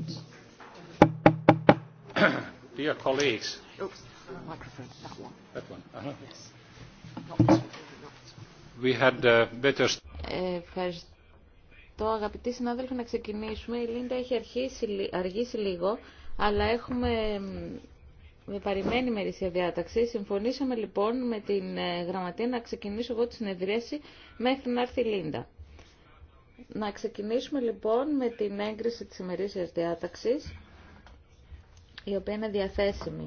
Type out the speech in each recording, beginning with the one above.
Uh, Ευχαριστώ αγαπητοί συνάδελφοι να ξεκινήσουμε. Η Λίντα έχει αρχίσει, αργήσει λίγο, αλλά έχουμε με παρημένη μερίσια διάταξη. Συμφωνήσαμε λοιπόν με την ε, γραμματεία να ξεκινήσω εγώ τη συνεδρίαση μέχρι να έρθει η Λίντα. Να ξεκινήσουμε λοιπόν με την έγκριση της ημερήσιας διάταξης, η οποία είναι διαθέσιμη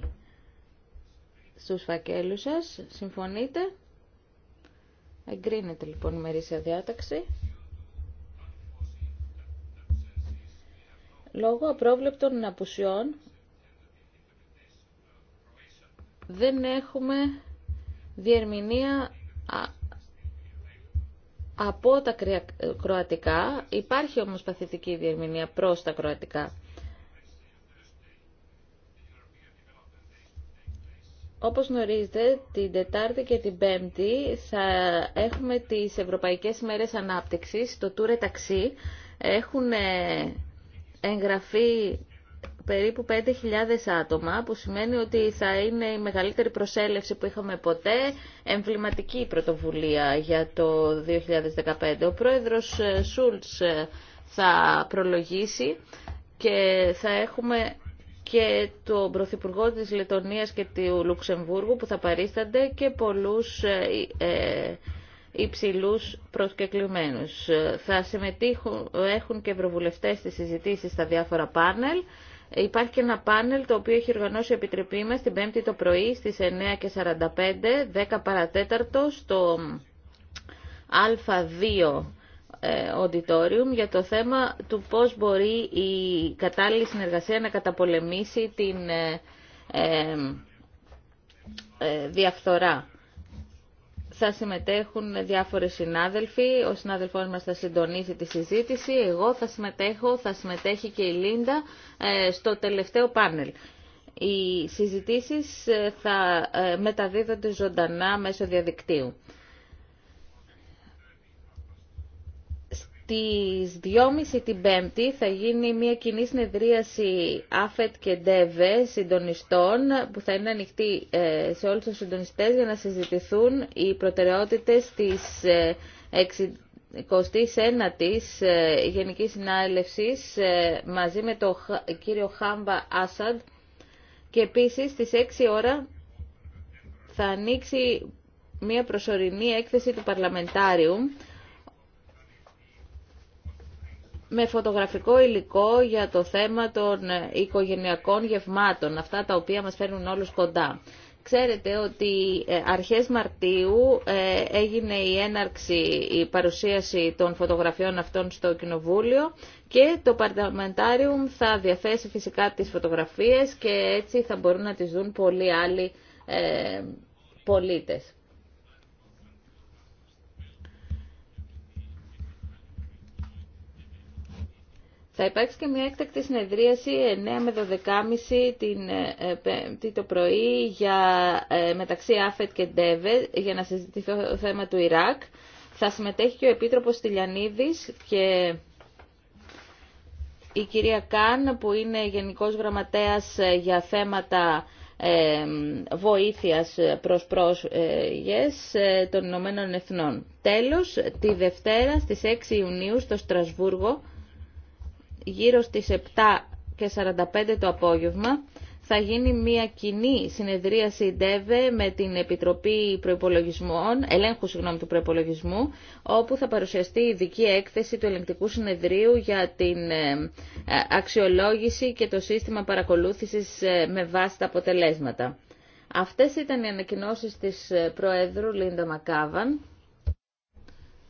στους φακέλους σας. Συμφωνείτε. Εγκρίνεται λοιπόν η ημερήσια διάταξη. Λόγω απρόβλεπτων απουσιών δεν έχουμε διερμηνία από τα κροατικά, υπάρχει όμως παθητική διερμηνία προς τα κροατικά. Όπως γνωρίζετε, την Τετάρτη και την Πέμπτη θα έχουμε τις Ευρωπαϊκές Μέρες Ανάπτυξης, το Τούρε Ταξί. Έχουν εγγραφεί περίπου 5.000 άτομα, που σημαίνει ότι θα είναι η μεγαλύτερη προσέλευση που είχαμε ποτέ, εμβληματική πρωτοβουλία για το 2015. Ο πρόεδρος ε, Σούλτς ε, θα προλογίσει και θα έχουμε και τον Πρωθυπουργό της Λετωνίας και του Λουξεμβούργου που θα παρίστανται και πολλούς ε, υψηλούς προσκεκλημένους. Θα συμμετέχουν έχουν και ευρωβουλευτές στις συζητήσεις στα διάφορα πάνελ Υπάρχει και ένα πάνελ το οποίο έχει οργανώσει η Επιτροπή μας την 5η το πρωί στις 9.45, 10 παρατέταρτο στο α2 ε, auditorium για το θέμα του πώς μπορεί η κατάλληλη συνεργασία να καταπολεμήσει την ε, ε, διαφθορά θα συμμετέχουν διάφορες συνάδελφοι. Ο συνάδελφός μας θα συντονίσει τη συζήτηση. Εγώ θα συμμετέχω, θα συμμετέχει και η Λίντα ε, στο τελευταίο πάνελ. Οι συζητήσεις ε, θα ε, μεταδίδονται ζωντανά μέσω διαδικτύου. Τις 2.30 την Πέμπτη θα γίνει μια κοινή συνεδρίαση ΑΦΕΤ και ΝΤΕΒΕ συντονιστών που θα είναι ανοιχτή ε, σε όλους τους συντονιστές για να συζητηθούν οι προτεραιότητες της 29ης ε, ε, Γενικής Συνάλευσης μαζί με τον κύριο Χάμπα Άσαντ και επίσης στις 6 ώρα θα ανοίξει μια προσωρινή έκθεση του Παρλαμεντάριου με φωτογραφικό υλικό για το θέμα των οικογενειακών γευμάτων, αυτά τα οποία μας φέρνουν όλους κοντά. Ξέρετε ότι ε, αρχές Μαρτίου ε, έγινε η έναρξη, η παρουσίαση των φωτογραφιών αυτών στο Κοινοβούλιο και το Παρταμεντάριουμ θα διαθέσει φυσικά τις φωτογραφίες και έτσι θα μπορούν να τις δουν πολλοί άλλοι ε, πολίτες. Θα υπάρξει και μια έκτακτη συνεδρίαση 9 με 12.30 την ε, ε, Πέμπτη το πρωί για, ε, μεταξύ ΑΦΕΤ και ΝΤΕΒΕ για να συζητηθεί το θέμα του Ιράκ. Θα συμμετέχει και ο Επίτροπος Τηλιανίδης και η κυρία Καν που είναι Γενικός Γραμματέας για θέματα ε, βοήθειας προς πρόσφυγες των Ηνωμένων Εθνών. Τέλος, τη Δευτέρα στις 6 Ιουνίου στο Στρασβούργο γύρω στις 7.45 το απόγευμα θα γίνει μια κοινή συνεδρίαση ΔΕΒΕ με την Επιτροπή Προϋπολογισμών, Ελέγχου συγγνώμη, του Προϋπολογισμού, όπου θα παρουσιαστεί η ειδική έκθεση του Ελεγκτικού Συνεδρίου για την ε, αξιολόγηση και το σύστημα παρακολούθησης ε, με βάση τα αποτελέσματα. Αυτές ήταν οι ανακοινώσεις της ε, Προέδρου Λίντα Μακάβαν,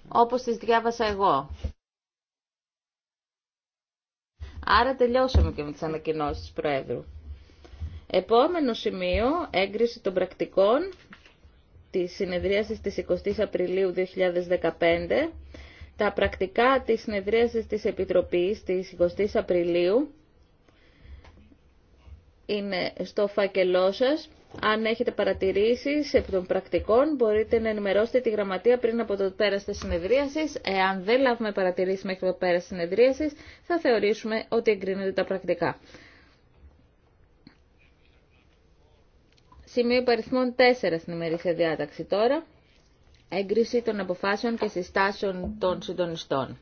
όπως τις διάβασα εγώ. Άρα τελειώσαμε και με τις ανακοινώσεις Προέδρου. Επόμενο σημείο, έγκριση των πρακτικών της συνεδρίασης της 20 Απριλίου 2015, τα πρακτικά της συνεδρίασης της Επιτροπής της 20 Απριλίου είναι στο φάκελό σας. Αν έχετε παρατηρήσεις επί των πρακτικών, μπορείτε να ενημερώσετε τη γραμματεία πριν από το πέρας της συνεδρίασης. Εάν δεν λάβουμε παρατηρήσεις μέχρι το πέρας της συνεδρίασης, θα θεωρήσουμε ότι εγκρίνονται τα πρακτικά. Σημείο υπαριθμών 4 στην ημερήσια διάταξη τώρα. Έγκριση των αποφάσεων και συστάσεων των συντονιστών.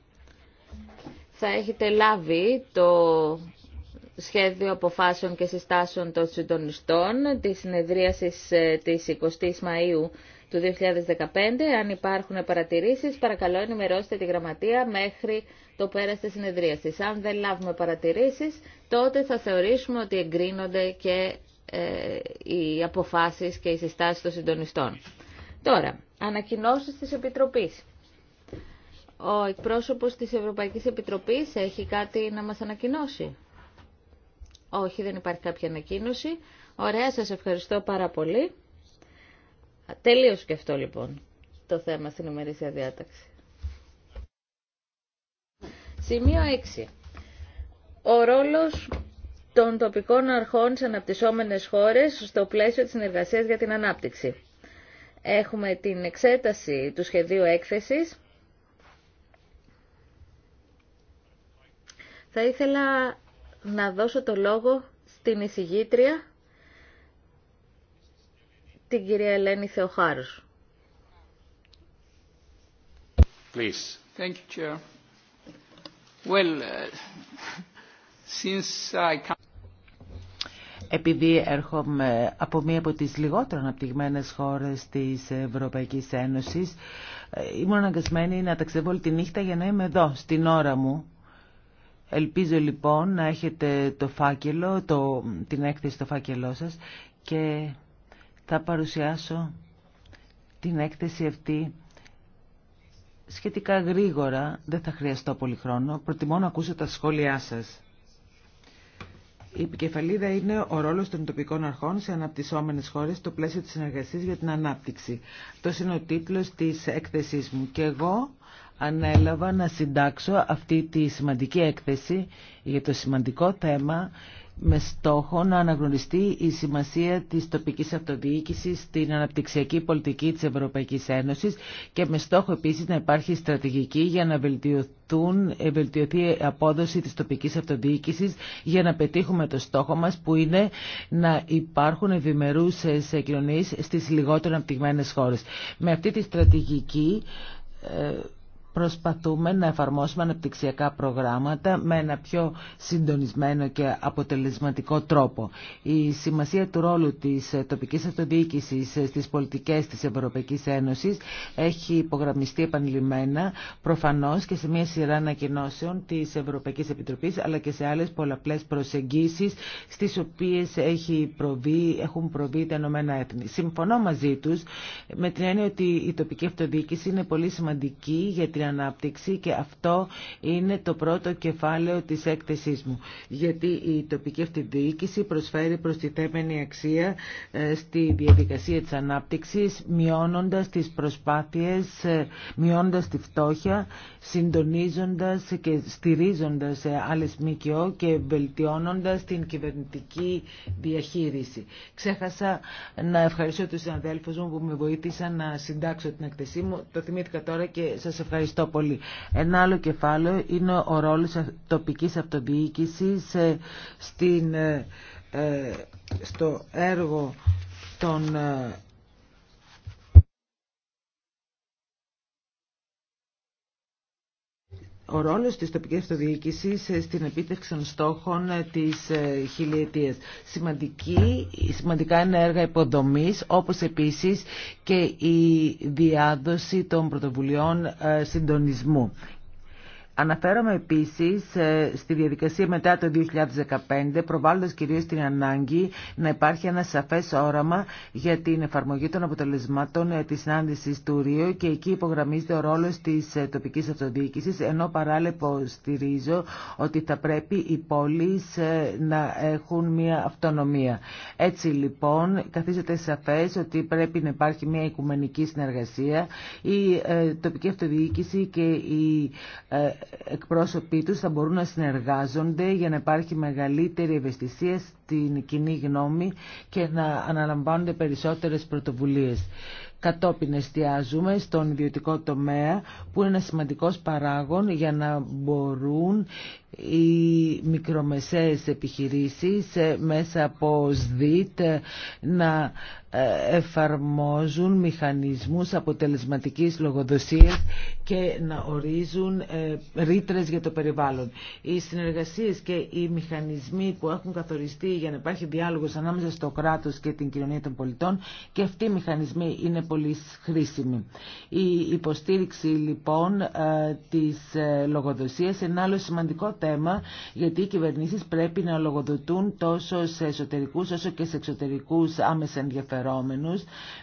Θα έχετε λάβει το σχέδιο αποφάσεων και συστάσεων των συντονιστών της συνεδρίασης ε, της 20ης Μαΐου του 2015. Αν υπάρχουν παρατηρήσεις, παρακαλώ ενημερώστε τη γραμματεία μέχρι το πέρας της συνεδρίασης. Αν δεν λάβουμε παρατηρήσεις, τότε θα θεωρήσουμε ότι εγκρίνονται και ε, οι αποφάσεις και οι συστάσεις των συντονιστών. Τώρα, ανακοινώσεις της Επιτροπής. Ο εκπρόσωπος της Ευρωπαϊκής Επιτροπής έχει κάτι να μας ανακοινώσει. Όχι, δεν υπάρχει κάποια ανακοίνωση. Ωραία, σας ευχαριστώ πάρα πολύ. Τελείωσε και αυτό λοιπόν το θέμα στην ημερήσια διάταξη. Σημείο 6. Ο ρόλος των τοπικών αρχών σε αναπτυσσόμενες χώρες στο πλαίσιο της συνεργασίας για την ανάπτυξη. Έχουμε την εξέταση του σχεδίου έκθεσης. Θα ήθελα να δώσω το λόγο στην εισηγήτρια, την κυρία Ελένη Θεοχάρους. Please. Thank you, Chair. Well, uh, since I επειδή έρχομαι από μία από τις λιγότερο αναπτυγμένες χώρες της Ευρωπαϊκής Ένωσης, ε, ήμουν αναγκασμένη να ταξιδεύω όλη τη νύχτα για να είμαι εδώ, στην ώρα μου, Ελπίζω λοιπόν να έχετε το φάκελο, την έκθεση στο φάκελό σας και θα παρουσιάσω την έκθεση αυτή σχετικά γρήγορα, δεν θα χρειαστώ πολύ χρόνο, προτιμώ να ακούσω τα σχόλιά σας. Η επικεφαλίδα είναι ο ρόλος των τοπικών αρχών σε αναπτυσσόμενες χώρες στο πλαίσιο της συνεργασίας για την ανάπτυξη. Αυτό είναι ο τίτλος της έκθεσής μου και εγώ ανέλαβα να συντάξω αυτή τη σημαντική έκθεση για το σημαντικό θέμα με στόχο να αναγνωριστεί η σημασία της τοπικής αυτοδιοίκησης στην αναπτυξιακή πολιτική της Ευρωπαϊκής Ένωσης και με στόχο επίσης να υπάρχει στρατηγική για να βελτιωθούν, ε, βελτιωθεί η απόδοση της τοπικής αυτοδιοίκησης για να πετύχουμε το στόχο μας που είναι να υπάρχουν ευημερούσες ε, κοινωνίες στις λιγότερο αναπτυγμένες χώρες. Με αυτή τη στρατηγική ε, προσπαθούμε να εφαρμόσουμε αναπτυξιακά προγράμματα με ένα πιο συντονισμένο και αποτελεσματικό τρόπο. Η σημασία του ρόλου της τοπικής αυτοδιοίκησης στις πολιτικές της Ευρωπαϊκής Ένωσης έχει υπογραμμιστεί επανειλημμένα προφανώς και σε μια σειρά ανακοινώσεων της Ευρωπαϊκής Επιτροπής αλλά και σε άλλες πολλαπλές προσεγγίσεις στις οποίες έχει προβεί, έχουν προβεί τα Ηνωμένα Έθνη. Συμφωνώ μαζί τους με την έννοια ότι η τοπική αυτοδιοίκηση είναι πολύ σημαντική για την ανάπτυξη και αυτό είναι το πρώτο κεφάλαιο της έκθεσής μου. Γιατί η τοπική αυτοδιοίκηση προσφέρει προστιθέμενη αξία ε, στη διαδικασία της ανάπτυξης, μειώνοντας τις προσπάθειες, ε, μειώνοντας τη φτώχεια, συντονίζοντας και στηρίζοντας ε, άλλες ΜΚΟ και βελτιώνοντας την κυβερνητική διαχείριση. Ξέχασα να ευχαριστώ τους αδέλφους μου που με βοήθησαν να συντάξω την εκθεσή μου. Το θυμήθηκα τώρα και σας ευχαριστώ. Ευχαριστώ πολύ. Ένα άλλο κεφάλαιο είναι ο ρόλος τοπικής αυτοδιοίκησης ε, ε, ε, στο έργο των ο ρόλος της τοπικής αυτοδιοίκησης στην επίτευξη των στόχων της ε, χιλιετίας. Σημαντική, σημαντικά είναι έργα υποδομής, όπως επίσης και η διάδοση των πρωτοβουλειών ε, συντονισμού Αναφέρομαι επίσης ε, στη διαδικασία μετά το 2015, προβάλλοντας κυρίως την ανάγκη να υπάρχει ένα σαφές όραμα για την εφαρμογή των αποτελεσμάτων ε, της συνάντησης του Ρίου και εκεί υπογραμμίζεται ο ρόλος της ε, τοπικής αυτοδιοίκησης, ενώ παράλληλα υποστηρίζω ότι θα πρέπει οι πόλεις να έχουν μια αυτονομία. Έτσι λοιπόν καθίζεται σαφε ότι πρέπει να υπάρχει μια οικουμενική συνεργασία, η τοπική αυτοδιοίκηση και η εκπρόσωποι τους θα μπορούν να συνεργάζονται για να υπάρχει μεγαλύτερη ευαισθησία στην κοινή γνώμη και να αναλαμβάνονται περισσότερες πρωτοβουλίες. Κατόπιν εστιάζουμε στον ιδιωτικό τομέα που είναι ένα σημαντικός παράγον για να μπορούν οι μικρομεσαίες επιχειρήσεις ε, μέσα από ΣΔΙΤ να ε, εφαρμόζουν μηχανισμούς αποτελεσματικής λογοδοσίας και να ορίζουν ε, ρήτρες για το περιβάλλον. Οι συνεργασίες και οι μηχανισμοί που έχουν καθοριστεί για να υπάρχει διάλογος ανάμεσα στο κράτος και την κοινωνία των πολιτών και αυτοί οι μηχανισμοί είναι πολύ χρήσιμοι. Η υποστήριξη λοιπόν ε, της λογοδοσίας είναι άλλο σημαντικό θέμα γιατί οι κυβερνήσεις πρέπει να λογοδοτούν τόσο σε εσωτερικούς όσο και σε εξωτερικούς άμεσα ενδιαφέρον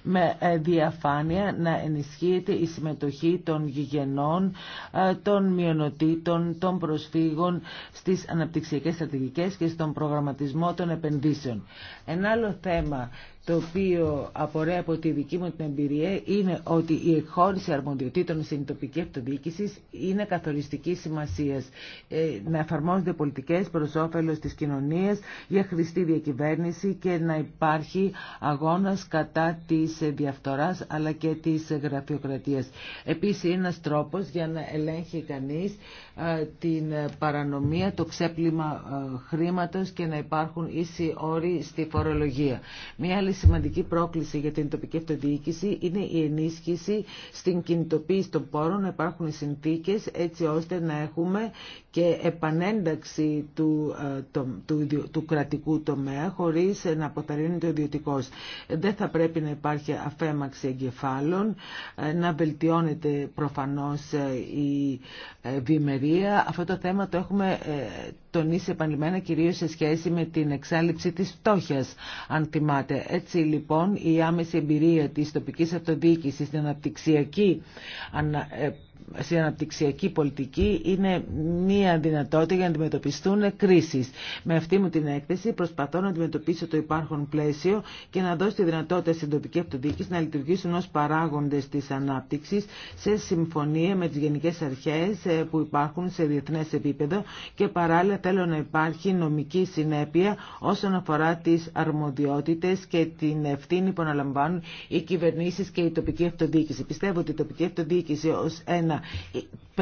με ε, διαφάνεια να ενισχύεται η συμμετοχή των γηγενών, ε, των μειονοτήτων, των προσφύγων στις αναπτυξιακές στρατηγικές και στον προγραμματισμό των επενδύσεων. Ένα άλλο θέμα το οποίο απορρέει από τη δική μου την εμπειρία είναι ότι η εκχώρηση αρμοδιοτήτων στην τοπική αυτοδιοίκηση είναι καθοριστική σημασία. Ε, να εφαρμόζονται πολιτικέ προ όφελο τη κοινωνία για χρηστή διακυβέρνηση και να υπάρχει αγώνα κατά τη διαφθορά αλλά και τη γραφειοκρατία. Επίση, είναι ένα τρόπο για να ελέγχει κανεί ε, την παρανομία, το ξέπλυμα ε, χρήματος και να υπάρχουν ίσοι όροι στη φορολογία. Μία άλλη σημαντική πρόκληση για την τοπική αυτοδιοίκηση είναι η ενίσχυση στην κινητοποίηση των πόρων, να υπάρχουν συνθήκες έτσι ώστε να έχουμε και επανένταξη του, ε, του, του, κρατικού τομέα χωρίς να αποταρρύνεται το ιδιωτικό. Δεν θα πρέπει να υπάρχει αφέμαξη εγκεφάλων, να βελτιώνεται προφανώς η βημερή αυτό το θέμα το έχουμε ε, τονίσει επανειλημμένα κυρίως σε σχέση με την εξάλληψη της φτώχειας, αν θυμάται. Έτσι λοιπόν η άμεση εμπειρία της τοπικής αυτοδιοίκησης στην αναπτυξιακή ε, στην αναπτυξιακή πολιτική είναι μία δυνατότητα για να αντιμετωπιστούν κρίσει. Με αυτή μου την έκθεση προσπαθώ να αντιμετωπίσω το υπάρχον πλαίσιο και να δώσω τη δυνατότητα στην τοπική αυτοδιοίκηση να λειτουργήσουν ω παράγοντε τη ανάπτυξη σε συμφωνία με τι γενικέ αρχέ ε, που υπάρχουν σε διεθνέ επίπεδο και παράλληλα θέλω να υπάρχει νομική συνέπεια όσον αφορά τις αρμοδιότητες και την ευθύνη που αναλαμβάνουν οι κυβερνήσεις και η τοπική αυτοδιοίκηση. Πιστεύω ότι η τοπική αυτοδιοίκηση ως ένα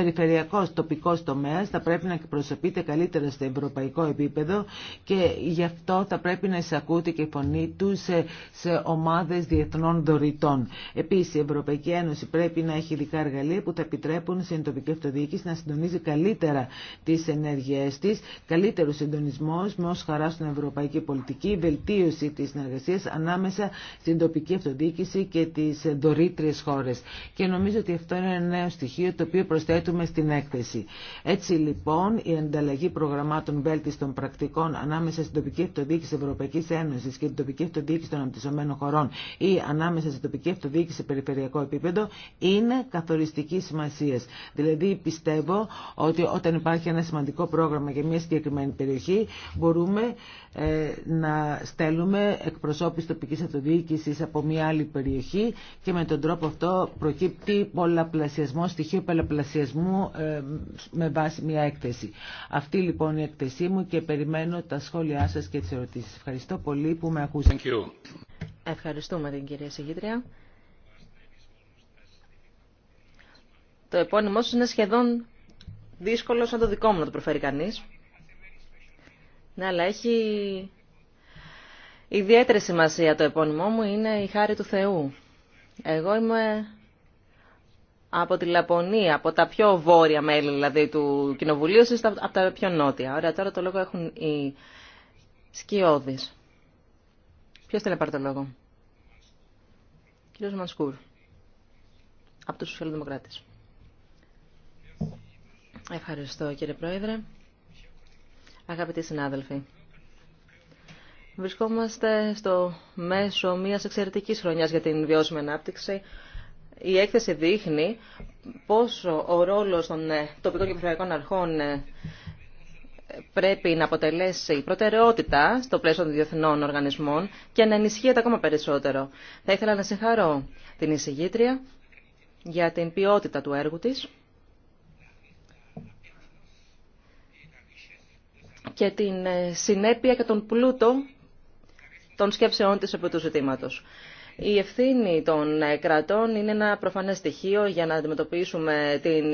περιφερειακός, τοπικός τομέας θα πρέπει να εκπροσωπείται καλύτερα στο ευρωπαϊκό επίπεδο και γι' αυτό θα πρέπει να εισακούται και η φωνή του σε, σε ομάδες διεθνών δωρητών. Επίσης η Ευρωπαϊκή Ένωση πρέπει να έχει ειδικά εργαλεία που θα επιτρέπουν στην τοπική αυτοδιοίκηση να συντονίζει καλύτερα τις ενέργειές της, καλύτερο συντονισμό με ως χαρά στην ευρωπαϊκή πολιτική, βελτίωση της συνεργασία ανάμεσα στην τοπική αυτοδιοίκηση και τις δωρήτριες χώρες. Και νομίζω ότι αυτό είναι ένα νέο στοιχείο το οποίο προσθέτει στην έκθεση. Έτσι λοιπόν η ανταλλαγή προγραμμάτων βέλτιστων πρακτικών ανάμεσα στην τοπική αυτοδιοίκηση Ευρωπαϊκή Ένωση και την τοπική αυτοδιοίκηση των αναπτυσσομένων χωρών ή ανάμεσα στην τοπική αυτοδιοίκηση σε περιφερειακό επίπεδο είναι καθοριστική σημασία. Δηλαδή πιστεύω ότι όταν υπάρχει ένα σημαντικό πρόγραμμα για μια συγκεκριμένη περιοχή μπορούμε ε, να στέλνουμε εκπροσώπους τοπική αυτοδιοίκησης από μια άλλη περιοχή και με τον τρόπο αυτό προκύπτει πολλαπλασιασμό, στοιχείο πολλαπλασιασμού ε, με βάση μια έκθεση. Αυτή λοιπόν η έκθεσή μου και περιμένω τα σχόλιά σας και τις ερωτήσεις. Ευχαριστώ πολύ που με ακούσατε. Ευχαριστούμε την κυρία Σιγήτρια. Το επώνυμό σας είναι σχεδόν δύσκολο σαν το δικό μου να το προφέρει κανείς. Ναι, αλλά έχει ιδιαίτερη σημασία το επώνυμό μου, είναι η χάρη του Θεού. Εγώ είμαι από τη Λαπωνία, από τα πιο βόρεια μέλη δηλαδή του Κοινοβουλίου, εσείς από τα πιο νότια. Ωραία, τώρα το λόγο έχουν οι σκιώδεις. Ποιος θέλει να πάρει το λόγο. Κύριος Μανσκούρ, από τους Σοσιαλδημοκράτες. Ευχαριστώ κύριε Πρόεδρε. Αγαπητοί συνάδελφοι. Βρισκόμαστε στο μέσο μιας εξαιρετικής χρονιάς για την βιώσιμη ανάπτυξη η έκθεση δείχνει πόσο ο ρόλος των ε, τοπικών και περιφερειακών αρχών ε, πρέπει να αποτελέσει προτεραιότητα στο πλαίσιο των διεθνών οργανισμών και να ενισχύεται ακόμα περισσότερο. Θα ήθελα να συγχαρώ την εισηγήτρια για την ποιότητα του έργου της και την ε, συνέπεια και τον πλούτο των σκέψεών της επί του ζητήματος. Η ευθύνη των ε, κρατών είναι ένα προφανές στοιχείο για να αντιμετωπίσουμε την...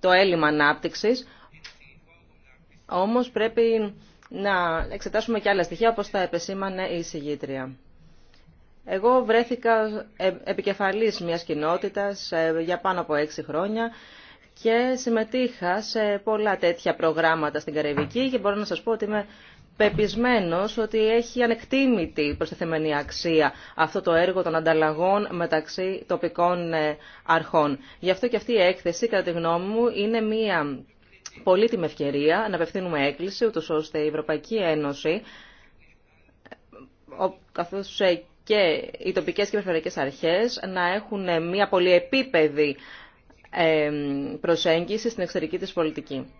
το έλλειμμα ανάπτυξης, όμως πρέπει να εξετάσουμε και άλλα στοιχεία, όπως τα επεσήμανε η συγγήτρια. Εγώ βρέθηκα ε, επικεφαλής μιας κοινότητας ε, για πάνω από έξι χρόνια και συμμετείχα σε πολλά τέτοια προγράμματα στην Καραϊβική και μπορώ να σας πω ότι είμαι πεπισμένος ότι έχει ανεκτήμητη προστιθεμένη αξία αυτό το έργο των ανταλλαγών μεταξύ τοπικών ε, αρχών. Γι' αυτό και αυτή η έκθεση, κατά τη γνώμη μου, είναι μία πολύτιμη ευκαιρία να απευθύνουμε έκκληση, ούτως ώστε η Ευρωπαϊκή Ένωση, καθώς ε, και οι τοπικές και περιφερειακές αρχές, να έχουν ε, μία πολυεπίπεδη προσέγγιση στην εξωτερική της πολιτική.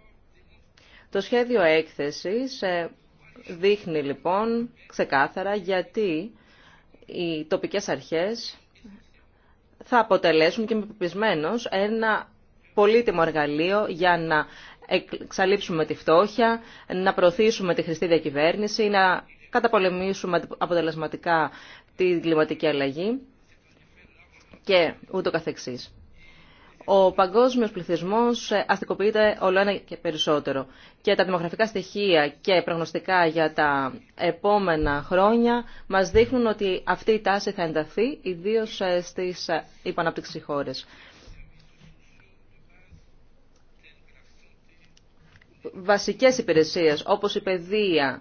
Το σχέδιο έκθεσης Δείχνει λοιπόν ξεκάθαρα γιατί οι τοπικές αρχές θα αποτελέσουν και είμαι ένα πολύτιμο εργαλείο για να εξαλείψουμε τη φτώχεια, να προωθήσουμε τη χρηστή διακυβέρνηση, να καταπολεμήσουμε αποτελεσματικά τη κλιματική αλλαγή και ούτω καθεξής. Ο παγκόσμιος πληθυσμός ε, αστικοποιείται όλο ένα και περισσότερο. Και τα δημογραφικά στοιχεία και προγνωστικά για τα επόμενα χρόνια μας δείχνουν ότι αυτή η τάση θα ενταθεί, ιδίως ε, στις ε, υπαναπτυξή χώρες. Βασικές υπηρεσίες όπως η παιδεία,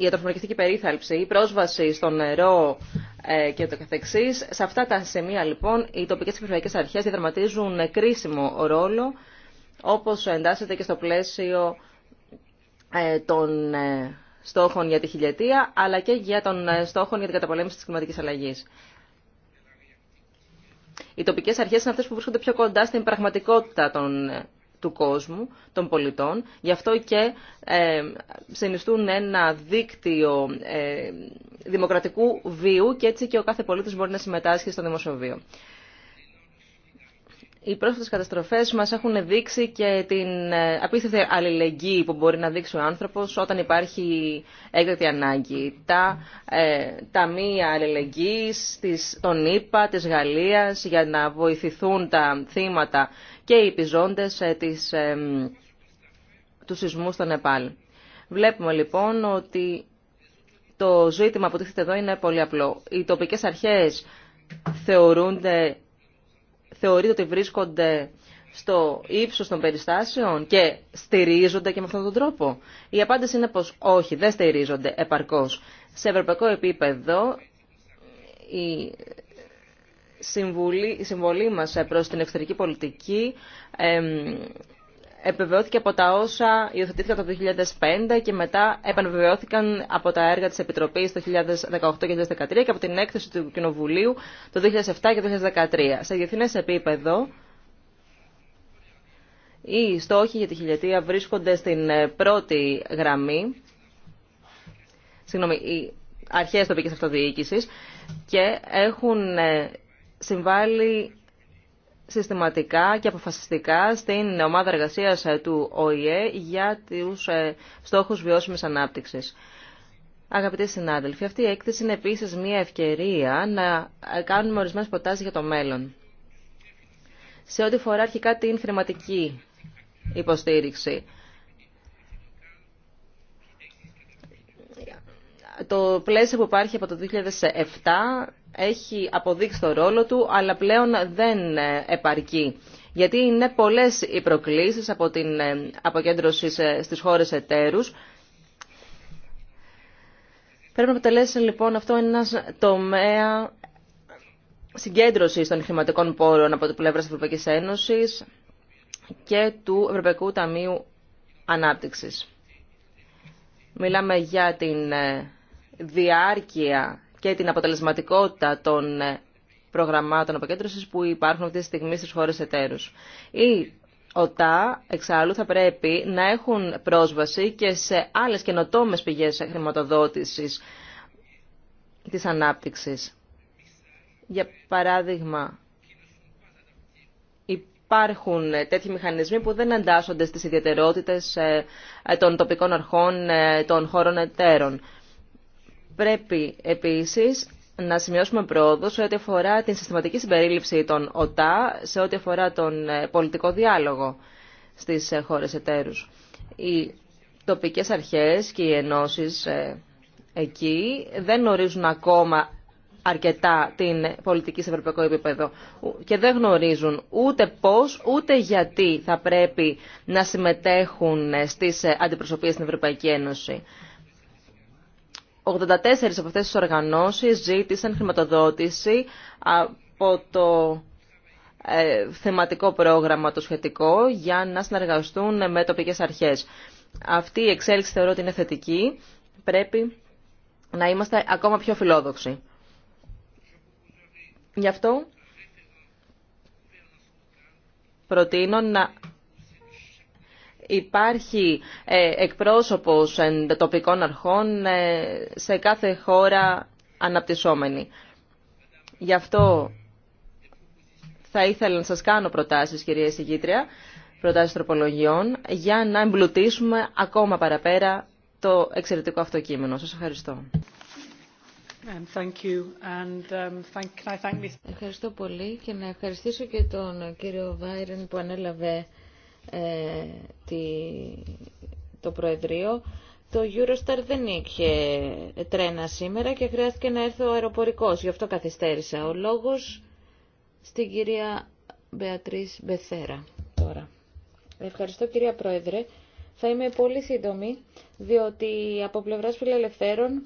η ιατροφαρμακευτική περίθαλψη, η πρόσβαση στο νερό ε, και το καθεξής. Σε αυτά τα σημεία λοιπόν οι τοπικές και περιφερειακές αρχές διαδραματίζουν κρίσιμο ρόλο όπως εντάσσεται και στο πλαίσιο ε, των ε, στόχων για τη χιλιετία αλλά και για των στόχων για την καταπολέμηση της κλιματικής αλλαγής. Οι τοπικές αρχές είναι αυτές που βρίσκονται πιο κοντά στην πραγματικότητα των του κόσμου, των πολιτών. Γι' αυτό και ε, συνιστούν ένα δίκτυο ε, δημοκρατικού βίου και έτσι και ο κάθε πολίτης μπορεί να συμμετάσχει στο δημοσιοβίο. Οι πρόσφατες καταστροφές μας έχουν δείξει και την ε, απίστευτη αλληλεγγύη που μπορεί να δείξει ο άνθρωπος όταν υπάρχει έκτακτη ανάγκη. Τα ε, ταμεία αλληλεγγύης των ΗΠΑ, της Γαλλίας για να βοηθηθούν τα θύματα και οι επιζώντες ε, ε, του σεισμού στο Νεπάλ. Βλέπουμε λοιπόν ότι το ζήτημα που τίθεται εδώ είναι πολύ απλό. Οι τοπικές αρχές θεωρούνται θεωρείτε ότι βρίσκονται στο ύψος των περιστάσεων και στηρίζονται και με αυτόν τον τρόπο. Η απάντηση είναι πως όχι, δεν στηρίζονται επαρκώς. Σε ευρωπαϊκό επίπεδο η συμβολή, η μας προς την εξωτερική πολιτική επιβεβαιώθηκε από τα όσα υιοθετήθηκαν το 2005 και μετά επανεβεβαιώθηκαν από τα έργα της Επιτροπής το 2018 και 2013 και από την έκθεση του Κοινοβουλίου το 2007 και το 2013. Σε διεθνές επίπεδο, οι στόχοι για τη χιλιετία βρίσκονται στην ε, πρώτη γραμμή, συγγνώμη, οι αρχές τοπικής αυτοδιοίκησης και έχουν ε, συμβάλει συστηματικά και αποφασιστικά στην ομάδα εργασίας ε, του ΟΗΕ για τους ε, στόχους βιώσιμης ανάπτυξης. Αγαπητοί συνάδελφοι, αυτή η έκθεση είναι επίσης μια ευκαιρία να ε, κάνουμε ορισμένες προτάσεις για το μέλλον. Σε ό,τι φορά αρχικά την χρηματική υποστήριξη. Το πλαίσιο που υπάρχει από το 2007 έχει αποδείξει το ρόλο του, αλλά πλέον δεν επαρκεί. Γιατί είναι πολλές οι προκλήσεις από την ε, αποκέντρωση στις χώρες εταίρους. Πρέπει να αποτελέσει λοιπόν αυτό ένα τομέα συγκέντρωσης των χρηματικών πόρων από την πλευρά της Ευρωπαϊκής Ένωσης και του Ευρωπαϊκού Ταμείου Ανάπτυξης. Μιλάμε για την ε, διάρκεια και την αποτελεσματικότητα των ε, προγραμμάτων αποκέντρωσης που υπάρχουν αυτή τη στιγμή στις χώρες εταίρους. Η ΟΤΑ, εξάλλου, θα πρέπει να έχουν πρόσβαση και σε άλλες καινοτόμε πηγές χρηματοδότησης της ανάπτυξης. Για παράδειγμα, υπάρχουν τέτοιοι μηχανισμοί που δεν εντάσσονται στις ιδιαιτερότητες ε, των τοπικών αρχών ε, των χώρων εταίρων. Πρέπει επίσης να σημειώσουμε πρόοδο σε ό,τι αφορά την συστηματική συμπερίληψη των ΟΤΑ, σε ό,τι αφορά τον ε, πολιτικό διάλογο στις ε, χώρες εταίρους. Οι τοπικές αρχές και οι ενώσεις ε, εκεί δεν γνωρίζουν ακόμα αρκετά την πολιτική σε ευρωπαϊκό επίπεδο και δεν γνωρίζουν ούτε πώς ούτε γιατί θα πρέπει να συμμετέχουν στις αντιπροσωπείες στην Ευρωπαϊκή Ένωση. 84 από αυτές τις οργανώσεις ζήτησαν χρηματοδότηση από το ε, θεματικό πρόγραμμα το σχετικό για να συνεργαστούν με τοπικές αρχές. Αυτή η εξέλιξη θεωρώ ότι είναι θετική. Πρέπει να είμαστε ακόμα πιο φιλόδοξοι. Γι' αυτό προτείνω να υπάρχει ε, εκπρόσωπος τοπικών αρχών ε, σε κάθε χώρα αναπτυσσόμενη. Γι' αυτό θα ήθελα να σας κάνω προτάσεις, κυρία Συγήτρια, προτάσεις τροπολογιών, για να εμπλουτίσουμε ακόμα παραπέρα το εξαιρετικό αυτό κείμενο. Σας ευχαριστώ. you. And, um, thank, I Ευχαριστώ πολύ και να ευχαριστήσω και τον κύριο Βάιρεν που ανέλαβε ε, το Προεδρείο. Το Eurostar δεν είχε τρένα σήμερα και χρειάστηκε να έρθει ο αεροπορικός, γι' αυτό καθυστέρησα. Ο λόγος στην κυρία Μπεατρίς Μπεθέρα τώρα. Ευχαριστώ κυρία Πρόεδρε. Θα είμαι πολύ σύντομη, διότι από πλευράς φιλελευθέρων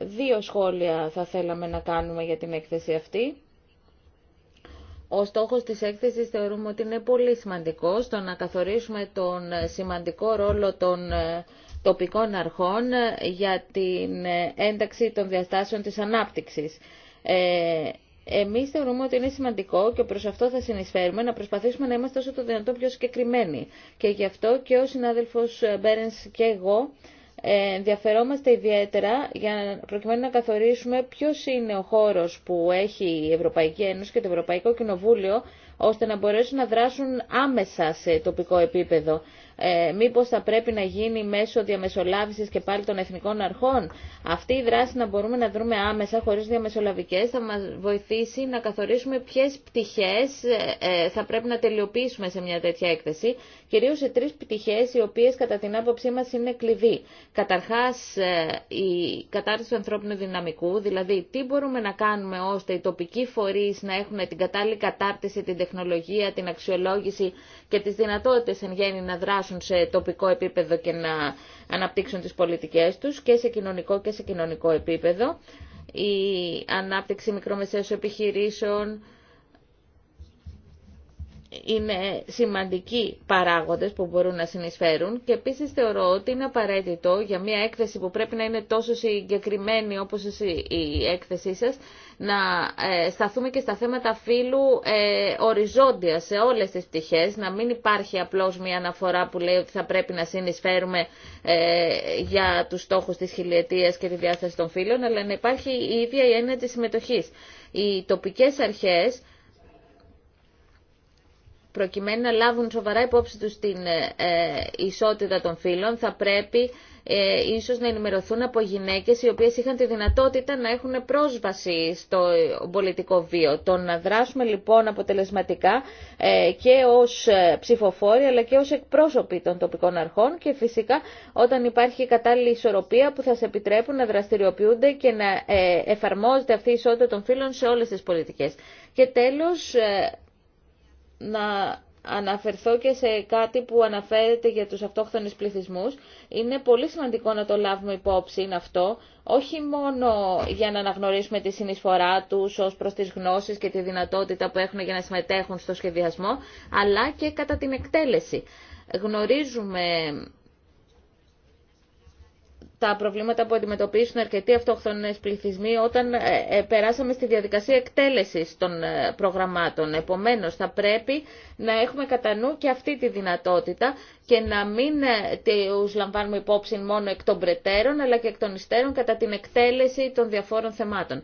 δύο σχόλια θα θέλαμε να κάνουμε για την έκθεση αυτή. Ο στόχος της έκθεσης θεωρούμε ότι είναι πολύ σημαντικό στο να καθορίσουμε τον σημαντικό ρόλο των ε, τοπικών αρχών ε, για την ε, ένταξη των διαστάσεων της ανάπτυξης. Ε, εμείς θεωρούμε ότι είναι σημαντικό και προς αυτό θα συνεισφέρουμε να προσπαθήσουμε να είμαστε όσο το δυνατόν πιο συγκεκριμένοι. Και γι' αυτό και ο συνάδελφος Μπέρενς και εγώ ε, ενδιαφερόμαστε ιδιαίτερα για προκειμένου να καθορίσουμε ποιος είναι ο χώρος που έχει η Ευρωπαϊκή Ένωση και το Ευρωπαϊκό Κοινοβούλιο ώστε να μπορέσουν να δράσουν άμεσα σε τοπικό επίπεδο ε, μήπως θα πρέπει να γίνει μέσω διαμεσολάβησης και πάλι των εθνικών αρχών. Αυτή η δράση να μπορούμε να δρούμε άμεσα χωρίς διαμεσολαβικές θα μας βοηθήσει να καθορίσουμε ποιες πτυχές ε, ε, θα πρέπει να τελειοποιήσουμε σε μια τέτοια έκθεση, κυρίως σε τρεις πτυχές οι οποίες κατά την άποψή μας είναι κλειδί. Καταρχάς ε, η κατάρτιση του ανθρώπινου δυναμικού, δηλαδή τι μπορούμε να κάνουμε ώστε οι τοπικοί φορείς να έχουν την κατάλληλη κατάρτιση, την τεχνολογία, την αξιολόγηση και τις δυνατότητες εν γέννη να δράσουν φτάσουν σε τοπικό επίπεδο και να αναπτύξουν τις πολιτικές τους και σε κοινωνικό και σε κοινωνικό επίπεδο. Η ανάπτυξη μικρομεσαίων επιχειρήσεων, είναι σημαντικοί παράγοντες που μπορούν να συνεισφέρουν και επίσης θεωρώ ότι είναι απαραίτητο για μια έκθεση που πρέπει να είναι τόσο συγκεκριμένη όπως η έκθεσή σας να ε, σταθούμε και στα θέματα φύλου ε, οριζόντια σε όλες τις πτυχές, να μην υπάρχει απλώς μια αναφορά που λέει ότι θα πρέπει να συνεισφέρουμε ε, για τους στόχους της χιλιετίας και τη διάσταση των φύλων, αλλά να υπάρχει η ίδια η έννοια της συμμετοχής. Οι τοπικές αρχές προκειμένου να λάβουν σοβαρά υπόψη τους την ε, ε, ισότητα των φύλων, θα πρέπει ε, ίσως να ενημερωθούν από γυναίκες οι οποίες είχαν τη δυνατότητα να έχουν πρόσβαση στο πολιτικό βίο. Το να δράσουμε λοιπόν αποτελεσματικά και ως ψηφοφόροι αλλά και ως εκπρόσωποι των τοπικών αρχών και φυσικά όταν υπάρχει κατάλληλη ισορροπία που θα σε επιτρέπουν να δραστηριοποιούνται και να εφαρμόζεται αυτή η ισότητα των φύλων σε όλες τις πολιτικές. Και τέλος να αναφερθώ και σε κάτι που αναφέρεται για τους αυτόχθονες πληθυσμούς. Είναι πολύ σημαντικό να το λάβουμε υπόψη είναι αυτό, όχι μόνο για να αναγνωρίσουμε τη συνεισφορά τους ως προς τις γνώσεις και τη δυνατότητα που έχουν για να συμμετέχουν στο σχεδιασμό, αλλά και κατά την εκτέλεση. Γνωρίζουμε τα προβλήματα που αντιμετωπίσουν αρκετοί αυτόχθονες πληθυσμοί όταν ε, ε, περάσαμε στη διαδικασία εκτέλεσης των ε, προγραμμάτων. Επομένως, θα πρέπει να έχουμε κατά νου και αυτή τη δυνατότητα και να μην τους λαμβάνουμε υπόψη μόνο εκ των πρετέρων, αλλά και εκ των υστέρων κατά την εκτέλεση των διαφόρων θεμάτων.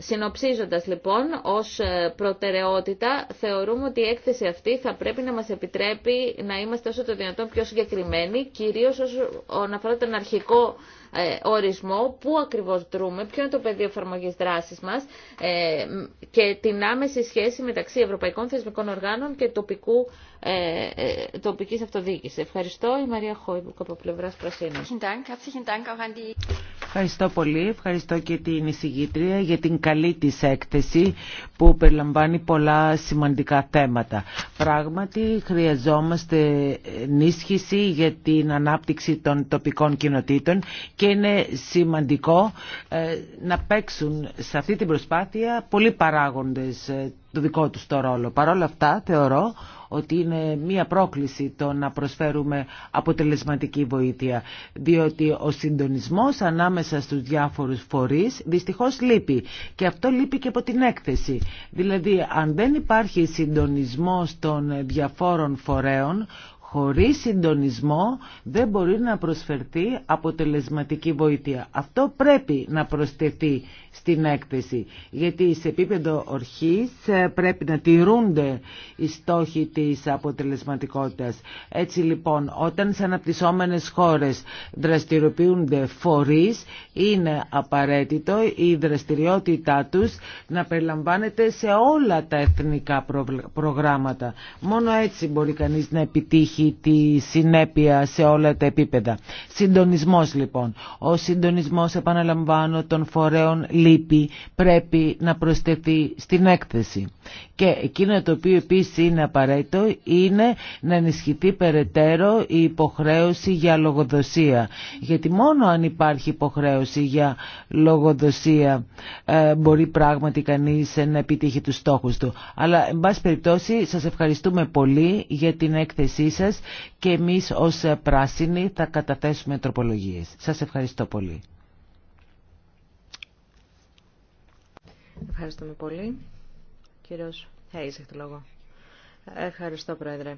Συνοψίζοντας λοιπόν, ως ε, προτεραιότητα θεωρούμε ότι η έκθεση αυτή θα πρέπει να μας επιτρέπει να είμαστε όσο το δυνατόν πιο συγκεκριμένοι, κυρίως όσον αφορά τον αρχικό ε, ορισμό, πού ακριβώς δρούμε, ποιο είναι το πεδίο εφαρμογής δράσης μας ε, και την άμεση σχέση μεταξύ ευρωπαϊκών θεσμικών οργάνων και τοπικού ε, ε, τοπικής αυτοδιοίκηση. Ευχαριστώ η Μαρία Χόιμπουκ από πλευρά πρασίνου. Ευχαριστώ πολύ. Ευχαριστώ και την εισηγήτρια για την καλή τη έκθεση που περιλαμβάνει πολλά σημαντικά θέματα. Πράγματι χρειαζόμαστε ενίσχυση για την ανάπτυξη των τοπικών κοινοτήτων και είναι σημαντικό ε, να παίξουν σε αυτή την προσπάθεια πολλοί παράγοντες ε, το δικό τους το ρόλο. Παρ' όλα αυτά θεωρώ ότι είναι μία πρόκληση το να προσφέρουμε αποτελεσματική βοήθεια, διότι ο συντονισμός ανάμεσα στους διάφορους φορείς δυστυχώς λείπει και αυτό λείπει και από την έκθεση. Δηλαδή αν δεν υπάρχει συντονισμός των διαφόρων φορέων, χωρίς συντονισμό δεν μπορεί να προσφερθεί αποτελεσματική βοήθεια. Αυτό πρέπει να προσθεθεί στην έκθεση, γιατί σε επίπεδο ορχής ε, πρέπει να τηρούνται οι στόχοι της αποτελεσματικότητας. Έτσι λοιπόν, όταν σε αναπτυσσόμενες χώρες δραστηριοποιούνται φορείς, είναι απαραίτητο η δραστηριότητά τους να περιλαμβάνεται σε όλα τα εθνικά προγράμματα. Μόνο έτσι μπορεί κανείς να επιτύχει έχει τη συνέπεια σε όλα τα επίπεδα. Συντονισμός λοιπόν. Ο συντονισμός, επαναλαμβάνω, των φορέων λύπη πρέπει να προσθεθεί στην έκθεση. Και εκείνο το οποίο επίσης είναι απαραίτητο είναι να ενισχυθεί περαιτέρω η υποχρέωση για λογοδοσία. Γιατί μόνο αν υπάρχει υποχρέωση για λογοδοσία ε, μπορεί πράγματι κανείς να επιτύχει τους στόχους του. Αλλά, εν πάση περιπτώσει, σας ευχαριστούμε πολύ για την έκθεσή σας και εμείς ως πράσινοι θα καταθέσουμε τροπολογίες. Σας ευχαριστώ πολύ. Ευχαριστούμε πολύ. Κύριος το λόγο. Ευχαριστώ, Πρόεδρε.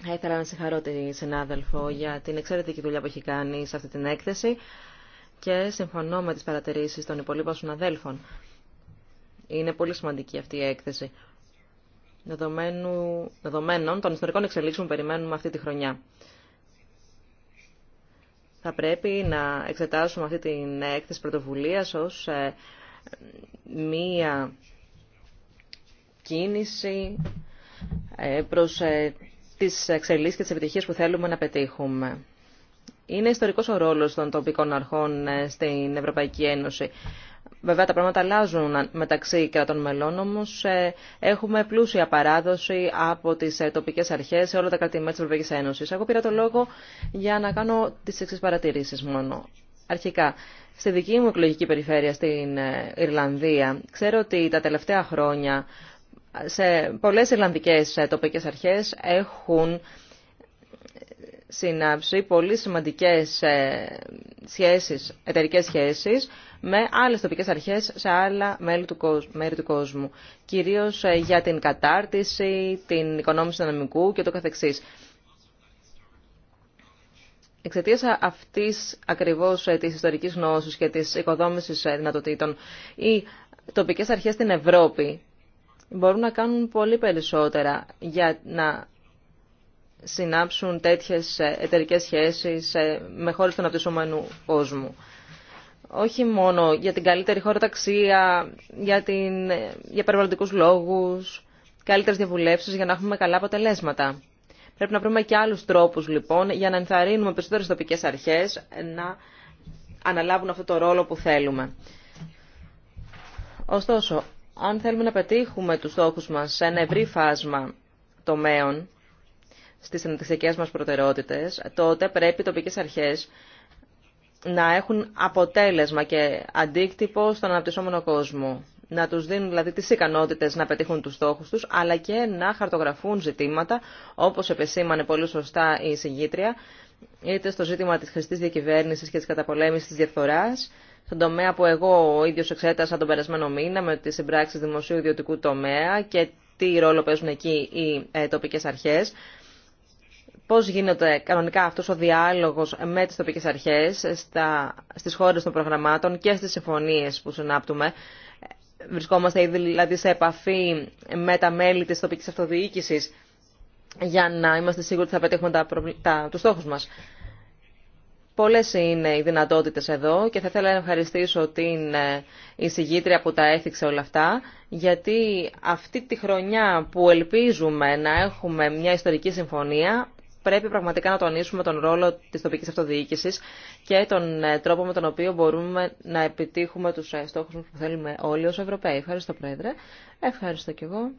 Θα ήθελα να συγχαρώ τη συνάδελφο για την εξαιρετική δουλειά που έχει κάνει σε αυτή την έκθεση και συμφωνώ με τις παρατηρήσεις των υπολείπων συναδέλφων. Είναι πολύ σημαντική αυτή η έκθεση δεδομένου, δεδομένων των ιστορικών εξελίξεων που περιμένουμε αυτή τη χρονιά. Θα πρέπει να εξετάσουμε αυτή την έκθεση πρωτοβουλίας ως ε, μία κίνηση ε, προς ε, τις εξελίξεις και τις επιτυχίες που θέλουμε να πετύχουμε. Είναι ιστορικός ο ρόλος των τοπικών αρχών στην Ευρωπαϊκή Ένωση. Βέβαια τα πράγματα αλλάζουν μεταξύ κρατών μελών, όμως ε, έχουμε πλούσια παράδοση από τις ε, τοπικές αρχές σε όλα τα κράτη-μέλη της Ευρωπαϊκής Ένωσης. Εγώ πήρα το λόγο για να κάνω τις εξής παρατηρήσεις μόνο. Αρχικά, στη δική μου εκλογική περιφέρεια στην ε, Ιρλανδία, ξέρω ότι τα τελευταία χρόνια σε πολλές Ιρλανδικές τοπικές αρχές έχουν συνάψει πολύ σημαντικές σχέσεις, εταιρικές σχέσεις με άλλε τοπικέ αρχές σε άλλα μέρη του κόσμου. Κυρίως ε, για την κατάρτιση, την οικονόμηση του δυναμικού και το καθεξής. Εξαιτία αυτή ακριβώ ε, τη ιστορική γνώση και τη οικοδόμηση ε, δυνατοτήτων, οι τοπικέ αρχέ στην Ευρώπη μπορούν να κάνουν πολύ περισσότερα για να συνάψουν τέτοιες εταιρικέ σχέσεις με χώρες του αναπτυσσόμενου κόσμου όχι μόνο για την καλύτερη χωροταξία, για, την, για περιβαλλοντικούς λόγους, καλύτερες διαβουλεύσεις για να έχουμε καλά αποτελέσματα. Πρέπει να βρούμε και άλλους τρόπους λοιπόν για να ενθαρρύνουμε περισσότερες τοπικές αρχές να αναλάβουν αυτό το ρόλο που θέλουμε. Ωστόσο, αν θέλουμε να πετύχουμε τους στόχους μας σε ένα ευρύ φάσμα τομέων στις αναπτυξιακές μας προτεραιότητες, τότε πρέπει οι τοπικές αρχές να έχουν αποτέλεσμα και αντίκτυπο στον αναπτυσσόμενο κόσμο. Να τους δίνουν δηλαδή τις ικανότητες να πετύχουν τους στόχους τους, αλλά και να χαρτογραφούν ζητήματα, όπως επεσήμανε πολύ σωστά η συγγήτρια, είτε στο ζήτημα της χρηστής διακυβέρνησης και της καταπολέμησης της διαφθοράς, στον τομέα που εγώ ο ίδιος εξέτασα τον περασμένο μήνα με τις συμπράξεις δημοσίου ιδιωτικού τομέα και τι ρόλο παίζουν εκεί οι ε, τοπικές αρχές, πώς γίνεται κανονικά αυτός ο διάλογος με τις τοπικές αρχές στα, στις χώρες των προγραμμάτων και στις συμφωνίες που συνάπτουμε. Βρισκόμαστε ήδη δηλαδή σε επαφή με τα μέλη της τοπικής αυτοδιοίκησης για να είμαστε σίγουροι ότι θα πετύχουμε τα, τα, τους στόχους μας. Πολλές είναι οι δυνατότητες εδώ και θα ήθελα να ευχαριστήσω την ε, εισηγήτρια που τα έθιξε όλα αυτά, γιατί αυτή τη χρονιά που ελπίζουμε να έχουμε μια ιστορική συμφωνία, πρέπει πραγματικά να τονίσουμε τον ρόλο της τοπική αυτοδιοίκησης και τον ε, τρόπο με τον οποίο μπορούμε να επιτύχουμε τους ε, στόχου που θέλουμε όλοι ω Ευρωπαίοι. Ευχαριστώ, Πρόεδρε. Ευχαριστώ και εγώ.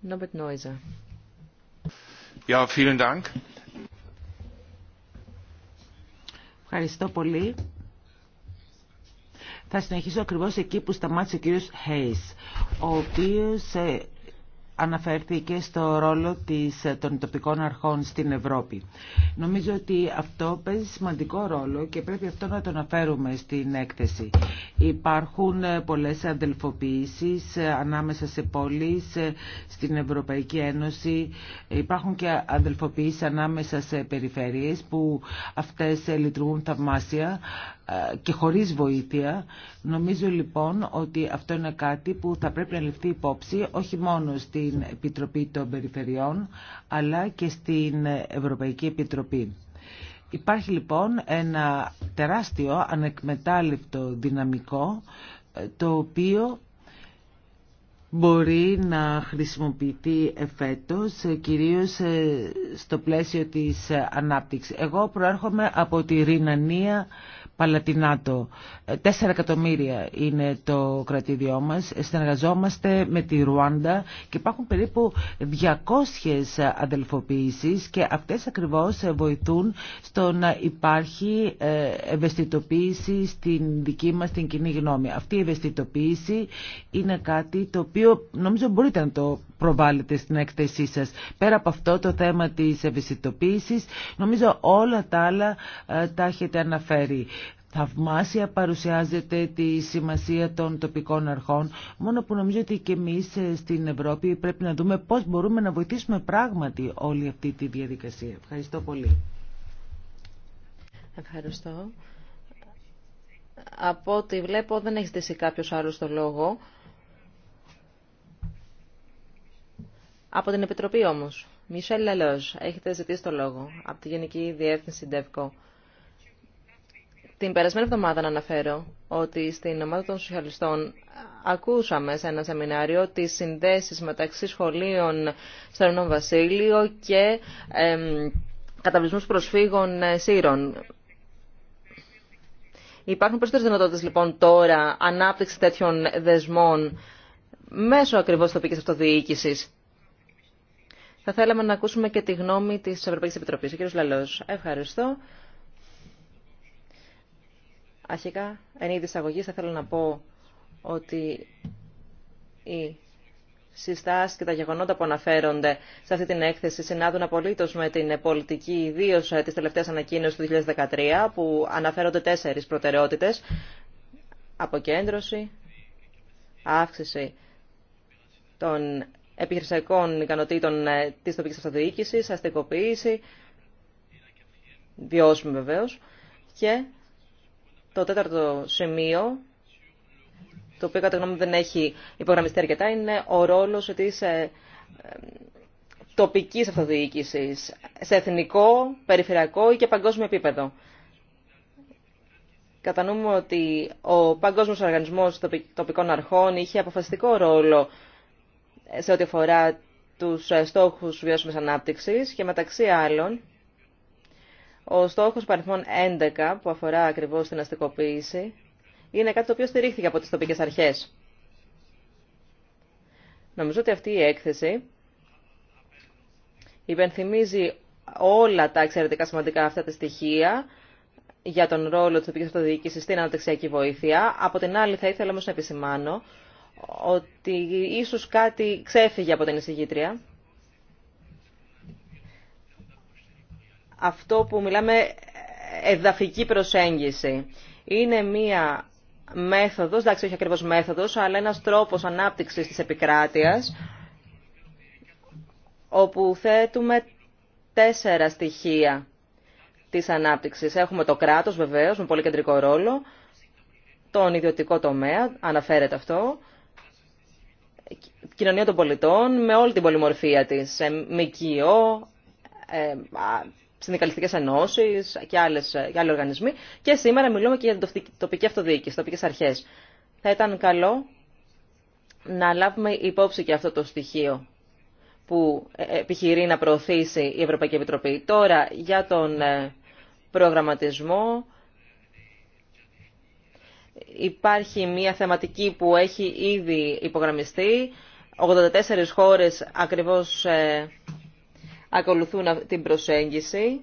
Νόμπετ Νόιζα. Ja, vielen Dank. Ευχαριστώ πολύ. Θα συνεχίσω ακριβώς εκεί που σταμάτησε ο κύριος Χέις, ο οποίος ε, αναφερθήκε στο ρόλο της, των τοπικών αρχών στην Ευρώπη. Νομίζω ότι αυτό παίζει σημαντικό ρόλο και πρέπει αυτό να το αναφέρουμε στην έκθεση. Υπάρχουν ε, πολλές αδελφοποιήσεις ε, ανάμεσα σε πόλεις, ε, στην Ευρωπαϊκή Ένωση. Υπάρχουν και αδελφοποιήσεις ανάμεσα σε περιφέρειες που αυτές λειτουργούν θαυμάσια. Ε, και χωρίς βοήθεια. Νομίζω λοιπόν ότι αυτό είναι κάτι που θα πρέπει να ληφθεί υπόψη όχι μόνο στην Επιτροπή των Περιφερειών αλλά και στην Ευρωπαϊκή Επιτροπή. Υπάρχει λοιπόν ένα τεράστιο ανεκμετάλλευτο δυναμικό ε, το οποίο μπορεί να χρησιμοποιηθεί εφέτος, κυρίως ε, στο πλαίσιο της ε, ανάπτυξης. Εγώ προέρχομαι από τη Ρινανία Παλατινάτο. Ε, τέσσερα εκατομμύρια είναι το κρατήδιό μας. Συνεργαζόμαστε με τη Ρουάντα και υπάρχουν περίπου 200 αδελφοποιήσεις και αυτές ακριβώς βοηθούν στο να υπάρχει ευαισθητοποίηση στην δική μας την κοινή γνώμη. Αυτή η ευαισθητοποίηση είναι κάτι το οποίο οποίο νομίζω μπορείτε να το προβάλλετε στην έκθεσή σας. Πέρα από αυτό το θέμα της ευαισθητοποίησης, νομίζω όλα τα άλλα ε, τα έχετε αναφέρει. Θαυμάσια παρουσιάζεται τη σημασία των τοπικών αρχών, μόνο που νομίζω ότι και εμείς ε, στην Ευρώπη πρέπει να δούμε πώς μπορούμε να βοηθήσουμε πράγματι όλη αυτή τη διαδικασία. Ευχαριστώ πολύ. Ευχαριστώ. Από ό,τι βλέπω δεν έχει στήσει κάποιος άλλος το λόγο. Από την Επιτροπή όμω, Μισελ Λελός, έχετε ζητήσει το λόγο από τη Γενική Διεύθυνση ΔΕΒΚΟ. Την περασμένη εβδομάδα να αναφέρω ότι στην ομάδα των σοσιαλιστών ακούσαμε σε ένα σεμινάριο τι συνδέσεις μεταξύ σχολείων στον Ρενό Βασίλειο και ε, προσφύγων σύρων. Υπάρχουν περισσότερε δυνατότητε λοιπόν τώρα ανάπτυξη τέτοιων δεσμών μέσω ακριβώς τοπική αυτοδιοίκηση. Θα θέλαμε να ακούσουμε και τη γνώμη τη Ευρωπαϊκή Επιτροπή. Ο κ. Λαλό. Ευχαριστώ. Αρχικά, εν είδη εισαγωγή, θα θέλω να πω ότι οι συστάσει και τα γεγονότα που αναφέρονται σε αυτή την έκθεση συνάδουν απολύτω με την πολιτική, ιδίω ε, τη τελευταία ανακοίνωση του 2013, που αναφέρονται τέσσερι προτεραιότητε. Αποκέντρωση, αύξηση των επιχειρησιακών ικανοτήτων ε, της τοπικής αυτοδιοίκησης, αστικοποίηση, βιώσιμη βεβαίω. Και το τέταρτο σημείο, το οποίο κατά γνώμη δεν έχει υπογραμμιστεί αρκετά, είναι ο ρόλος της ε, ε, τοπικής αυτοδιοίκησης σε εθνικό, περιφερειακό ή και παγκόσμιο επίπεδο. Κατανοούμε ότι ο Παγκόσμιος Οργανισμός Τοπικών Αρχών είχε αποφασιστικό ρόλο σε ό,τι αφορά τους ε, στόχους βιώσιμης ανάπτυξης και μεταξύ άλλων ο στόχος παριθμών 11 που αφορά ακριβώς την αστικοποίηση είναι κάτι το οποίο στηρίχθηκε από τις τοπικές αρχές. Νομίζω ότι αυτή η έκθεση υπενθυμίζει όλα τα εξαιρετικά σημαντικά αυτά τα στοιχεία για τον ρόλο της τοπικής αυτοδιοίκησης στην αναπτυξιακή βοήθεια. Από την άλλη θα ήθελα όμως να επισημάνω ότι ίσως κάτι ξέφυγε από την εισηγήτρια. Αυτό που μιλάμε εδαφική προσέγγιση. Είναι μία μέθοδος, εντάξει όχι ακριβώς μέθοδος, αλλά ένας τρόπος ανάπτυξης της επικράτειας, όπου θέτουμε τέσσερα στοιχεία της ανάπτυξης. Έχουμε το κράτος βεβαίως, με πολύ κεντρικό ρόλο, τον ιδιωτικό τομέα, αναφέρεται αυτό, κοινωνία των πολιτών με όλη την πολυμορφία της, ε, ΜΚΙΟ, ε, συνδικαλιστικέ ενώσει και, άλλες, ε, και άλλοι οργανισμοί. Και σήμερα μιλούμε και για την τοπική αυτοδιοίκηση, τοπικέ αρχέ. Θα ήταν καλό να λάβουμε υπόψη και αυτό το στοιχείο που επιχειρεί να προωθήσει η Ευρωπαϊκή Επιτροπή. Τώρα για τον προγραμματισμό υπάρχει μια θεματική που έχει ήδη υπογραμμιστεί. 84 χώρες ακριβώς ε, ακολουθούν την προσέγγιση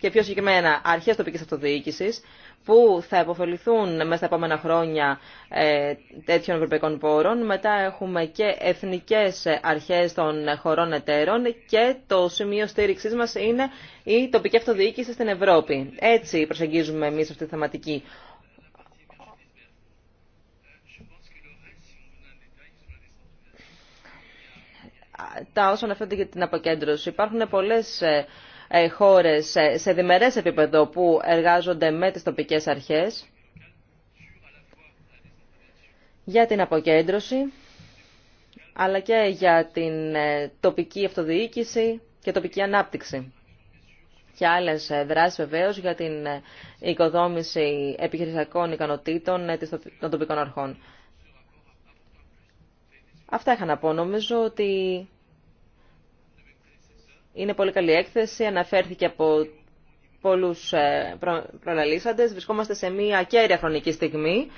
και πιο συγκεκριμένα αρχές τοπικής αυτοδιοίκησης που θα υποφεληθούν μέσα στα επόμενα χρόνια ε, τέτοιων ευρωπαϊκών πόρων. Μετά έχουμε και εθνικές αρχές των χωρών εταίρων και το σημείο στήριξής μας είναι η τοπική αυτοδιοίκηση στην Ευρώπη. Έτσι προσεγγίζουμε εμείς αυτή τη θεματική. τα όσα αναφέρονται για την αποκέντρωση. Υπάρχουν πολλές ε, ε, χώρες ε, σε διμερές επίπεδο που εργάζονται με τις τοπικές αρχές για την αποκέντρωση, αλλά και για την τοπική αυτοδιοίκηση και τοπική ανάπτυξη. Και άλλες δράσεις βεβαίως για την οικοδόμηση επιχειρησιακών ικανοτήτων των τοπικών αρχών. Αυτά είχα να πω. Νομίζω ότι είναι πολύ καλή έκθεση. Αναφέρθηκε από πολλούς ε, προ... Βρισκόμαστε σε μια κέρια χρονική στιγμή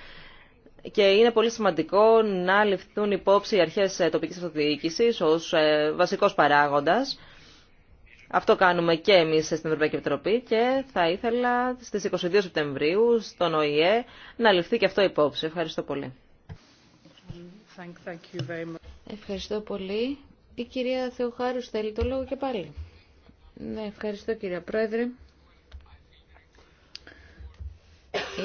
και είναι πολύ σημαντικό να ληφθούν υπόψη οι αρχές ε, τοπικής αυτοδιοίκησης ως ε, βασικός παράγοντας. Αυτό κάνουμε και εμείς στην Ευρωπαϊκή Επιτροπή και θα ήθελα στις 22 Σεπτεμβρίου στον ΟΗΕ να ληφθεί και αυτό υπόψη. Ευχαριστώ πολύ. Ευχαριστώ πολύ. Η κυρία Θεοχάρου θέλει το λόγο και πάλι. Ναι, ευχαριστώ κυρία Πρόεδρε.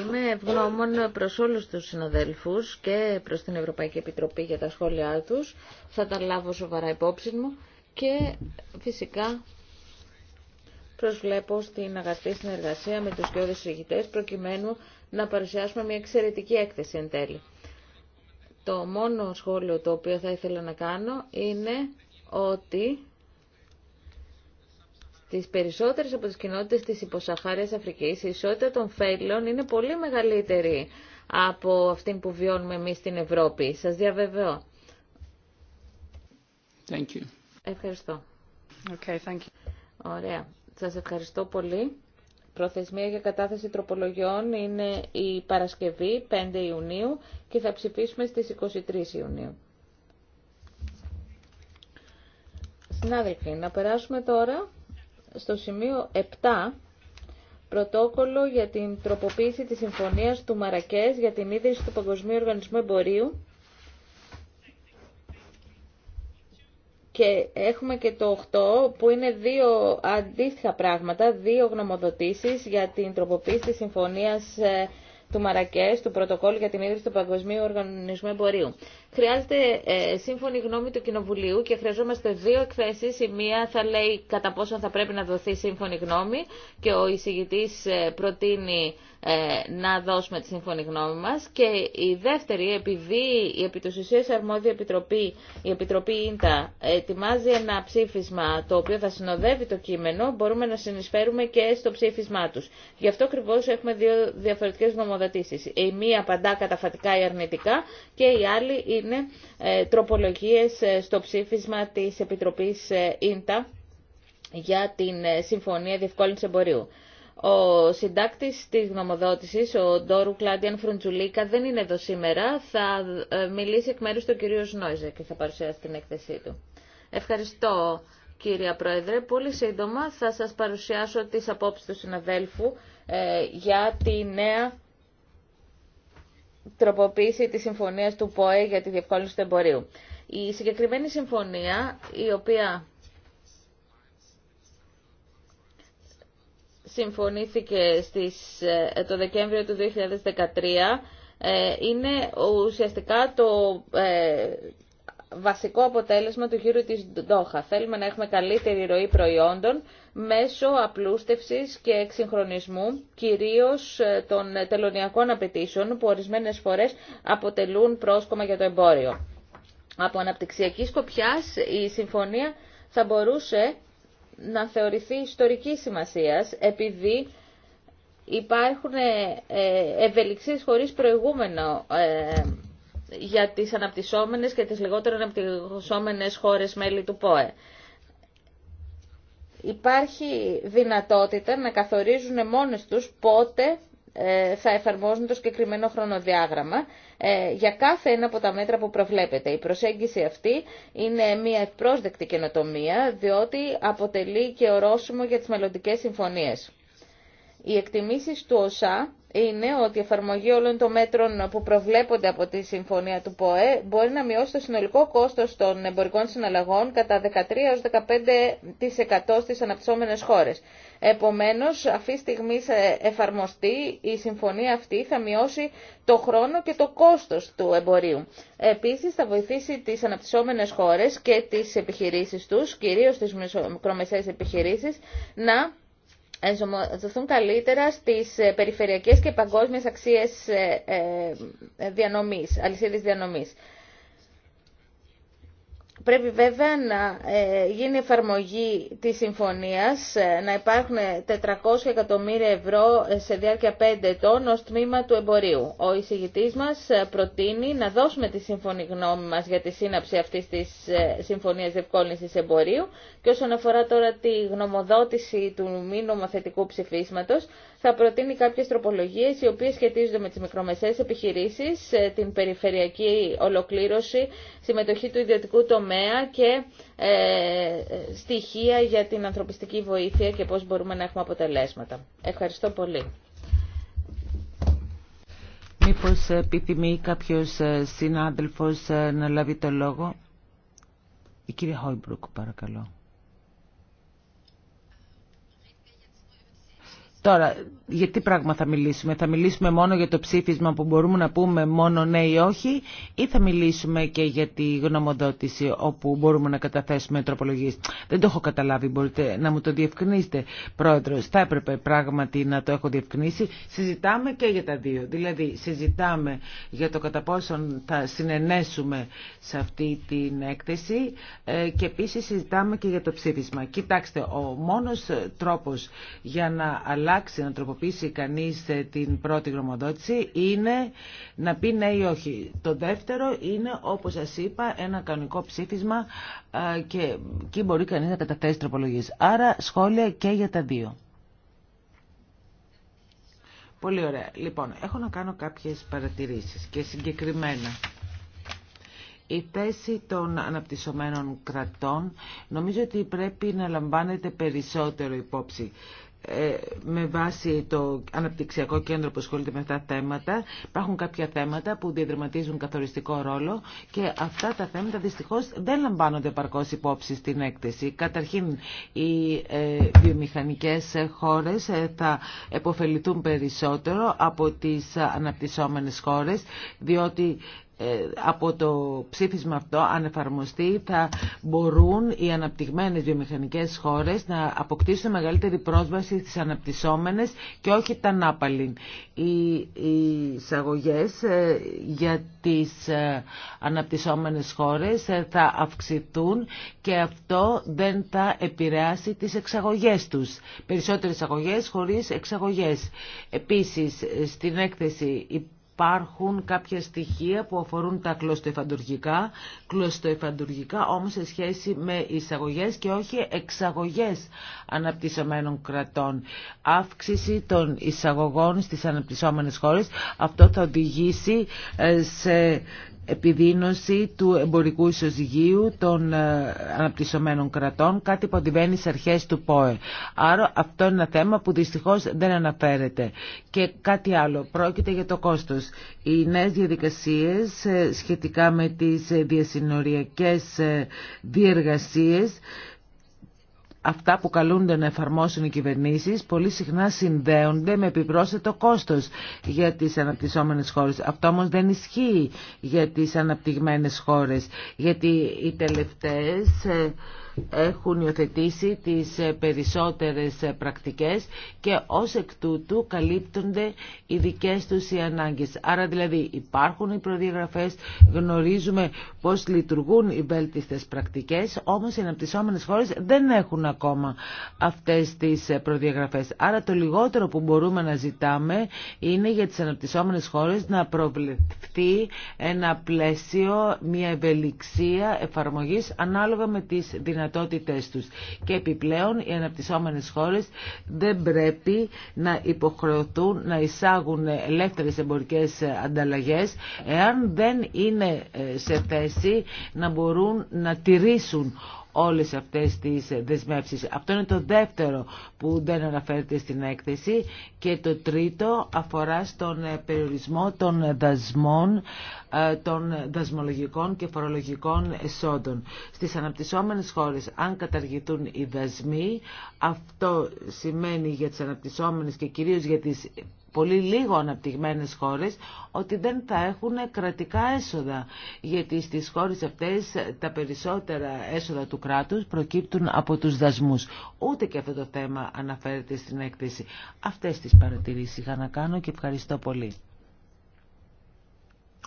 Είμαι ευγνώμων προς όλους τους συναδέλφους και προς την Ευρωπαϊκή Επιτροπή για τα σχόλιά τους. Θα τα λάβω σοβαρά υπόψη μου και φυσικά προσβλέπω στην αγαπητή συνεργασία με τους κύριους ηγητές προκειμένου να παρουσιάσουμε μια εξαιρετική έκθεση εν τέλει. Το μόνο σχόλιο το οποίο θα ήθελα να κάνω είναι ότι στις περισσότερες από τις κοινότητες της υποσαχάριας Αφρικής η ισότητα των φέλων είναι πολύ μεγαλύτερη από αυτήν που βιώνουμε εμείς στην Ευρώπη. Σας διαβεβαιώ. Thank you. Ευχαριστώ. Okay, thank you. Ωραία. Σας ευχαριστώ πολύ. Προθεσμία για κατάθεση τροπολογιών είναι η Παρασκευή 5 Ιουνίου και θα ψηφίσουμε στις 23 Ιουνίου. Συνάδελφοι, να περάσουμε τώρα στο σημείο 7, πρωτόκολλο για την τροποποίηση της Συμφωνίας του Μαρακές για την ίδρυση του Παγκοσμίου Οργανισμού Εμπορίου Και έχουμε και το 8 που είναι δύο αντίστοιχα πράγματα, δύο γνωμοδοτήσεις για την τροποποίηση της συμφωνίας ε, του Μαρακές, του πρωτοκόλλου για την ίδρυση του Παγκοσμίου Οργανισμού Εμπορίου. Χρειάζεται ε, σύμφωνη γνώμη του Κοινοβουλίου και χρειαζόμαστε δύο εκθέσει. Η μία θα λέει κατά πόσο θα πρέπει να δοθεί σύμφωνη γνώμη και ο εισηγητή ε, προτείνει ε, να δώσουμε τη σύμφωνη γνώμη μα. Και η δεύτερη, επειδή η επί αρμόδια επιτροπή, η Επιτροπή ΙΝΤΑ ετοιμάζει ένα ψήφισμα το οποίο θα συνοδεύει το κείμενο, μπορούμε να συνεισφέρουμε και στο ψήφισμά του. Γι' αυτό ακριβώ έχουμε δύο διαφορετικέ νομοδοτήσει. Η μία απαντά καταφατικά ή αρνητικά και η άλλη είναι ε, τροπολογίες ε, στο ψήφισμα της Επιτροπής ε, ΙΝΤΑ για την Συμφωνία Διευκόλυνση Εμπορίου. Ο συντάκτης της γνωμοδότησης, ο Ντόρου Κλάντιαν Φρουντζουλίκα, δεν είναι εδώ σήμερα. Θα μιλήσει εκ μέρους του κυρίου Σνόιζε και θα παρουσιάσει την έκθεσή του. Ευχαριστώ κύριε Πρόεδρε. Πολύ σύντομα θα σας παρουσιάσω τις απόψεις του συναδέλφου για τη νέα τροποποίηση της συμφωνίας του ΠΟΕ για τη διευκόλυνση του εμπορίου. Η συγκεκριμένη συμφωνία, η οποία συμφωνήθηκε στις, ε, το Δεκέμβριο του 2013, ε, είναι ουσιαστικά το ε, βασικό αποτέλεσμα του γύρου της Ντόχα. Θέλουμε να έχουμε καλύτερη ροή προϊόντων μέσω απλούστευσης και εξυγχρονισμού, κυρίως ε, των τελωνιακών απαιτήσεων που ορισμένες φορές αποτελούν πρόσκομα για το εμπόριο. Από αναπτυξιακή σκοπιά η συμφωνία θα μπορούσε να θεωρηθεί ιστορική σημασίας επειδή υπάρχουν ε, ε, ευελιξίες χωρίς προηγούμενο για τις αναπτυσσόμενες και τις λιγότερο αναπτυσσόμενες χώρες μέλη του ΠΟΕ. Υπάρχει δυνατότητα να καθορίζουν μόνες τους πότε ε, θα εφαρμόζουν το συγκεκριμένο χρονοδιάγραμμα ε, για κάθε ένα από τα μέτρα που προβλέπεται. Η προσέγγιση αυτή είναι μια ευπρόσδεκτη καινοτομία, διότι αποτελεί και ορόσημο για τις μελλοντικέ συμφωνίες. Οι εκτιμήσεις του ΟΣΑ είναι ότι η εφαρμογή όλων των μέτρων που προβλέπονται από τη Συμφωνία του ΠΟΕ μπορεί να μειώσει το συνολικό κόστος των εμπορικών συναλλαγών κατά 13-15% στις αναπτυσσόμενες χώρες. Επομένως, αυτή τη στιγμή εφαρμοστεί η συμφωνία αυτή θα μειώσει το χρόνο και το κόστος του εμπορίου. Επίσης, θα βοηθήσει τις αναπτυσσόμενες χώρες και τις επιχειρήσεις τους, κυρίως τις μικρομεσαίες επιχειρήσεις, να ενσωματωθούν καλύτερα στις ε, περιφερειακές και παγκόσμιες αξίες ε, ε, διανομής, αλυσίδες διανομής. Πρέπει βέβαια να ε, γίνει εφαρμογή της συμφωνίας, ε, να υπάρχουν 400 εκατομμύρια ευρώ ε, σε διάρκεια 5 ετών ως τμήμα του εμπορίου. Ο εισηγητής μας προτείνει να δώσουμε τη συμφωνή γνώμη μας για τη σύναψη αυτής της συμφωνίας διευκόλυνσης εμπορίου και όσον αφορά τώρα τη γνωμοδότηση του μη νομοθετικού ψηφίσματος, θα προτείνει κάποιες τροπολογίες οι οποίες σχετίζονται με τις μικρομεσαίες επιχειρήσεις, ε, την περιφερειακή ολοκλήρωση, συμμετοχή του ιδιωτικού τομέα και ε, στοιχεία για την ανθρωπιστική βοήθεια και πώς μπορούμε να έχουμε αποτελέσματα. Ευχαριστώ πολύ. Μήπως επιθυμεί κάποιο ε, συνάδελφο να λάβει το λόγο. Η κυρία Χόιμπρουκ, παρακαλώ. Τώρα, για τι πράγμα θα μιλήσουμε. Θα μιλήσουμε μόνο για το ψήφισμα που μπορούμε να πούμε μόνο ναι ή όχι ή θα μιλήσουμε και για τη γνωμοδότηση όπου μπορούμε να καταθέσουμε τροπολογίες. Δεν το έχω καταλάβει, μπορείτε να μου το διευκρινίσετε. Πρόεδρος, θα έπρεπε πράγματι να το έχω διευκρινίσει. Συζητάμε και για τα δύο. Δηλαδή, συζητάμε για το κατά πόσον θα συνενέσουμε σε αυτή την έκθεση ε, και επίσης συζητάμε και για το ψήφισμα. Κοιτάξτε, ο μόνος τρόπος για να αλλάξει, να τρόπο χρησιμοποιήσει κανείς ε, την πρώτη γνωμοδότηση είναι να πει ναι ή όχι. Το δεύτερο είναι, όπως σας είπα, ένα κανονικό ψήφισμα ε, και εκεί μπορεί κανείς να καταθέσει τροπολογίες. Άρα σχόλια και για τα δύο. Πολύ ωραία. Λοιπόν, έχω να κάνω κάποιες παρατηρήσεις και συγκεκριμένα. Η θέση των αναπτυσσομένων κρατών νομίζω ότι πρέπει να λαμβάνεται περισσότερο υπόψη. Ε, με βάση το αναπτυξιακό κέντρο που ασχολείται με αυτά τα θέματα υπάρχουν κάποια θέματα που διαδραματίζουν καθοριστικό ρόλο και αυτά τα θέματα δυστυχώς δεν λαμβάνονται παρκώς υπόψη στην έκθεση. Καταρχήν οι ε, βιομηχανικές χώρες ε, θα επωφεληθούν περισσότερο από τις αναπτυσσόμενες χώρες διότι ε, από το ψήφισμα αυτό, αν εφαρμοστεί, θα μπορούν οι αναπτυγμένες βιομηχανικές χώρες να αποκτήσουν μεγαλύτερη πρόσβαση στις αναπτυσσόμενες και όχι τα νάπαλιν. Οι, οι εισαγωγές ε, για τις ε, αναπτυσσόμενες χώρες θα αυξηθούν και αυτό δεν θα επηρεάσει τις εξαγωγές τους. Περισσότερες εξαγωγές χωρίς εξαγωγές. Επίσης, στην έκθεση υπάρχουν κάποια στοιχεία που αφορούν τα κλωστοεφαντουργικά, κλωστοεφαντουργικά όμως σε σχέση με εισαγωγές και όχι εξαγωγές αναπτυσσομένων κρατών. Αύξηση των εισαγωγών στις αναπτυσσόμενες χώρες, αυτό θα οδηγήσει ε, σε επιδείνωση του εμπορικού ισοζυγίου των ε, αναπτυσσομένων κρατών, κάτι που αντιβαίνει αρχές του ΠΟΕ. Άρα αυτό είναι ένα θέμα που δυστυχώς δεν αναφέρεται. Και κάτι άλλο, πρόκειται για το κόστος. Οι νέες διαδικασίες ε, σχετικά με τις ε, διασυνοριακές διεργασίες αυτά που καλούνται να εφαρμόσουν οι κυβερνήσεις πολύ συχνά συνδέονται με επιπρόσθετο κόστος για τις αναπτυσσόμενες χώρες. Αυτό όμως δεν ισχύει για τις αναπτυγμένες χώρες, γιατί οι τελευταίες ε, έχουν υιοθετήσει τις περισσότερες πρακτικές και ως εκ τούτου καλύπτονται οι δικές τους οι ανάγκες. Άρα δηλαδή υπάρχουν οι προδιαγραφές, γνωρίζουμε πώς λειτουργούν οι βέλτιστες πρακτικές, όμως οι αναπτυσσόμενες χώρες δεν έχουν ακόμα αυτές τις προδιαγραφές. Άρα το λιγότερο που μπορούμε να ζητάμε είναι για τις αναπτυσσόμενες χώρες να προβλεφθεί ένα πλαίσιο, μια ευελιξία εφαρμογής ανάλογα με τις δυνατότητες δυνατότητές τους. Και επιπλέον οι αναπτυσσόμενες χώρες δεν πρέπει να υποχρεωθούν να εισάγουν ελεύθερες εμπορικές ανταλλαγές εάν δεν είναι ε, σε θέση να μπορούν να τηρήσουν όλες αυτές τις δεσμεύσεις. Αυτό είναι το δεύτερο που δεν αναφέρεται στην έκθεση και το τρίτο αφορά στον ε, περιορισμό των δασμών, ε, των δασμολογικών και φορολογικών εσόδων. Στις αναπτυσσόμενες χώρες, αν καταργηθούν οι δασμοί, αυτό σημαίνει για τις αναπτυσσόμενες και κυρίως για τις πολύ λίγο αναπτυγμένες χώρες ότι δεν θα έχουν κρατικά έσοδα γιατί στις χώρες αυτές τα περισσότερα έσοδα του κράτους προκύπτουν από τους δασμούς. Ούτε και αυτό το θέμα αναφέρεται στην έκθεση. Αυτές τις παρατηρήσεις είχα να κάνω και ευχαριστώ πολύ.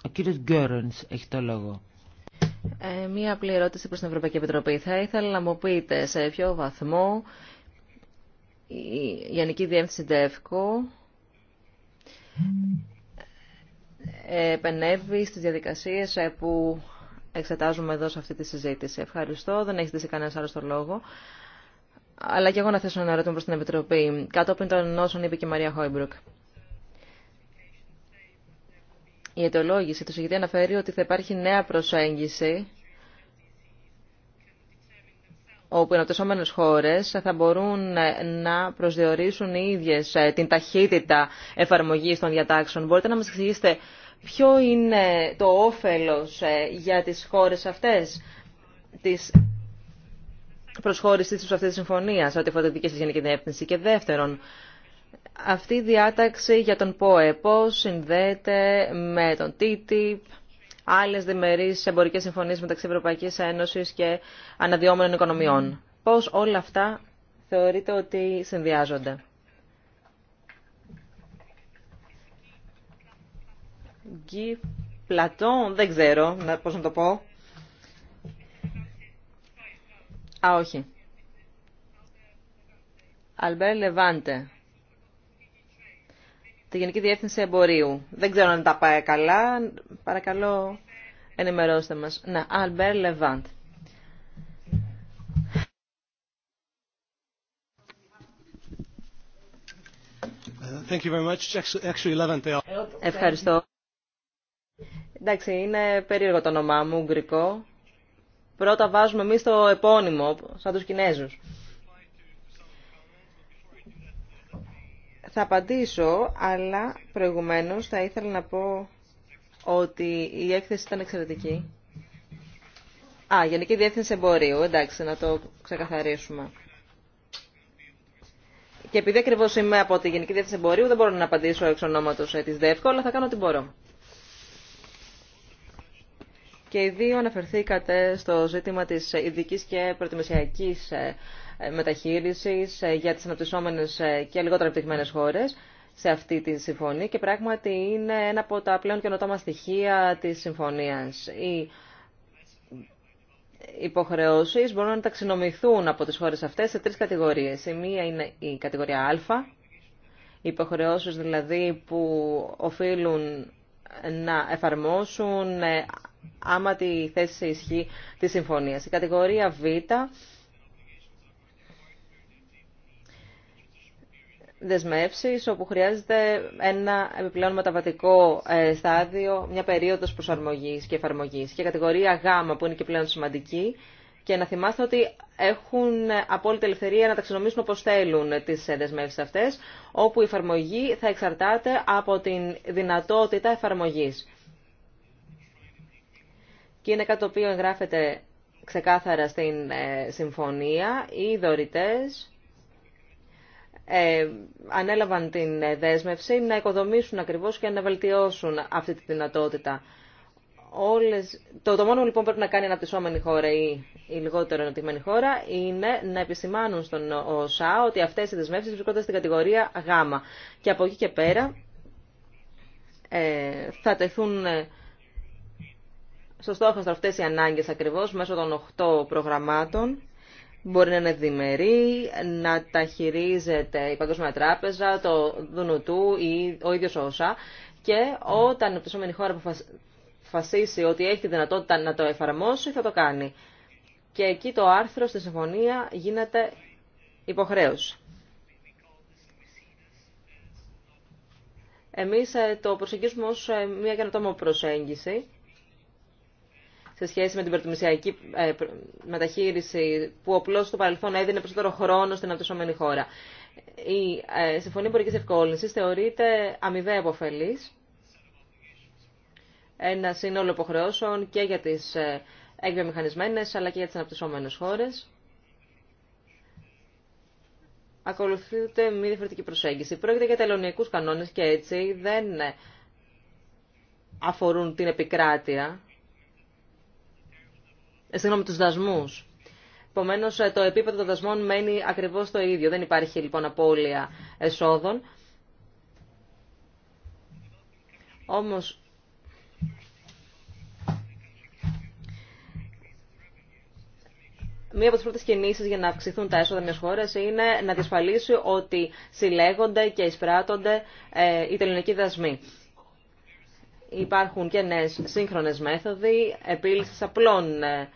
Ο κύριος Γκέρονς έχει το λόγο. Ε, μία απλή ερώτηση προς την Ευρωπαϊκή Επιτροπή. Θα ήθελα να μου πείτε σε ποιο βαθμό η Γενική Διεύθυνση ΔΕΦΚΟ επενεύει στις διαδικασίες ε, που εξετάζουμε εδώ σε αυτή τη συζήτηση. Ευχαριστώ. Δεν έχει δει κανένα άλλο τον λόγο. Αλλά και εγώ να θέσω ένα ερώτημα προς την Επιτροπή. Κατόπιν των όσων είπε και η Μαρία Χόιμπρουκ. Η αιτιολόγηση του συγκεκριμένου αναφέρει ότι θα υπάρχει νέα προσέγγιση όπου οι αναπτυσσόμενε χώρες θα μπορούν να προσδιορίσουν οι ίδιες ε, την ταχύτητα εφαρμογής των διατάξεων. Μπορείτε να μας εξηγήσετε ποιο είναι το όφελος ε, για τις χώρες αυτές της προσχώρηση τη αυτή τη συμφωνία, ό,τι αφορά τη δική γενική διεύθυνση. Και δεύτερον, αυτή η διάταξη για τον ΠΟΕ πώς συνδέεται με τον TTIP, άλλες διμερείς εμπορικές συμφωνίες μεταξύ Ευρωπαϊκής Ένωση και αναδυόμενων οικονομιών. Πώς όλα αυτά θεωρείτε ότι συνδυάζονται. Γκί Πλατών, δεν ξέρω πώς να το πω. Α, όχι. Αλμπέρ Λεβάντε τη Γενική Διεύθυνση Εμπορίου. Δεν ξέρω αν τα πάει καλά. Παρακαλώ, ενημερώστε μας. Να, Αλμπέρ Λεβάντ. Ευχαριστώ. Εντάξει, είναι περίεργο το όνομά μου, γκρικό. Πρώτα βάζουμε εμεί το επώνυμο, σαν τους Κινέζους. Θα απαντήσω, αλλά προηγουμένως θα ήθελα να πω ότι η έκθεση ήταν εξαιρετική. Α, Γενική Διεύθυνση Εμπορίου. Εντάξει, να το ξεκαθαρίσουμε. Και επειδή ακριβώ είμαι από τη Γενική Διεύθυνση Εμπορίου, δεν μπορώ να απαντήσω εξ ονόματο ε, τη ΔΕΦΚΟ, αλλά θα κάνω ό,τι μπορώ. Και οι δύο αναφερθήκατε στο ζήτημα τη ειδική και προτιμησιακή ε, ε, μεταχείρισης ε, για τις αναπτυσσόμενες ε, και λιγότερο επιτυχημένες χώρες σε αυτή τη συμφωνία και πράγματι είναι ένα από τα πλέον καινοτόμα στοιχεία της συμφωνίας. Οι υποχρεώσεις μπορούν να ταξινομηθούν από τις χώρες αυτές σε τρεις κατηγορίες. Η μία είναι η κατηγορία Α, οι υποχρεώσεις δηλαδή που οφείλουν να εφαρμόσουν άμα τη θέση ισχύει τη της Η κατηγορία Β δεσμεύσεις όπου χρειάζεται ένα επιπλέον μεταβατικό ε, στάδιο, μια περίοδος προσαρμογή και εφαρμογή και κατηγορία Γ που είναι και πλέον σημαντική και να θυμάστε ότι έχουν απόλυτη ελευθερία να ταξινομήσουν όπω θέλουν τις ε, δεσμεύσει αυτές όπου η εφαρμογή θα εξαρτάται από την δυνατότητα εφαρμογή. Και είναι κάτι το οποίο εγγράφεται ξεκάθαρα στην ε, συμφωνία. Οι δωρητές ε, ανέλαβαν την ε, δέσμευση να οικοδομήσουν ακριβώς και να βελτιώσουν αυτή τη δυνατότητα. Όλες... Το, το μόνο λοιπόν που πρέπει να κάνει η αναπτυσσόμενη χώρα ή η λιγότερο αναπτυγμένη χώρα είναι να επισημάνουν στον ΟΣΑ ότι αυτές οι δεσμεύσεις βρίσκονται στην κατηγορία Γ. Και από εκεί και πέρα ε, θα τεθούν ε, στο στόχο αυτές οι ανάγκες ακριβώς μέσω των 8 προγραμμάτων Μπορεί να είναι διμερή, να τα χειρίζεται η Παγκόσμια Τράπεζα, το Δουνουτού ή ο ίδιος ο ΩΣΑ και όταν η πτωσόμενη χώρα αποφασίσει ότι έχει τη δυνατότητα να το εφαρμόσει θα το κάνει. Και εκεί το άρθρο στη συμφωνία γίνεται υποχρέωση. Εμείς ε, το προσεγγίζουμε ως ε, μια καινοτόμο προσέγγιση σε σχέση με την προτιμησιακή ε, μεταχείριση που απλώ στο παρελθόν έδινε περισσότερο χρόνο στην αναπτυσσόμενη χώρα. Η ε, Συμφωνία Εμπορικής Ευκόλυνση θεωρείται αμοιβαία αποφελής, ένα σύνολο υποχρεώσεων και για τις ε, εκβιομηχανισμένες αλλά και για τι αναπτυσσόμενες χώρε. Ακολουθείται μη διαφορετική προσέγγιση. Πρόκειται για τελωνιακούς κανόνε και έτσι δεν αφορούν την επικράτεια ε, συγγνώμη, τους δασμούς. Επομένω, ε, το επίπεδο των δασμών μένει ακριβώς το ίδιο. Δεν υπάρχει λοιπόν απώλεια εσόδων. Όμως, Μία από τι πρώτε κινήσει για να αυξηθούν τα έσοδα μιας χώρα είναι να διασφαλίσει ότι συλλέγονται και εισπράττονται ε, οι τελωνικοί δασμοί υπάρχουν και νέες σύγχρονες μέθοδοι επίλυσης απλών ε,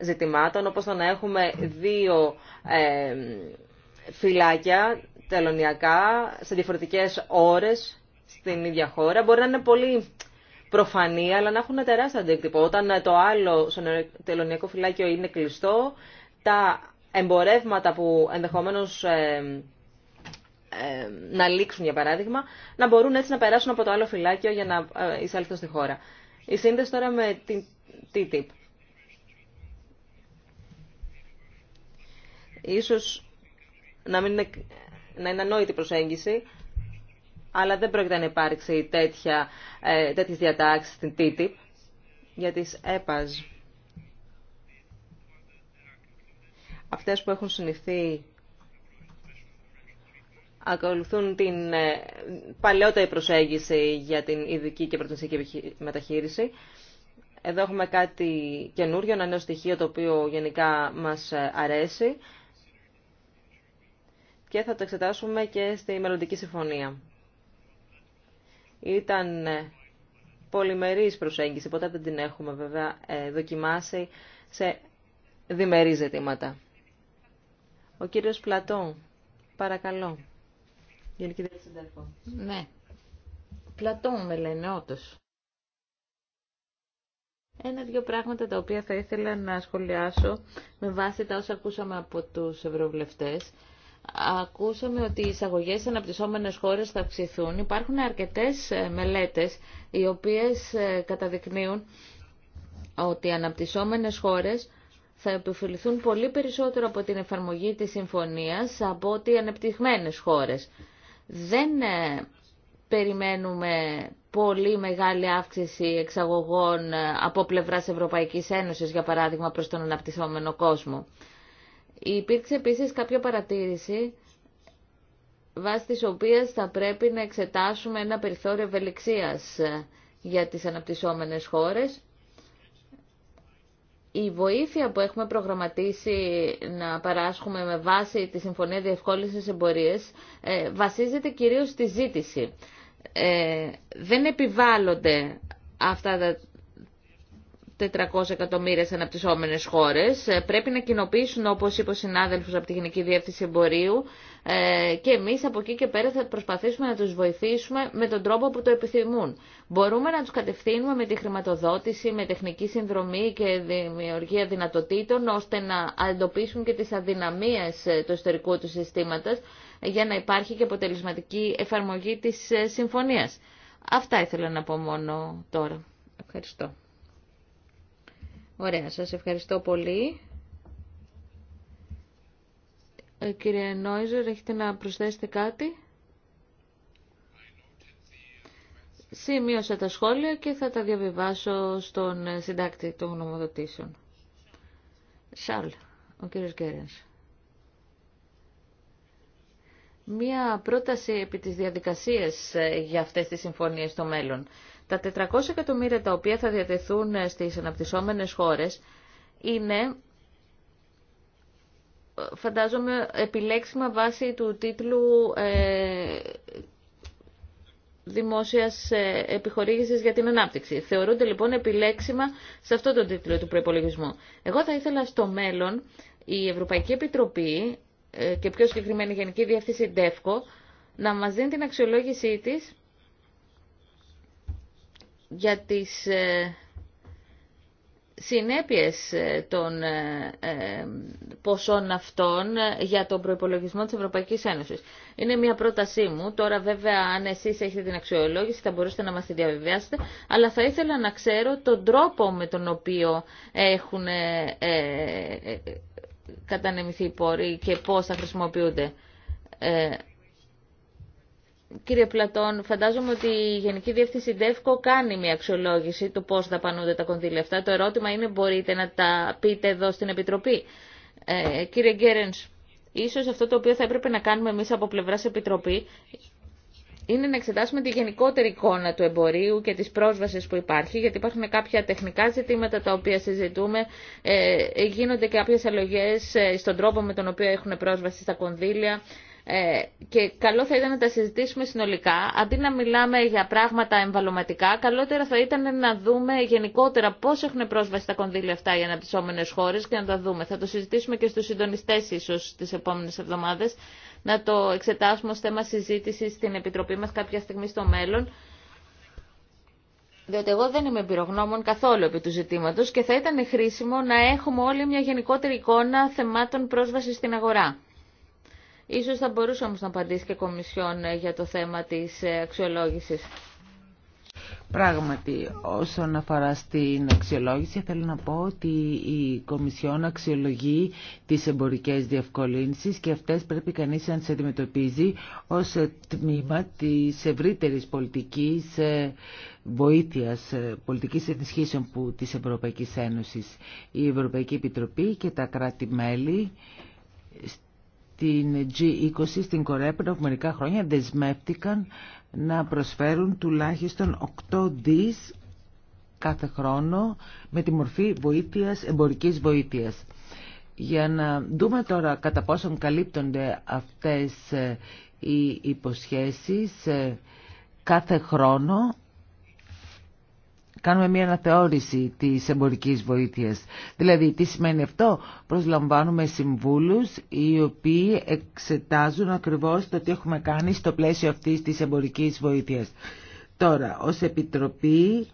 ζητημάτων, όπως το να έχουμε δύο ε, φυλάκια τελωνιακά σε διαφορετικές ώρες στην ίδια χώρα. Μπορεί να είναι πολύ προφανή, αλλά να έχουν τεράστια αντίκτυπο. Όταν ε, το άλλο τελωνιακό φυλάκιο είναι κλειστό, τα εμπορεύματα που ενδεχομένως ε, να λήξουν για παράδειγμα, να μπορούν έτσι να περάσουν από το άλλο φυλάκιο για να ε, εισέλθουν στη χώρα. Η σύνδεση τώρα με την TTIP. Ίσως να, μην είναι, να είναι ανόητη προσέγγιση, αλλά δεν πρόκειται να υπάρξει τέτοια, ε, τέτοιες διατάξεις στην TTIP για τις ΕΠΑΖ. E Αυτές που έχουν συνηθεί ακολουθούν την ε, παλαιότερη προσέγγιση για την ειδική και πρωτοσιακή μεταχείριση. Εδώ έχουμε κάτι καινούριο, ένα νέο στοιχείο το οποίο γενικά μας ε, αρέσει και θα το εξετάσουμε και στη μελλοντική συμφωνία. Ήταν ε, πολυμερής προσέγγιση, ποτέ δεν την έχουμε βέβαια δοκιμάσει σε διμερείς ζητήματα. Ο κύριος Πλατών, παρακαλώ. Γενική Διεύθυνση Συνταρχών. Ναι. μου με λενε όντως. Ένα-δυο πράγματα τα οποία θα ήθελα να σχολιάσω με βάση τα όσα ακούσαμε από τους ευρωβουλευτές. Ακούσαμε ότι οι εισαγωγέ σε αναπτυσσόμενε χώρε θα αυξηθούν. Υπάρχουν αρκετέ ε, μελέτε οι οποίε ε, καταδεικνύουν ότι οι αναπτυσσόμενε χώρε θα επιφυληθούν πολύ περισσότερο από την εφαρμογή της συμφωνίας από ότι οι ανεπτυγμένες χώρες δεν ε, περιμένουμε πολύ μεγάλη αύξηση εξαγωγών ε, από πλευράς Ευρωπαϊκής Ένωσης, για παράδειγμα, προς τον αναπτυσσόμενο κόσμο. Υπήρξε επίσης κάποια παρατήρηση βάσει της οποίας θα πρέπει να εξετάσουμε ένα περιθώριο ευελιξίας ε, για τις αναπτυσσόμενες χώρες η βοήθεια που έχουμε προγραμματίσει να παράσχουμε με βάση τη Συμφωνία Διευκόλυνσης Εμπορίες ε, βασίζεται κυρίως στη ζήτηση. Ε, δεν επιβάλλονται αυτά τα 400 εκατομμύρια σε αναπτυσσόμενες χώρες. Ε, πρέπει να κοινοποιήσουν, όπως είπε ο συνάδελφος από τη Γενική Διεύθυνση Εμπορίου, και εμείς από εκεί και πέρα θα προσπαθήσουμε να τους βοηθήσουμε με τον τρόπο που το επιθυμούν. Μπορούμε να τους κατευθύνουμε με τη χρηματοδότηση, με τεχνική συνδρομή και δημιουργία δυνατοτήτων, ώστε να αντοπίσουν και τις αδυναμίες ε, του ιστορικού του συστήματος, ε, για να υπάρχει και αποτελεσματική εφαρμογή της ε, συμφωνίας. Αυτά ήθελα να πω μόνο τώρα. Ευχαριστώ. Ωραία, σας ευχαριστώ πολύ. Κύριε Νόιζερ, έχετε να προσθέσετε κάτι. Σημείωσα τα σχόλια και θα τα διαβιβάσω στον συντάκτη των γνωμοδοτήσεων. ο κύριος Μία πρόταση επί της διαδικασίας ε, για αυτές τις συμφωνίες στο μέλλον. Τα 400 εκατομμύρια τα οποία θα διατεθούν ε, στις αναπτυσσόμενες χώρες είναι ε, φαντάζομαι επιλέξιμα βάσει του τίτλου δημόσιας ε, επιχορήγησης για την ανάπτυξη. Θεωρούνται λοιπόν επιλέξιμα σε αυτό τον τίτλο του προπολογισμού. Εγώ θα ήθελα στο μέλλον η Ευρωπαϊκή Επιτροπή ε, και πιο συγκεκριμένη η Γενική Διεύθυνση ΔΕΦΚΟ να μας δίνει την αξιολόγησή της για τις ε, συνέπειες ε, των ε, ε, ποσών αυτών για τον προϋπολογισμό της Ευρωπαϊκής Ένωσης. Είναι μια πρότασή μου. Τώρα βέβαια αν εσείς έχετε την αξιολόγηση θα μπορούσατε να μας τη διαβεβαιάσετε, αλλά θα ήθελα να ξέρω τον τρόπο με τον οποίο έχουν κατανεμηθεί οι πόροι και πώς θα χρησιμοποιούνται. Κύριε Πλατών, φαντάζομαι ότι η Γενική Διεύθυνση ΔΕΦΚΟ κάνει μια αξιολόγηση του πώς δαπανούνται τα κονδύλια αυτά. Το ερώτημα είναι μπορείτε να τα πείτε εδώ στην Επιτροπή. Ε, κύριε Γκέρενς, ίσως αυτό το οποίο θα έπρεπε να κάνουμε εμείς από πλευράς Επιτροπή είναι να εξετάσουμε τη γενικότερη εικόνα του εμπορίου και της πρόσβασης που υπάρχει, γιατί υπάρχουν κάποια τεχνικά ζητήματα τα οποία συζητούμε, ε, γίνονται κάποιες αλλογές ε, στον τρόπο με τον οποίο έχουν πρόσβαση στα κονδύλια, ε, και καλό θα ήταν να τα συζητήσουμε συνολικά. Αντί να μιλάμε για πράγματα εμβαλωματικά, καλότερα θα ήταν να δούμε γενικότερα πώ έχουν πρόσβαση τα κονδύλια αυτά οι αναπτυσσόμενε χώρε και να τα δούμε. Θα το συζητήσουμε και στου συντονιστέ ίσω τι επόμενε εβδομάδε, να το εξετάσουμε ω θέμα συζήτηση στην Επιτροπή μα κάποια στιγμή στο μέλλον. Διότι εγώ δεν είμαι εμπειρογνώμων καθόλου επί του ζητήματο και θα ήταν χρήσιμο να έχουμε όλοι μια γενικότερη εικόνα θεμάτων πρόσβαση στην αγορά. Ίσως θα μπορούσε όμως να απαντήσει και η Κομισιόν ε, για το θέμα της ε, αξιολόγησης. Πράγματι, όσον αφορά στην αξιολόγηση, θέλω να πω ότι η Κομισιόν αξιολογεί τις εμπορικές διευκολύνσεις και αυτές πρέπει κανείς να τις αντιμετωπίζει ως τμήμα της ευρύτερης πολιτικής ε, βοήθειας, πολιτικής ενισχύσεων που, της Ευρωπαϊκής Ένωσης. Η Ευρωπαϊκή Επιτροπή και τα κράτη-μέλη την G20 στην Κορέα πριν από μερικά χρόνια δεσμεύτηκαν να προσφέρουν τουλάχιστον 8 δις κάθε χρόνο με τη μορφή βοήθειας, εμπορικής βοήθειας. Για να δούμε τώρα κατά πόσον καλύπτονται αυτές ε, οι υποσχέσεις ε, κάθε χρόνο κάνουμε μια αναθεώρηση της εμπορικής βοήθειας. Δηλαδή, τι σημαίνει αυτό. Προσλαμβάνουμε συμβούλους οι οποίοι εξετάζουν ακριβώς το τι έχουμε κάνει στο πλαίσιο αυτής της εμπορικής βοήθειας. Τώρα, ως Επιτροπή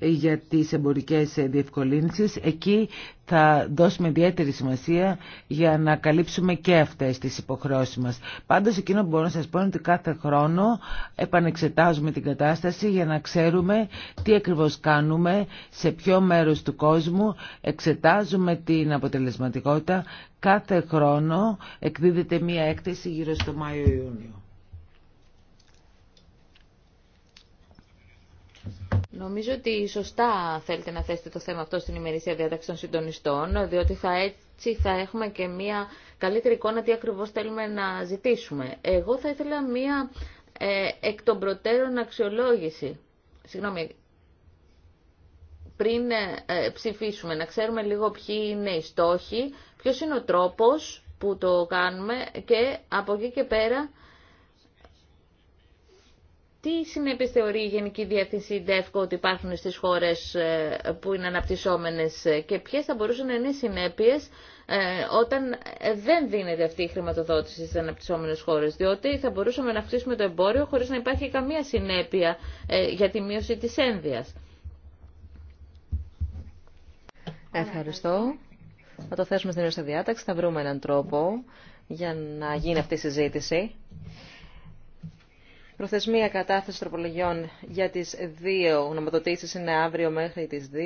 για τις εμπορικές διευκολύνσεις. Εκεί θα δώσουμε ιδιαίτερη σημασία για να καλύψουμε και αυτές τις υποχρεώσεις μας. Πάντως εκείνο που μπορώ να σας πω είναι ότι κάθε χρόνο επανεξετάζουμε την κατάσταση για να ξέρουμε τι ακριβώς κάνουμε, σε ποιο μέρος του κόσμου, εξετάζουμε την αποτελεσματικότητα. Κάθε χρόνο εκδίδεται μία έκθεση γύρω στο Μάιο-Ιούνιο. Νομίζω ότι σωστά θέλετε να θέσετε το θέμα αυτό στην ημερήσια διάταξη των συντονιστών, διότι θα έτσι θα έχουμε και μια καλύτερη εικόνα τι ακριβώς θέλουμε να ζητήσουμε. Εγώ θα ήθελα μια ε, εκ των προτέρων αξιολόγηση. Συγγνώμη, πριν ε, ε, ψηφίσουμε, να ξέρουμε λίγο ποιοι είναι οι στόχοι, ποιος είναι ο τρόπος που το κάνουμε και από εκεί και πέρα τι συνέπειες θεωρεί η Γενική Διεύθυνση ΔΕΦΚΟ ότι υπάρχουν στις χώρες ε, που είναι αναπτυσσόμενες και ποιε θα μπορούσαν να είναι οι συνέπειες ε, όταν δεν δίνεται αυτή η χρηματοδότηση στι αναπτυσσόμενε χώρες, διότι θα μπορούσαμε να αυξήσουμε το εμπόριο χωρίς να υπάρχει καμία συνέπεια ε, για τη μείωση τη ένδυα. Ευχαριστώ. Θα το θέσουμε στην ίδια διάταξη, θα βρούμε έναν τρόπο για να γίνει αυτή η συζήτηση. Προθεσμία κατάθεση τροπολογιών για τι δύο νομοδοτήσεις είναι αύριο μέχρι τι 2.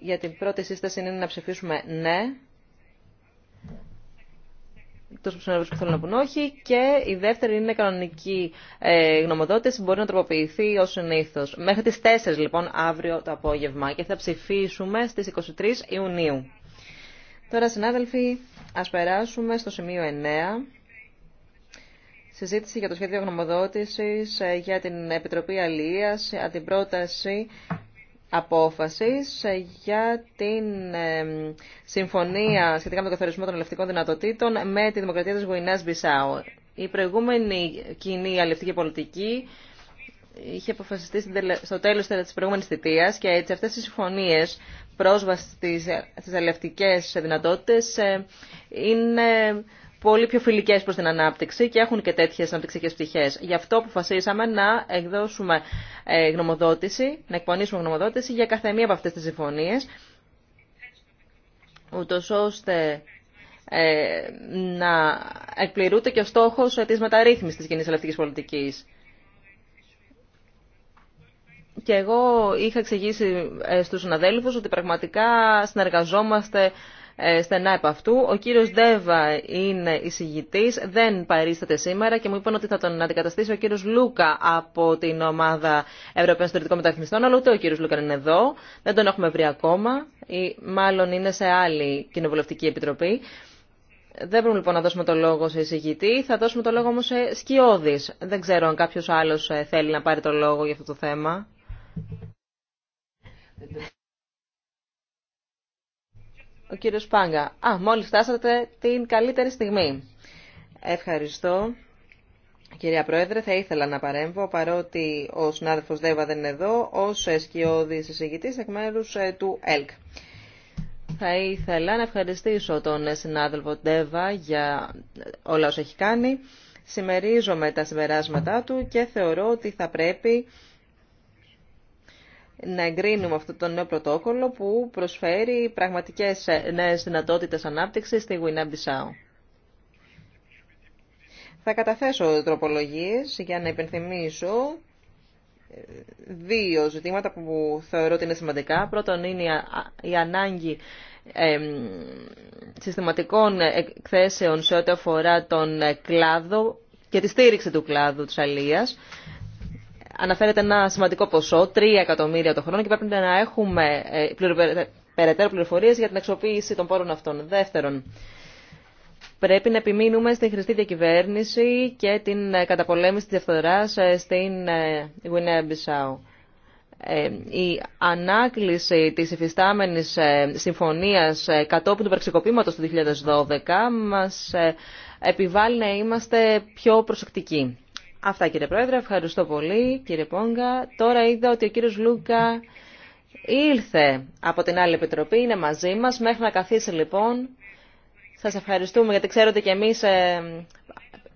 Για την πρώτη σύσταση είναι να ψηφίσουμε ναι. Τους συνεργούς που θέλουν να πούν όχι. Και η δεύτερη είναι κανονική ε, γνωμοδότηση. Μπορεί να τροποποιηθεί ω συνήθω. Μέχρι τι 4 λοιπόν αύριο το απόγευμα. Και θα ψηφίσουμε στι 23 Ιουνίου. Τώρα συνάδελφοι α περάσουμε στο σημείο 9 συζήτηση για το σχέδιο γνωμοδότησης ε, για την Επιτροπή Αλίας, ε, την πρόταση απόφασης ε, για την συμφωνία σχετικά με τον καθορισμό των ελευτικών δυνατοτήτων με τη Δημοκρατία της Γουινάς Μπισάου. Η προηγούμενη κοινή αλληλευτική πολιτική είχε αποφασιστεί στο τέλος της προηγούμενης θητείας και έτσι αυτές οι συμφωνίες πρόσβαση στις αλληλευτικές δυνατότητες είναι πολύ πιο φιλικές προς την ανάπτυξη και έχουν και τέτοιε αναπτυξιακές πτυχές. Γι' αυτό αποφασίσαμε να εκδώσουμε ε, γνωμοδότηση, να εκπονήσουμε γνωμοδότηση για κάθε μία από αυτές τις συμφωνίε. ούτω ώστε ε, να εκπληρούνται και ο στόχος τη μεταρρύθμισης της κοινής ελευθερικής πολιτικής. Και εγώ είχα εξηγήσει ε, στους συναδέλφους ότι πραγματικά συνεργαζόμαστε ε, στενά επ' αυτού. Ο κύριο Ντέβα είναι εισηγητή, δεν παρίσταται σήμερα και μου είπαν ότι θα τον αντικαταστήσει ο κύριο Λούκα από την ομάδα Ευρωπαίων Συντηρητικών Μεταρρυθμιστών, αλλά ούτε ο κύριο Λούκα είναι εδώ, δεν τον έχουμε βρει ακόμα ή μάλλον είναι σε άλλη κοινοβουλευτική επιτροπή. Δεν μπορούμε λοιπόν να δώσουμε το λόγο σε εισηγητή, θα δώσουμε το λόγο όμως σε σκιώδης. Δεν ξέρω αν κάποιος άλλος ε, θέλει να πάρει το λόγο για αυτό το θέμα. Ο κύριος Πάγκα. Α, μόλις φτάσατε την καλύτερη στιγμή. Ευχαριστώ. Κυρία Πρόεδρε, θα ήθελα να παρέμβω, παρότι ο συνάδελφος Δέβα δεν είναι εδώ, ως σκιώδης εισηγητής εκ μέρους ε, του ΕΛΚ. Θα ήθελα να ευχαριστήσω τον συνάδελφο Ντέβα για όλα όσα έχει κάνει. Σημερίζομαι τα συμπεράσματά του και θεωρώ ότι θα πρέπει να εγκρίνουμε αυτό το νέο πρωτόκολλο που προσφέρει πραγματικές ε, νέες δυνατότητες ανάπτυξης στη Γουινάμπισάου. Θα καταθέσω τροπολογίες για να υπενθυμίσω ε, δύο ζητήματα που θεωρώ ότι είναι σημαντικά. Πρώτον είναι η ανάγκη συστηματικών εκθέσεων σε ό,τι αφορά τον ε, κλάδο και τη στήριξη του κλάδου της αλίας αναφέρεται ένα σημαντικό ποσό, 3 εκατομμύρια το χρόνο και πρέπει να έχουμε ε, περαιτέρω πληροφορίες για την αξιοποίηση των πόρων αυτών. Δεύτερον, πρέπει να επιμείνουμε στην χρηστή διακυβέρνηση και την ε, καταπολέμηση της διαφθοράς ε, στην Γουινέα Μπισάου. Η ανάκληση της υφιστάμενης συμφωνίας κατόπιν του πραξικοπήματος του 2012 μας επιβάλλει να είμαστε πιο προσεκτικοί. Αυτά κύριε Πρόεδρε, ευχαριστώ πολύ κύριε Πόγκα. Τώρα είδα ότι ο κύριος Λούκα ήλθε από την άλλη επιτροπή, είναι μαζί μας. Μέχρι να καθίσει λοιπόν, σας ευχαριστούμε γιατί ξέρω ότι και εμείς ε,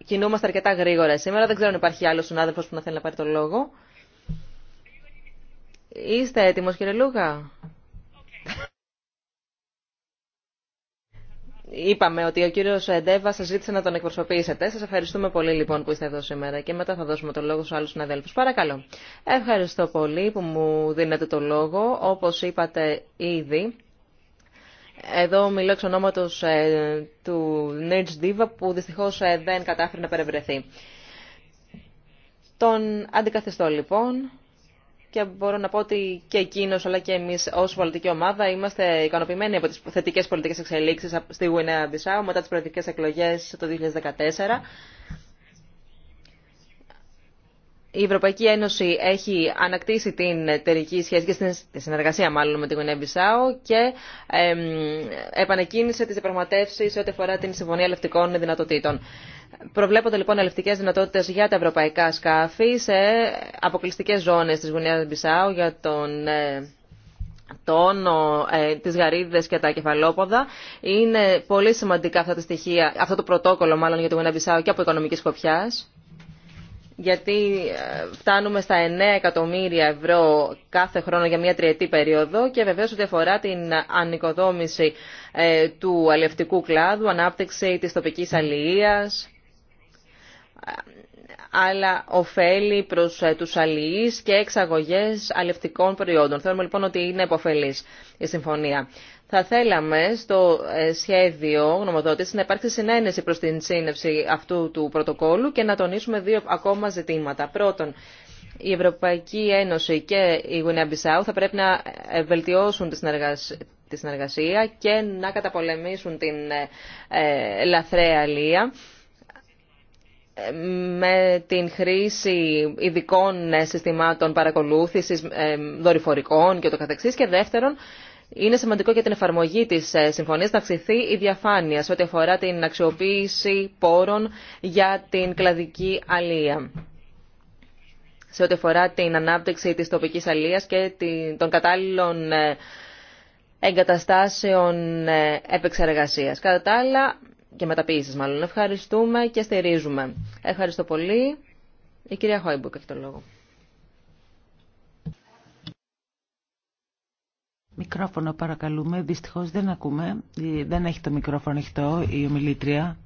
κινούμαστε αρκετά γρήγορα σήμερα. Δεν ξέρω αν υπάρχει άλλος συνάδελφος που να θέλει να πάρει τον λόγο. Είστε έτοιμος κύριε Λούκα είπαμε ότι ο κύριος Ντέβα σα ζήτησε να τον εκπροσωπήσετε. Σα ευχαριστούμε πολύ λοιπόν που είστε εδώ σήμερα και μετά θα δώσουμε το λόγο στου άλλου συναδέλφου. Παρακαλώ. Ευχαριστώ πολύ που μου δίνετε το λόγο. Όπως είπατε ήδη, εδώ μιλώ εξ ονόματος ε, του Νέιτ Ντίβα που δυστυχώς ε, δεν κατάφερε να παρευρεθεί. Τον αντικαθιστώ λοιπόν και μπορώ να πω ότι και εκείνο αλλά και εμεί ω πολιτική ομάδα είμαστε ικανοποιημένοι από τι θετικέ πολιτικέ εξελίξει στη Γουινέα Μπισάου μετά τι προεδρικέ εκλογέ το 2014. Η Ευρωπαϊκή Ένωση έχει ανακτήσει την εταιρική σχέση και τη συνεργασία μάλλον με την Γουινέα Μπισάου και επανεκκίνησε τι διαπραγματεύσει ό,τι αφορά την Συμφωνία λευτικών Δυνατοτήτων. Προβλέπονται λοιπόν ελευτικές δυνατότητες για τα ευρωπαϊκά σκάφη σε αποκλειστικές ζώνες της Γουνιάς Μπισάου για τον ε, τόνο, ε, τις γαρίδες και τα κεφαλόποδα. Είναι πολύ σημαντικά αυτά τα στοιχεία, αυτό το πρωτόκολλο μάλλον για τη Γουνιά Μπισάου και από οικονομική σκοπιά. γιατί ε, φτάνουμε στα 9 εκατομμύρια ευρώ κάθε χρόνο για μια τριετή περίοδο και βεβαίω ότι αφορά την ανοικοδόμηση ε, του αλευτικού κλάδου, ανάπτυξη της τοπικής αλληλεία αλλά ωφέλη προς ε, τους αλληλείς και εξαγωγές αλληλευτικών προϊόντων. Θεωρούμε λοιπόν ότι είναι υποφελής η συμφωνία. Θα θέλαμε στο ε, σχέδιο γνωμοδότηση να υπάρξει συνένεση προς την σύνευση αυτού του πρωτοκόλου και να τονίσουμε δύο ακόμα ζητήματα. Πρώτον, η Ευρωπαϊκή Ένωση και η Γουινέα θα πρέπει να ε, βελτιώσουν τη συνεργασία και να καταπολεμήσουν την λαθρέα αλία ε, με την χρήση ειδικών ε, συστημάτων παρακολούθησης ε, δορυφορικών και το καθεξής και δεύτερον είναι σημαντικό για την εφαρμογή της συμφωνίας να αυξηθεί η διαφάνεια σε ό,τι αφορά την αξιοποίηση πόρων για την κλαδική αλία σε ό,τι αφορά την ανάπτυξη της τοπικής αλίας και των κατάλληλων εγκαταστάσεων επεξεργασίας. Κατά τα άλλα, και μεταποίησης μάλλον. Ευχαριστούμε και στηρίζουμε. Ευχαριστώ πολύ. Η κυρία Χόιμπουκ έχει το λόγο. Μικρόφωνο παρακαλούμε. Δυστυχώς δεν ακούμε. Δεν έχει το μικρόφωνο ανοιχτό η ομιλήτρια.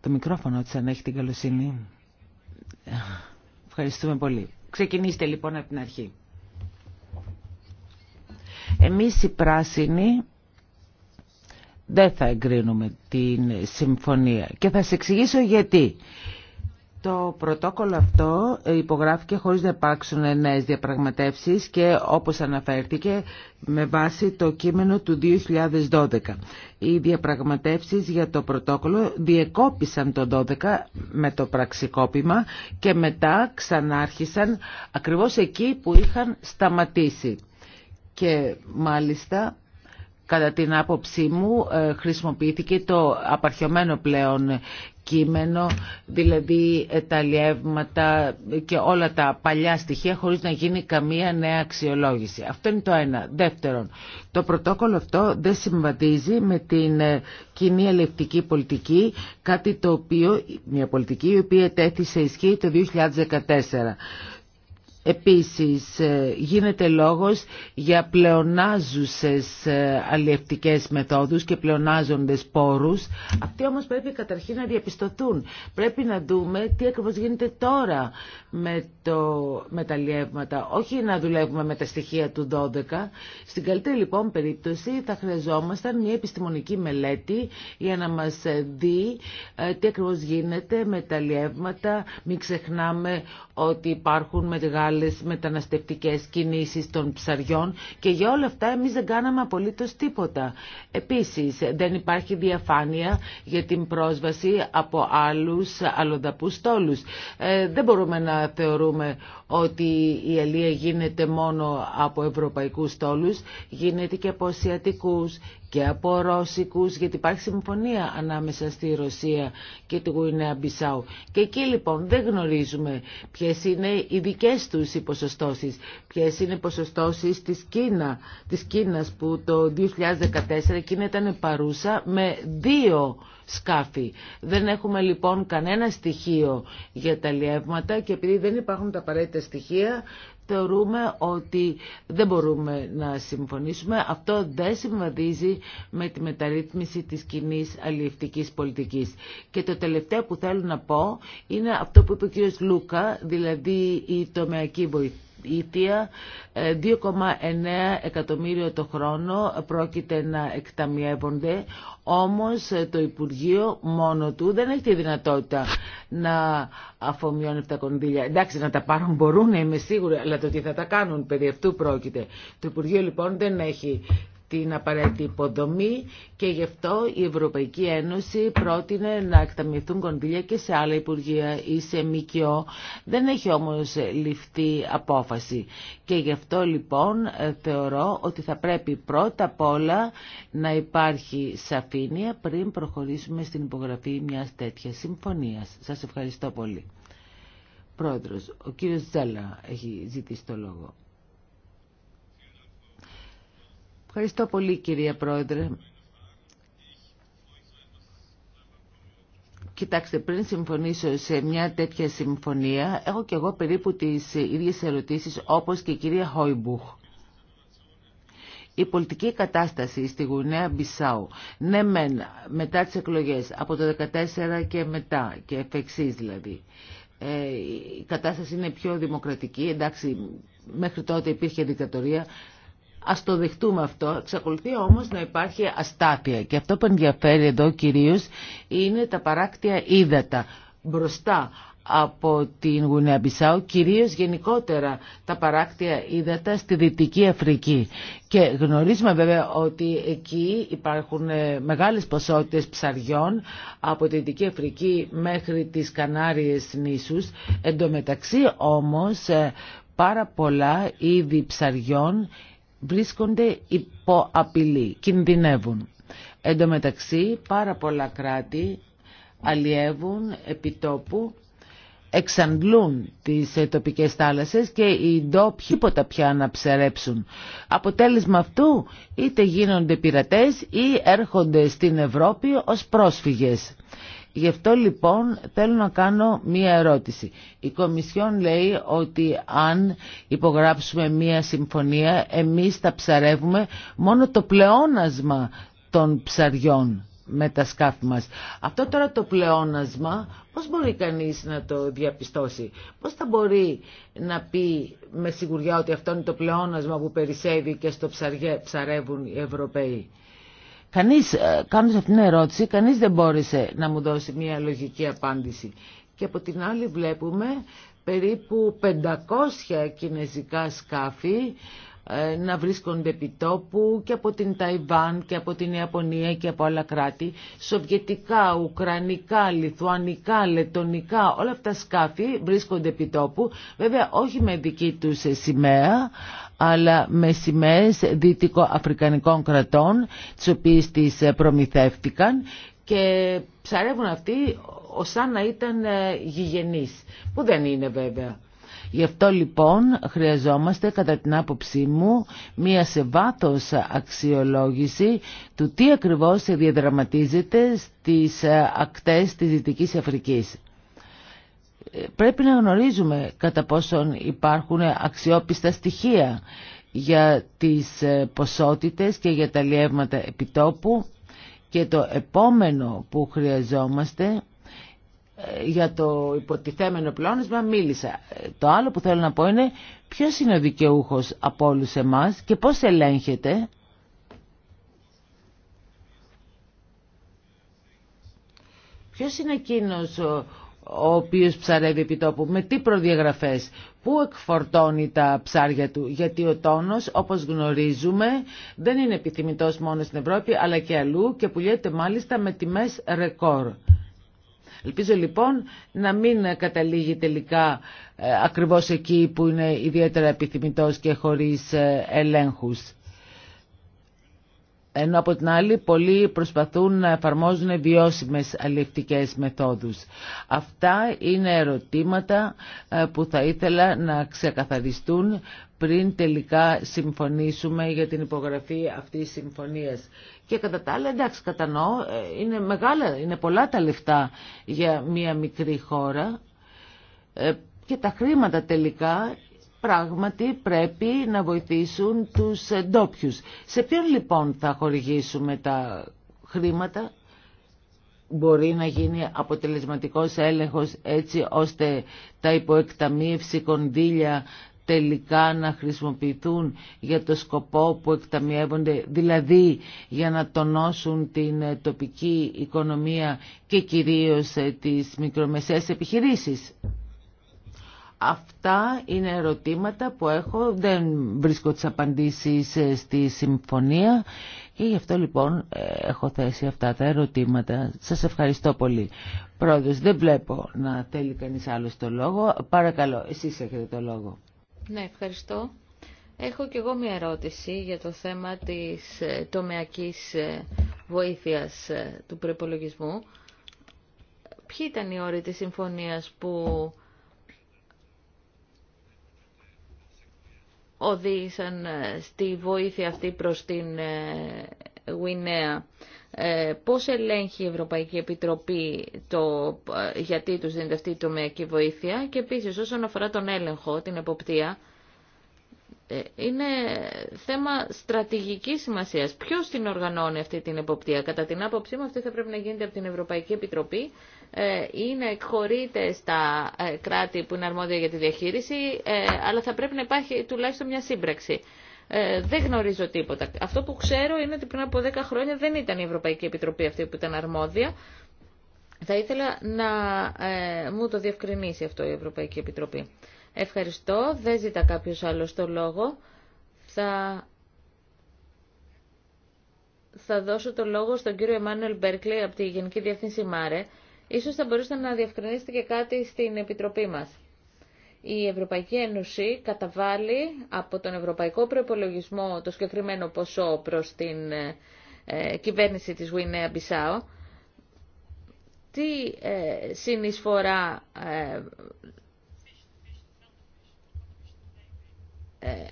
Το μικρόφωνο της αν έχει την καλοσύνη. Ευχαριστούμε πολύ. Ξεκινήστε λοιπόν από την αρχή. Εμείς οι πράσινοι δεν θα εγκρίνουμε την συμφωνία και θα σε εξηγήσω γιατί. Το πρωτόκολλο αυτό υπογράφηκε χωρίς να υπάρξουν νέες διαπραγματεύσεις και όπως αναφέρθηκε με βάση το κείμενο του 2012. Οι διαπραγματεύσεις για το πρωτόκολλο διεκόπησαν το 2012 με το πραξικόπημα και μετά ξανάρχισαν ακριβώς εκεί που είχαν σταματήσει. Και μάλιστα Κατά την άποψή μου ε, χρησιμοποιήθηκε το απαρχιωμένο πλέον κείμενο, δηλαδή ε, τα λιεύματα και όλα τα παλιά στοιχεία χωρίς να γίνει καμία νέα αξιολόγηση. Αυτό είναι το ένα. Δεύτερον, το πρωτόκολλο αυτό δεν συμβατίζει με την ε, κοινή ελευτική πολιτική, κάτι το οποίο, μια πολιτική η οποία τέθησε ισχύ το 2014. Επίσης ε, γίνεται λόγος για πλεονάζουσες ε, αλλιευτικές μεθόδους και πλεονάζοντες πόρους. Αυτοί όμως πρέπει καταρχήν να διαπιστωθούν. Πρέπει να δούμε τι ακριβώς γίνεται τώρα με, το, με τα αλλιεύματα. Όχι να δουλεύουμε με τα στοιχεία του 12. Στην καλύτερη λοιπόν περίπτωση θα χρειαζόμασταν μια επιστημονική μελέτη για να μας ε, δει τι ακριβώς γίνεται με τα αλλιεύματα. Μην ξεχνάμε ότι υπάρχουν με άλλες μεταναστευτικές κινήσεις των ψαριών και για όλα αυτά εμείς δεν κάναμε απολύτως τίποτα. Επίσης δεν υπάρχει διαφάνεια για την πρόσβαση από άλλους αλλοδαπούς στόλους. Ε, δεν μπορούμε να θεωρούμε ότι η αλία γίνεται μόνο από ευρωπαϊκούς στόλους, γίνεται και από ασιατικούς και από ρώσικους, γιατί υπάρχει συμφωνία ανάμεσα στη Ρωσία και τη Γουινέα Μπισάου. Και εκεί λοιπόν δεν γνωρίζουμε ποιες είναι οι δικές τους οι ποσοστώσεις, ποιες είναι οι ποσοστώσεις της, Κίνα, της Κίνας που το 2014 εκείνη ήταν παρούσα με δύο σκάφη. Δεν έχουμε λοιπόν κανένα στοιχείο για τα λιεύματα και επειδή δεν υπάρχουν τα απαραίτητα στοιχεία θεωρούμε ότι δεν μπορούμε να συμφωνήσουμε. Αυτό δεν συμβαδίζει με τη μεταρρύθμιση της κοινή αλληλευτικής πολιτικής. Και το τελευταίο που θέλω να πω είναι αυτό που είπε ο κ. Λούκα, δηλαδή η τομεακή βοήθεια ήτια 2,9 ε, εκατομμύριο το χρόνο πρόκειται να εκταμιεύονται όμως ε, το Υπουργείο μόνο του δεν έχει τη δυνατότητα να αφομοιώνει αυτά τα κονδύλια. Εντάξει να τα πάρουν μπορούν είμαι σίγουρη αλλά το τι θα τα κάνουν περί αυτού πρόκειται. Το Υπουργείο λοιπόν δεν έχει την απαραίτητη υποδομή και γι' αυτό η Ευρωπαϊκή Ένωση πρότεινε να εκταμιευθούν κονδύλια και σε άλλα Υπουργεία ή σε ΜΚΟ. Δεν έχει όμως ληφθεί απόφαση και γι' αυτό λοιπόν ε, θεωρώ ότι θα πρέπει πρώτα απ' όλα να υπάρχει σαφήνεια πριν προχωρήσουμε στην υπογραφή μιας τέτοιας συμφωνίας. Σας ευχαριστώ πολύ. Πρόεδρος, ο κύριος Τζέλα έχει ζητήσει το λόγο. Ευχαριστώ πολύ κυρία Πρόεδρε. Κοιτάξτε, πριν συμφωνήσω σε μια τέτοια συμφωνία, έχω και εγώ περίπου τις ίδιες ερωτήσεις όπως και η κυρία Χόιμπουχ. Η πολιτική κατάσταση στη Γουνέα Μπισάου, ναι μεν, μετά τις εκλογές, από το 2014 και μετά, και εφ' εξής δηλαδή, ε, η κατάσταση είναι πιο δημοκρατική, εντάξει μέχρι τότε υπήρχε δικτατορία, Ας το δεχτούμε αυτό, Ξεκολουθεί όμως να υπάρχει αστάθεια και αυτό που ενδιαφέρει εδώ κυρίως είναι τα παράκτια ύδατα μπροστά από την Γουνεαμπισάου, κυρίως γενικότερα τα παράκτια ύδατα στη Δυτική Αφρική. Και γνωρίζουμε βέβαια ότι εκεί υπάρχουν ε, μεγάλες ποσότητες ψαριών από τη Δυτική Αφρική μέχρι τις Κανάριες νήσους. Εν τω μεταξύ όμως ε, πάρα πολλά είδη ψαριών βρίσκονται υπό απειλή, κινδυνεύουν. Εν τω μεταξύ πάρα πολλά κράτη αλλιεύουν τόπου, εξαντλούν τις ε, τοπικές θάλασσες και οι ντόπιοι τίποτα πια να ψερέψουν. Αποτέλεσμα αυτού είτε γίνονται πειρατές ή έρχονται στην Ευρώπη ως πρόσφυγες. Γι' αυτό λοιπόν θέλω να κάνω μία ερώτηση. Η Κομισιόν λέει ότι αν υπογράψουμε μία συμφωνία εμείς θα ψαρεύουμε μόνο το πλεόνασμα των ψαριών με τα σκάφη μας. Αυτό τώρα το πλεόνασμα πώς μπορεί κανείς να το διαπιστώσει. Πώς θα μπορεί να πει με σιγουριά ότι αυτό είναι το πλεόνασμα που περισσεύει και στο ψαρεύουν οι Ευρωπαίοι. Κανείς, ε, κάνοντας αυτήν την ερώτηση, κανείς δεν μπόρεσε να μου δώσει μια λογική απάντηση. Και από την άλλη βλέπουμε περίπου 500 κινέζικα σκάφη ε, να βρίσκονται επιτόπου και από την Ταϊβάν και από την Ιαπωνία και από άλλα κράτη. Σοβιετικά, Ουκρανικά, Λιθουανικά, Λετωνικά, όλα αυτά σκάφη βρίσκονται επιτόπου Βέβαια όχι με δική τους σημαία, αλλά με σημαίες δυτικοαφρικανικών κρατών, τις οποίες τις ε, προμηθεύτηκαν και ψαρεύουν αυτοί ως να ήταν ε, γηγενείς, που δεν είναι βέβαια. Γι' αυτό λοιπόν χρειαζόμαστε κατά την άποψή μου μία σε βάθος αξιολόγηση του τι ακριβώς διαδραματίζεται στις ε, ακτές της Δυτικής Αφρικής. Ε, πρέπει να γνωρίζουμε κατά πόσον υπάρχουν αξιόπιστα στοιχεία για τις ε, ποσότητες και για τα λιεύματα επιτόπου και το επόμενο που χρειαζόμαστε ε, για το υποτιθέμενο πλώνισμα μίλησα. Ε, το άλλο που θέλω να πω είναι ποιος είναι ο δικαιούχος από όλους εμάς και πώς ελέγχεται. Ποιος είναι εκείνος ο, ο οποίος ψαρεύει επί τόπου, με τι προδιαγραφές, πού εκφορτώνει τα ψάρια του, γιατί ο τόνος, όπως γνωρίζουμε, δεν είναι επιθυμητός μόνο στην Ευρώπη, αλλά και αλλού και πουλιέται μάλιστα με τιμές ρεκόρ. Ελπίζω λοιπόν να μην καταλήγει τελικά ε, ακριβώς εκεί που είναι ιδιαίτερα επιθυμητός και χωρίς ε, ελέγχους ενώ από την άλλη πολλοί προσπαθούν να εφαρμόζουν βιώσιμες αλληλευτικές μεθόδους. Αυτά είναι ερωτήματα ε, που θα ήθελα να ξεκαθαριστούν πριν τελικά συμφωνήσουμε για την υπογραφή αυτής της συμφωνίας. Και κατά τα άλλα, εντάξει, κατανοώ, ε, είναι, μεγάλα, είναι πολλά τα λεφτά για μια μικρή χώρα ε, και τα χρήματα τελικά πράγματι πρέπει να βοηθήσουν τους ντόπιου. Σε ποιον λοιπόν θα χορηγήσουμε τα χρήματα μπορεί να γίνει αποτελεσματικός έλεγχος έτσι ώστε τα υποεκταμείευση κονδύλια τελικά να χρησιμοποιηθούν για το σκοπό που εκταμιεύονται, δηλαδή για να τονώσουν την τοπική οικονομία και κυρίως ε, τις μικρομεσαίες επιχειρήσεις. Αυτά είναι ερωτήματα που έχω, δεν βρίσκω τις απαντήσεις ε, στη συμφωνία και γι' αυτό λοιπόν ε, έχω θέσει αυτά τα ερωτήματα. Σας ευχαριστώ πολύ. Πρόεδρος, δεν βλέπω να θέλει κανείς άλλο το λόγο. Παρακαλώ, εσείς έχετε το λόγο. Ναι, ευχαριστώ. Έχω και εγώ μια ερώτηση για το θέμα της ε, τομεακής βοήθειας του προπολογισμού. Ποιοι ήταν οι όροι της συμφωνίας που οδήγησαν ε, στη βοήθεια αυτή προς την ε, Γουινέα. Ε, πώς ελέγχει η Ευρωπαϊκή Επιτροπή το γιατί τους δίνεται αυτή η τομεακή βοήθεια και επίσης όσον αφορά τον έλεγχο, την εποπτεία, είναι θέμα στρατηγικής σημασίας. Ποιος την οργανώνει αυτή την εποπτεία. Κατά την άποψή μου αυτή θα πρέπει να γίνεται από την Ευρωπαϊκή Επιτροπή ε, είναι εκχωρείται στα ε, κράτη που είναι αρμόδια για τη διαχείριση, ε, αλλά θα πρέπει να υπάρχει τουλάχιστον μια σύμπραξη. δεν γνωρίζω τίποτα. Αυτό που ξέρω είναι ότι πριν από 10 χρόνια δεν ήταν η Ευρωπαϊκή Επιτροπή αυτή που ήταν αρμόδια. Θα ήθελα να μου το διευκρινίσει αυτό η Ευρωπαϊκή Επιτροπή. Ευχαριστώ. Δεν ζητά κάποιος άλλο το λόγο. Θα... θα δώσω το λόγο στον κύριο Εμμάνουελ Μπέρκλey από τη Γενική Διεύθυνση ΜΑΡΕ Ίσως θα μπορούσατε να διευκρινίσετε και κάτι στην Επιτροπή μας. Η Ευρωπαϊκή Ένωση καταβάλει από τον Ευρωπαϊκό Προπολογισμό το συγκεκριμένο ποσό προς την ε, κυβέρνηση της Βουινέα Μπισάο. Τι ε, συνεισφορά ε, ε,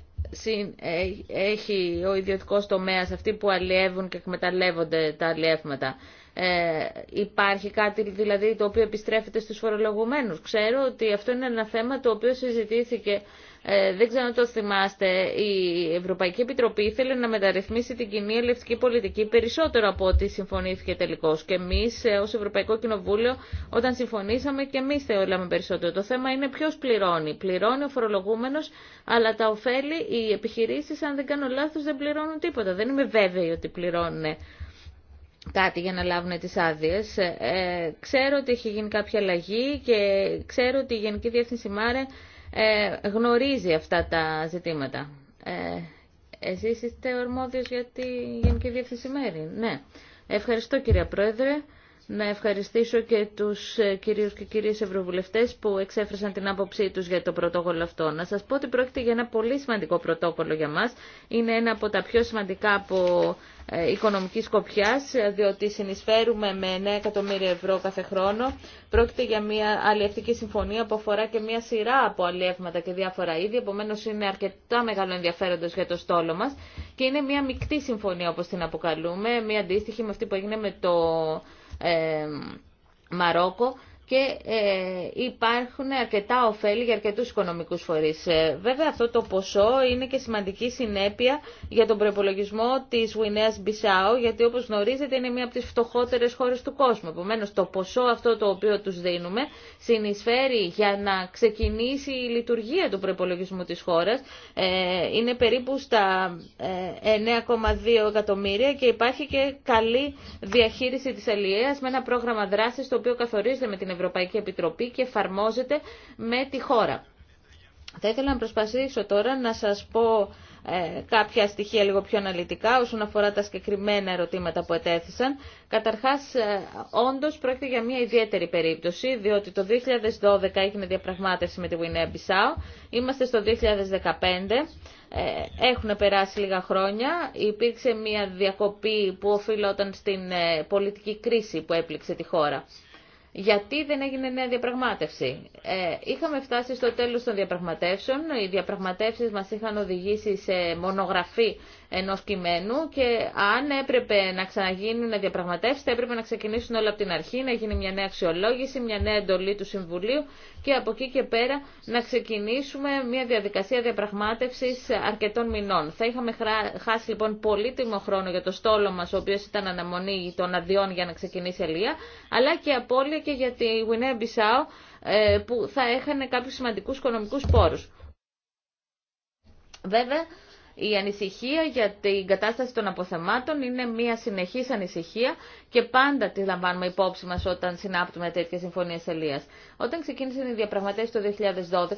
ε, έχει ο ιδιωτικός τομέας, αυτοί που αλλιεύουν και εκμεταλλεύονται τα αλλιεύματα. Ε, υπάρχει κάτι δηλαδή το οποίο επιστρέφεται στους φορολογουμένους. Ξέρω ότι αυτό είναι ένα θέμα το οποίο συζητήθηκε, ε, δεν ξέρω αν το θυμάστε, η Ευρωπαϊκή Επιτροπή ήθελε να μεταρρυθμίσει την κοινή ελευθερική πολιτική περισσότερο από ό,τι συμφωνήθηκε τελικώς. Και εμείς ε, ως Ευρωπαϊκό Κοινοβούλιο όταν συμφωνήσαμε και εμείς θεωρήσαμε περισσότερο. Το θέμα είναι ποιο πληρώνει. Πληρώνει ο φορολογούμενος, αλλά τα ωφέλη οι επιχειρήσεις αν δεν κάνω λάθος δεν πληρώνουν τίποτα. Δεν είμαι βέβαιη ότι πληρώνουν κάτι για να λάβουν τις άδειες. Ε, ξέρω ότι έχει γίνει κάποια αλλαγή και ξέρω ότι η Γενική Διεύθυνση Μάρε ε, γνωρίζει αυτά τα ζητήματα. Ε, εσείς είστε ορμόδιος για τη Γενική Διεύθυνση Μέρη. Ναι. Ευχαριστώ κυρία Πρόεδρε. Να ευχαριστήσω και τους ε, κυρίους και κυρίες ευρωβουλευτές που εξέφρασαν την άποψή τους για το πρωτόκολλο αυτό. Να σας πω ότι πρόκειται για ένα πολύ σημαντικό πρωτόκολλο για μας. Είναι ένα από τα πιο σημαντικά από ε, οικονομική σκοπιά, ε, διότι συνεισφέρουμε με 9 εκατομμύρια ευρώ κάθε χρόνο. Πρόκειται για μια αλλιευτική συμφωνία που αφορά και μια σειρά από αλλιεύματα και διάφορα είδη, Επομένω, είναι αρκετά μεγάλο ενδιαφέροντο για το στόλο μας και είναι μια μεικτή συμφωνία όπως την αποκαλούμε, μια αντίστοιχη με αυτή που έγινε με το ε, Μαρόκο, και ε, υπάρχουν αρκετά ωφέλη για αρκετούς οικονομικούς φορείς. Ε, βέβαια αυτό το ποσό είναι και σημαντική συνέπεια για τον προπολογισμό της Γουινέας Μπισάου γιατί όπως γνωρίζετε είναι μία από τις φτωχότερες χώρες του κόσμου. Επομένως το ποσό αυτό το οποίο τους δίνουμε συνεισφέρει για να ξεκινήσει η λειτουργία του προπολογισμού της χώρας ε, είναι περίπου στα 9,2 εκατομμύρια και υπάρχει και καλή διαχείριση της αλληλείας με ένα πρόγραμμα δράσης το οποίο καθορίζεται με την Ευρωπαϊκή Επιτροπή και εφαρμόζεται με τη χώρα. Θα ήθελα να προσπαθήσω τώρα να σας πω ε, κάποια στοιχεία λίγο πιο αναλυτικά όσον αφορά τα συγκεκριμένα ερωτήματα που ετέθησαν. Καταρχάς, ε, όντως πρόκειται για μια ιδιαίτερη περίπτωση, διότι το 2012 έγινε διαπραγμάτευση με τη Βουινέα Μπισάου, είμαστε στο 2015, ε, έχουν περάσει λίγα χρόνια, υπήρξε μια διακοπή που οφείλονταν στην ε, πολιτική κρίση που έπληξε τη χώρα. Γιατί δεν έγινε νέα διαπραγμάτευση. Ε, είχαμε φτάσει στο τέλος των διαπραγματεύσεων. Οι διαπραγματεύσεις μας είχαν οδηγήσει σε μονογραφή ενός κειμένου και αν έπρεπε να ξαναγίνουν να διαπραγματεύσει θα έπρεπε να ξεκινήσουν όλα από την αρχή, να γίνει μια νέα αξιολόγηση, μια νέα εντολή του Συμβουλίου και από εκεί και πέρα να ξεκινήσουμε μια διαδικασία διαπραγμάτευσης αρκετών μηνών. Θα είχαμε χάσει λοιπόν πολύτιμο χρόνο για το στόλο μας, ο οποίος ήταν αναμονή των αδειών για να ξεκινήσει αλία, αλλά και απώλεια και για τη Γουινέα Μπισάου, ε, που θα έχανε κάποιου σημαντικού οικονομικούς πόρους. Βέβαια, η ανησυχία για την κατάσταση των αποθεμάτων είναι μια συνεχής ανησυχία και πάντα τη λαμβάνουμε υπόψη μας όταν συνάπτουμε τέτοιες συμφωνίες ελίας. Όταν ξεκίνησαν οι διαπραγματεύσεις το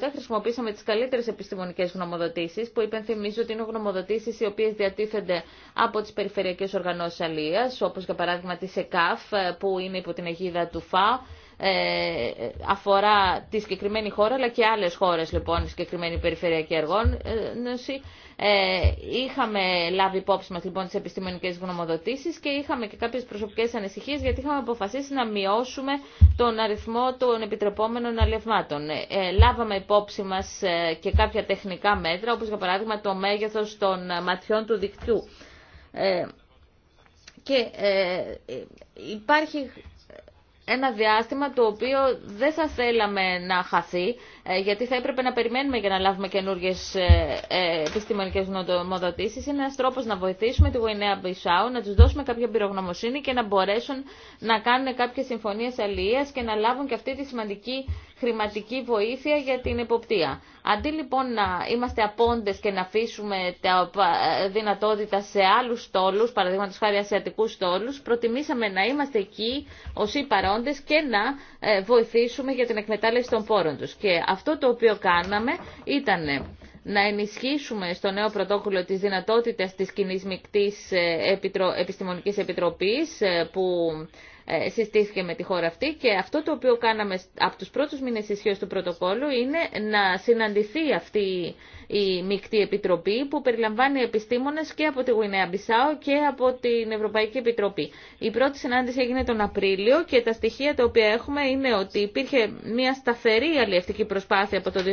2012 χρησιμοποίησαμε τις καλύτερες επιστημονικές γνωμοδοτήσεις που υπενθυμίζω ότι είναι γνωμοδοτήσεις οι οποίες διατίθενται από τις περιφερειακές οργανώσεις αλίας όπως για παράδειγμα τη ΕΚΑΦ που είναι υπό την αιγίδα του ΦΑΟ ε, αφορά τη συγκεκριμένη χώρα αλλά και άλλες χώρες λοιπόν η συγκεκριμένη περιφερειακή εργόνωση. Ε, είχαμε λάβει υπόψη μας λοιπόν τις επιστημονικές γνωμοδοτήσεις και είχαμε και κάποιες προσωπικές ανησυχίες γιατί είχαμε αποφασίσει να μειώσουμε τον αριθμό των επιτρεπόμενων αλευμάτων. Ε, λάβαμε υπόψη μας και κάποια τεχνικά μέτρα όπως για παράδειγμα το μέγεθος των ματιών του δικτύου. και υπάρχει ένα διάστημα το οποίο δεν θα θέλαμε να χαθεί ε, γιατί θα έπρεπε να περιμένουμε για να λάβουμε καινούργιε ε, επιστημονικέ γνωμοδοτήσει. Είναι ένα τρόπο να βοηθήσουμε τη Γουινέα Μπισάου, να του δώσουμε κάποια πυρογνωμοσύνη και να μπορέσουν να κάνουν κάποιε συμφωνίε αλληλεία και να λάβουν και αυτή τη σημαντική χρηματική βοήθεια για την εποπτεία. Αντί λοιπόν να είμαστε απόντε και να αφήσουμε τα ε, δυνατότητα σε άλλου στόλου, παραδείγματο χάρη ασιατικού στόλου, προτιμήσαμε να είμαστε εκεί ω παρόντε και να βοηθήσουμε για την εκμετάλλευση των πόρων του. Αυτό το οποίο κάναμε ήταν να ενισχύσουμε στο νέο πρωτόκολλο τις δυνατότητες της κοινή μεικτής ε, επιστημονικής επιτροπής ε, που ε, συστήθηκε με τη χώρα αυτή και αυτό το οποίο κάναμε από τους πρώτους μήνες ισχύω του πρωτοκόλλου είναι να συναντηθεί αυτή η μεικτή Επιτροπή που περιλαμβάνει επιστήμονες και από τη Γουινέα Μπισάου και από την Ευρωπαϊκή Επιτροπή. Η πρώτη συνάντηση έγινε τον Απρίλιο και τα στοιχεία τα οποία έχουμε είναι ότι υπήρχε μια σταθερή αλλιευτική προσπάθεια από το 2010.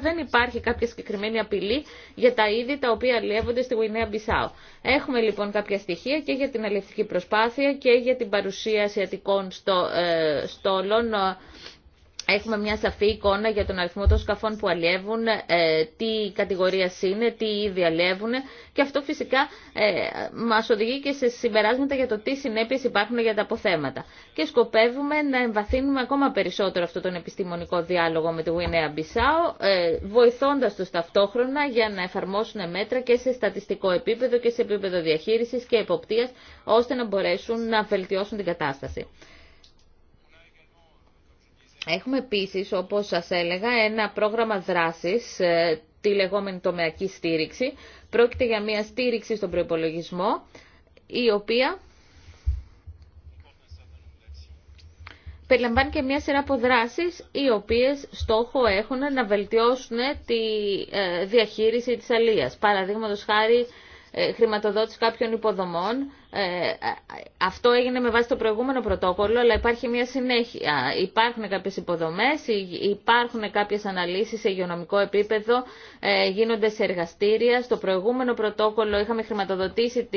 Δεν υπάρχει κάποια συγκεκριμένη απειλή για τα είδη τα οποία αλλιεύονται στη Γουινέα Μπισάου. Έχουμε λοιπόν κάποια στοιχεία και για την αλλιευτική προσπάθεια και για την παρουσία ασιατικών στο, ε, στόλων ε, Έχουμε μια σαφή εικόνα για τον αριθμό των σκαφών που αλλιεύουν, ε, τι κατηγορία είναι, τι ήδη αλλιεύουν και αυτό φυσικά ε, μας οδηγεί και σε συμπεράσματα για το τι συνέπειες υπάρχουν για τα αποθέματα. Και σκοπεύουμε να εμβαθύνουμε ακόμα περισσότερο αυτόν τον επιστημονικό διάλογο με τη Γουινέα Μπισάου, ε, βοηθώντας τους ταυτόχρονα για να εφαρμόσουν μέτρα και σε στατιστικό επίπεδο και σε επίπεδο διαχείρισης και εποπτείας, ώστε να μπορέσουν να βελτιώσουν την κατάσταση. Έχουμε επίσης, όπως σας έλεγα, ένα πρόγραμμα δράσης, ε, τη λεγόμενη τομεακή στήριξη. Πρόκειται για μια στήριξη στον προϋπολογισμό, η οποία περιλαμβάνει και μια σειρά από δράσεις, οι οποίες στόχο έχουν να βελτιώσουν τη ε, διαχείριση της αλίας. Παραδείγματος χάρη ε, χρηματοδότηση κάποιων υποδομών, ε, ε, αυτό έγινε με βάση το προηγούμενο πρωτόκολλο, αλλά υπάρχει μια συνέχεια. Υπάρχουν κάποιες υποδομές, υπάρχουν κάποιες αναλύσεις σε υγειονομικό επίπεδο, ε, γίνονται σε εργαστήρια. Στο προηγούμενο πρωτόκολλο είχαμε χρηματοδοτήσει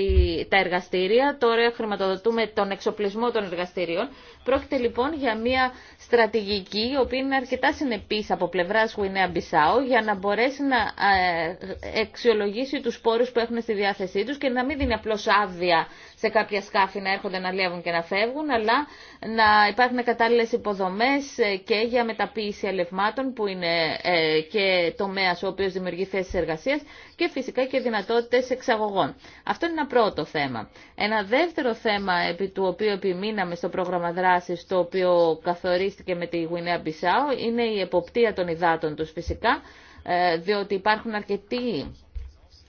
τα εργαστήρια, τώρα χρηματοδοτούμε τον εξοπλισμό των εργαστήριων. Πρόκειται λοιπόν για μια στρατηγική, η οποία είναι αρκετά συνεπής από πλευράς Γουινέα Μπισάου, για να μπορέσει να ε, αξιολογήσει τους πόρους που έχουν στη διάθεσή τους και να μην δίνει απλώς άδεια σε κάποια σκάφη να έρχονται να λεύουν και να φεύγουν, αλλά να υπάρχουν κατάλληλες υποδομές ε, και για μεταποίηση ελευμάτων που είναι ε, και τομέας ο οποίος δημιουργεί θέσεις εργασίας και φυσικά και δυνατότητες εξαγωγών. Αυτό είναι ένα πρώτο θέμα. Ένα δεύτερο θέμα επί του οποίου επιμείναμε στο πρόγραμμα δράσης το οποίο καθορίστηκε με τη Γουινέα Μπισάου είναι η εποπτεία των υδάτων τους φυσικά ε, διότι υπάρχουν αρκετοί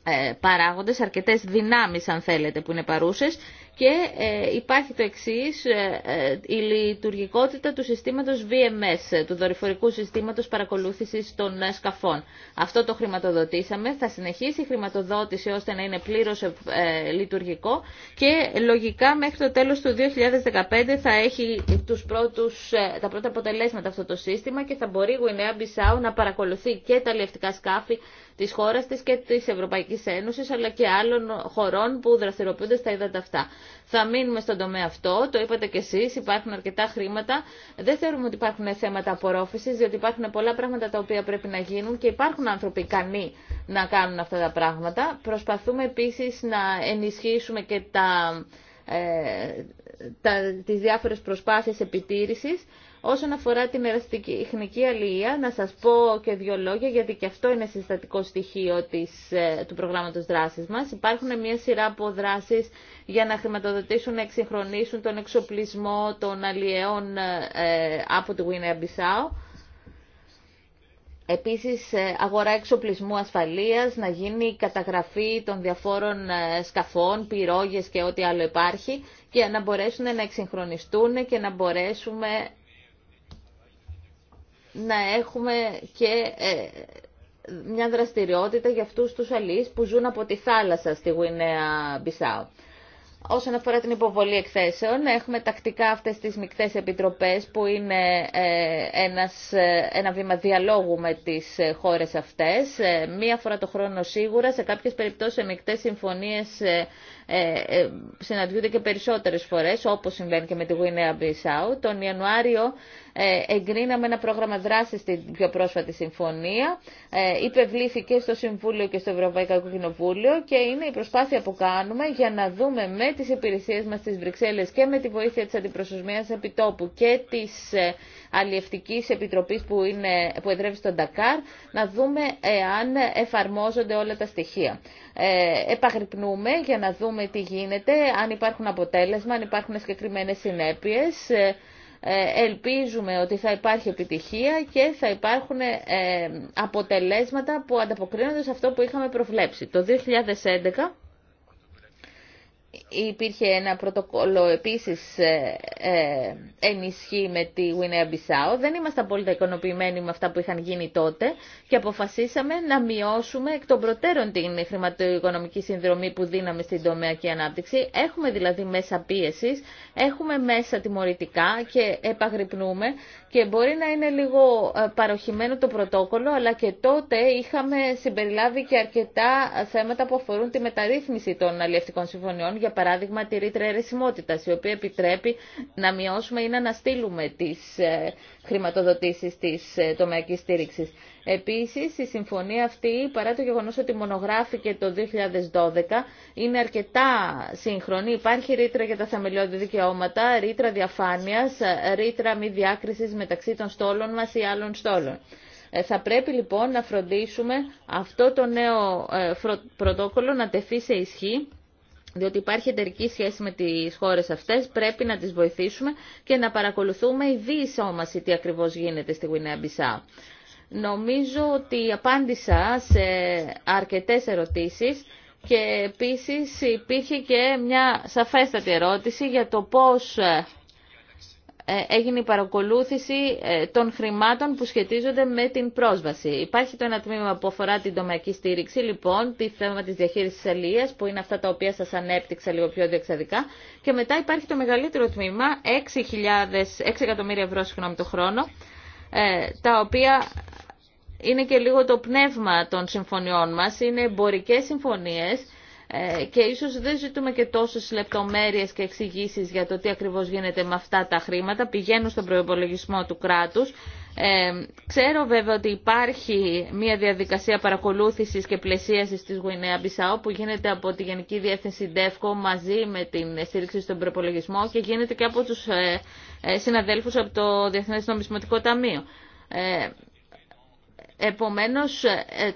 ε, παράγοντες, αρκετές δυνάμεις αν θέλετε που είναι παρούσες και ε, υπάρχει το εξής, ε, ε, η λειτουργικότητα του συστήματος VMS, του δορυφορικού συστήματος παρακολούθησης των σκαφών. Αυτό το χρηματοδοτήσαμε, θα συνεχίσει η χρηματοδότηση ώστε να είναι πλήρως λειτουργικό και λογικά μέχρι το τέλος του 2015 θα έχει τους πρώτους, τα πρώτα αποτελέσματα αυτό το σύστημα και θα μπορεί η Γουινέα Μπισάου να παρακολουθεί και τα λευτικά σκάφη της χώρας της και της Ευρωπαϊκής Ένωσης αλλά και άλλων χωρών που δραστηριοποιούνται στα ύδατα αυτά. Θα μείνουμε στον τομέα αυτό, το είπατε κι εσείς, υπάρχουν αρκετά χρήματα. Δεν θεωρούμε ότι υπάρχουν θέματα απορρόφησης, διότι υπάρχουν πολλά πράγματα τα οποία πρέπει να γίνουν και υπάρχουν άνθρωποι ικανοί να κάνουν αυτά τα πράγματα. Προσπαθούμε επίσης να ενισχύσουμε και τα, ε, τα, τις διάφορες προσπάθειες επιτήρησης Όσον αφορά την εραστική αλληλεία, να σας πω και δύο λόγια, γιατί και αυτό είναι συστατικό στοιχείο της, ε, του προγράμματος δράσης μας. Υπάρχουν μια σειρά από δράσεις για να χρηματοδοτήσουν, να εξυγχρονίσουν τον εξοπλισμό των αλλιέων ε, από τη Γουινέα Μπισάου. Επίσης ε, αγορά εξοπλισμού ασφαλείας, να γίνει καταγραφή των διαφόρων σκαφών, πυρόγες και ό,τι άλλο υπάρχει και να μπορέσουν να εξυγχρονιστούν και να μπορέσουμε να έχουμε και ε, μια δραστηριότητα για αυτούς τους αλείς που ζουν από τη θάλασσα στη Γουινέα Μπισάου. Όσον αφορά την υποβολή εκθέσεων, έχουμε τακτικά αυτές τις μικτές επιτροπές που είναι ε, ένας, ε, ένα βήμα διαλόγου με τις χώρες αυτές. Μία φορά το χρόνο σίγουρα, σε κάποιες περιπτώσεις σε μικτές συμφωνίες συναντιούνται και περισσότερες φορές, όπως συμβαίνει και με τη Γουινέα Μπισάου. Τον Ιανουάριο ε, εγκρίναμε ένα πρόγραμμα δράσης στην πιο πρόσφατη συμφωνία, ε, υπευλήθηκε στο Συμβούλιο και στο Ευρωπαϊκό Κοινοβούλιο και είναι η προσπάθεια που κάνουμε για να δούμε με τις υπηρεσίες μας στις Βρυξέλλες και με τη βοήθεια της Αντιπροσωσμίας Επιτόπου και της ε, Αλλιευτικής Επιτροπής που, που εδρεύει στον Ντακάρ, να δούμε εάν εφαρμόζονται όλα τα στοιχεία. Ε, επαγρυπνούμε για να δούμε τι γίνεται, αν υπάρχουν αποτέλεσμα, αν υπάρχουν συγκεκριμένε συνέπειε. Ε, ελπίζουμε ότι θα υπάρχει επιτυχία και θα υπάρχουν ε, αποτελέσματα που ανταποκρίνονται σε αυτό που είχαμε προβλέψει. Το 2011 υπήρχε ένα πρωτοκόλλο επίσης ε, ε, ενισχύ με τη Γουινέα Μπισάο. Δεν είμαστε απόλυτα ικανοποιημένοι με αυτά που είχαν γίνει τότε και αποφασίσαμε να μειώσουμε εκ των προτέρων την χρηματοοικονομική συνδρομή που δίναμε στην τομέα και ανάπτυξη. Έχουμε δηλαδή μέσα πίεσης, έχουμε μέσα τιμωρητικά και επαγρυπνούμε και μπορεί να είναι λίγο ε, παροχημένο το πρωτόκολλο, αλλά και τότε είχαμε συμπεριλάβει και αρκετά θέματα που αφορούν τη μεταρρύθμιση των αλλιευτικών συμφωνιών για παράδειγμα τη ρήτρα αιρεσιμότητας, η οποία επιτρέπει να μειώσουμε ή να αναστείλουμε τις ε, χρηματοδοτήσεις της ε, τομεακής στήριξης. Επίσης, η συμφωνία αυτή, παρά το γεγονός ότι μονογράφηκε το 2012, είναι αρκετά σύγχρονη. Υπάρχει ρήτρα για τα θεμελιώδη δικαιώματα, ρήτρα διαφάνειας, ρήτρα μη διάκρισης μεταξύ των στόλων μας ή άλλων στόλων. Ε, θα πρέπει λοιπόν να φροντίσουμε αυτό το νέο πρωτόκολλο να τεθεί σε ισχύ διότι υπάρχει εταιρική σχέση με τις χώρες αυτές, πρέπει να τις βοηθήσουμε και να παρακολουθούμε η διεισόμαση τι ακριβώς γίνεται στη Γουινέα Μπισά. Νομίζω ότι απάντησα σε αρκετέ ερωτήσεις και επίση υπήρχε και μια σαφέστατη ερώτηση για το πώς ε, έγινε η παρακολούθηση ε, των χρημάτων που σχετίζονται με την πρόσβαση. Υπάρχει το ένα τμήμα που αφορά την τομεακή στήριξη, λοιπόν, τη θέμα της διαχείρισης της αλληλείας, που είναι αυτά τα οποία σας ανέπτυξα λίγο πιο διεξαδικά. Και μετά υπάρχει το μεγαλύτερο τμήμα, 6, 6 εκατομμύρια ευρώ συγγνώμη, το χρόνο, ε, τα οποία είναι και λίγο το πνεύμα των συμφωνιών μας, είναι εμπορικές συμφωνίες, ε, και ίσω δεν ζητούμε και τόσε λεπτομέρειε και εξηγήσει για το τι ακριβώ γίνεται με αυτά τα χρήματα. Πηγαίνουν στον προπολογισμό του κράτου. Ε, ξέρω βέβαια ότι υπάρχει μια διαδικασία παρακολούθησης και πλαισίασης της Γουινέα Μπισάου που γίνεται από τη Γενική Διεύθυνση ΔΕΦΚΟ μαζί με την στήριξη στον προπολογισμό και γίνεται και από τους ε, ε, συναδέλφους από το Διεθνές Νομισματικό Ταμείο. Ε, επομένως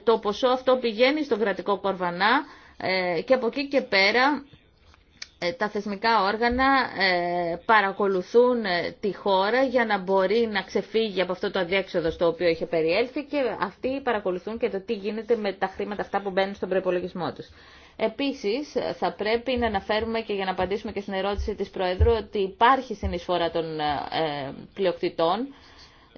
το ποσό αυτό πηγαίνει στο κρατικό κορβανά ε, και από εκεί και πέρα ε, τα θεσμικά όργανα ε, παρακολουθούν τη χώρα για να μπορεί να ξεφύγει από αυτό το αδιέξοδο στο οποίο είχε περιέλθει και αυτοί παρακολουθούν και το τι γίνεται με τα χρήματα αυτά που μπαίνουν στον προπολογισμό τους. Επίσης, θα πρέπει να αναφέρουμε και για να απαντήσουμε και στην ερώτηση της Προέδρου ότι υπάρχει συνεισφορά των πλειοκτητών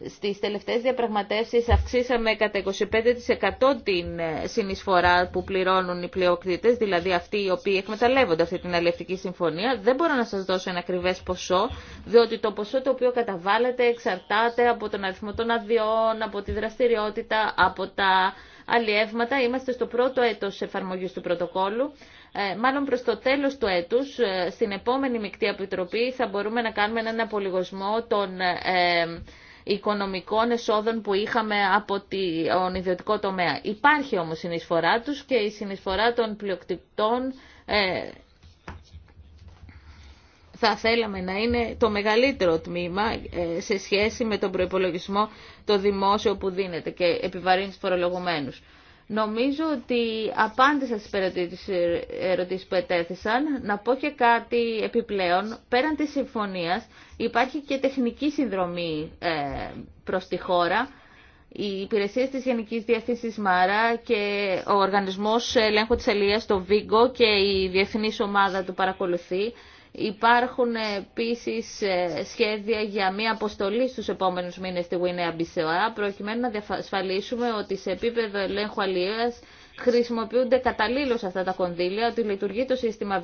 στις τελευταίες διαπραγματεύσεις αυξήσαμε κατά 25% την ε, συνεισφορά που πληρώνουν οι πλειοκτήτες, δηλαδή αυτοί οι οποίοι εκμεταλλεύονται αυτή την αλληλευτική συμφωνία. Δεν μπορώ να σας δώσω ένα ακριβές ποσό, διότι το ποσό το οποίο καταβάλλεται εξαρτάται από τον αριθμό των αδειών, από τη δραστηριότητα, από τα αλλιεύματα. Είμαστε στο πρώτο έτος εφαρμογής του πρωτοκόλου. Ε, μάλλον προς το τέλος του έτους, ε, στην επόμενη μεικτή επιτροπή θα μπορούμε να κάνουμε έναν απολυγοσμό των οικονομικών εσόδων που είχαμε από τον ιδιωτικό τομέα. Υπάρχει όμως συνεισφορά τους και η συνεισφορά των πλειοκτητών ε, θα θέλαμε να είναι το μεγαλύτερο τμήμα ε, σε σχέση με τον προϋπολογισμό το δημόσιο που δίνεται και επιβαρύνει τους φορολογουμένους. Νομίζω ότι απάντησα στις ερωτήσεις που ετέθησαν. Να πω και κάτι επιπλέον. Πέραν της συμφωνίας υπάρχει και τεχνική συνδρομή ε, προς τη χώρα. Οι υπηρεσίε τη Γενική Διεύθυνση ΜΑΡΑ και ο Οργανισμό Ελέγχου τη Ελίας, το ΒΙΚΟ και η Διεθνή Ομάδα του παρακολουθεί. Υπάρχουν επίση ε, σχέδια για μία αποστολή στου επόμενου μήνες στη Γουινέα Μπισεωά προκειμένου να διασφαλίσουμε ότι σε επίπεδο ελέγχου αλληλεία χρησιμοποιούνται καταλήλω αυτά τα κονδύλια, ότι λειτουργεί το σύστημα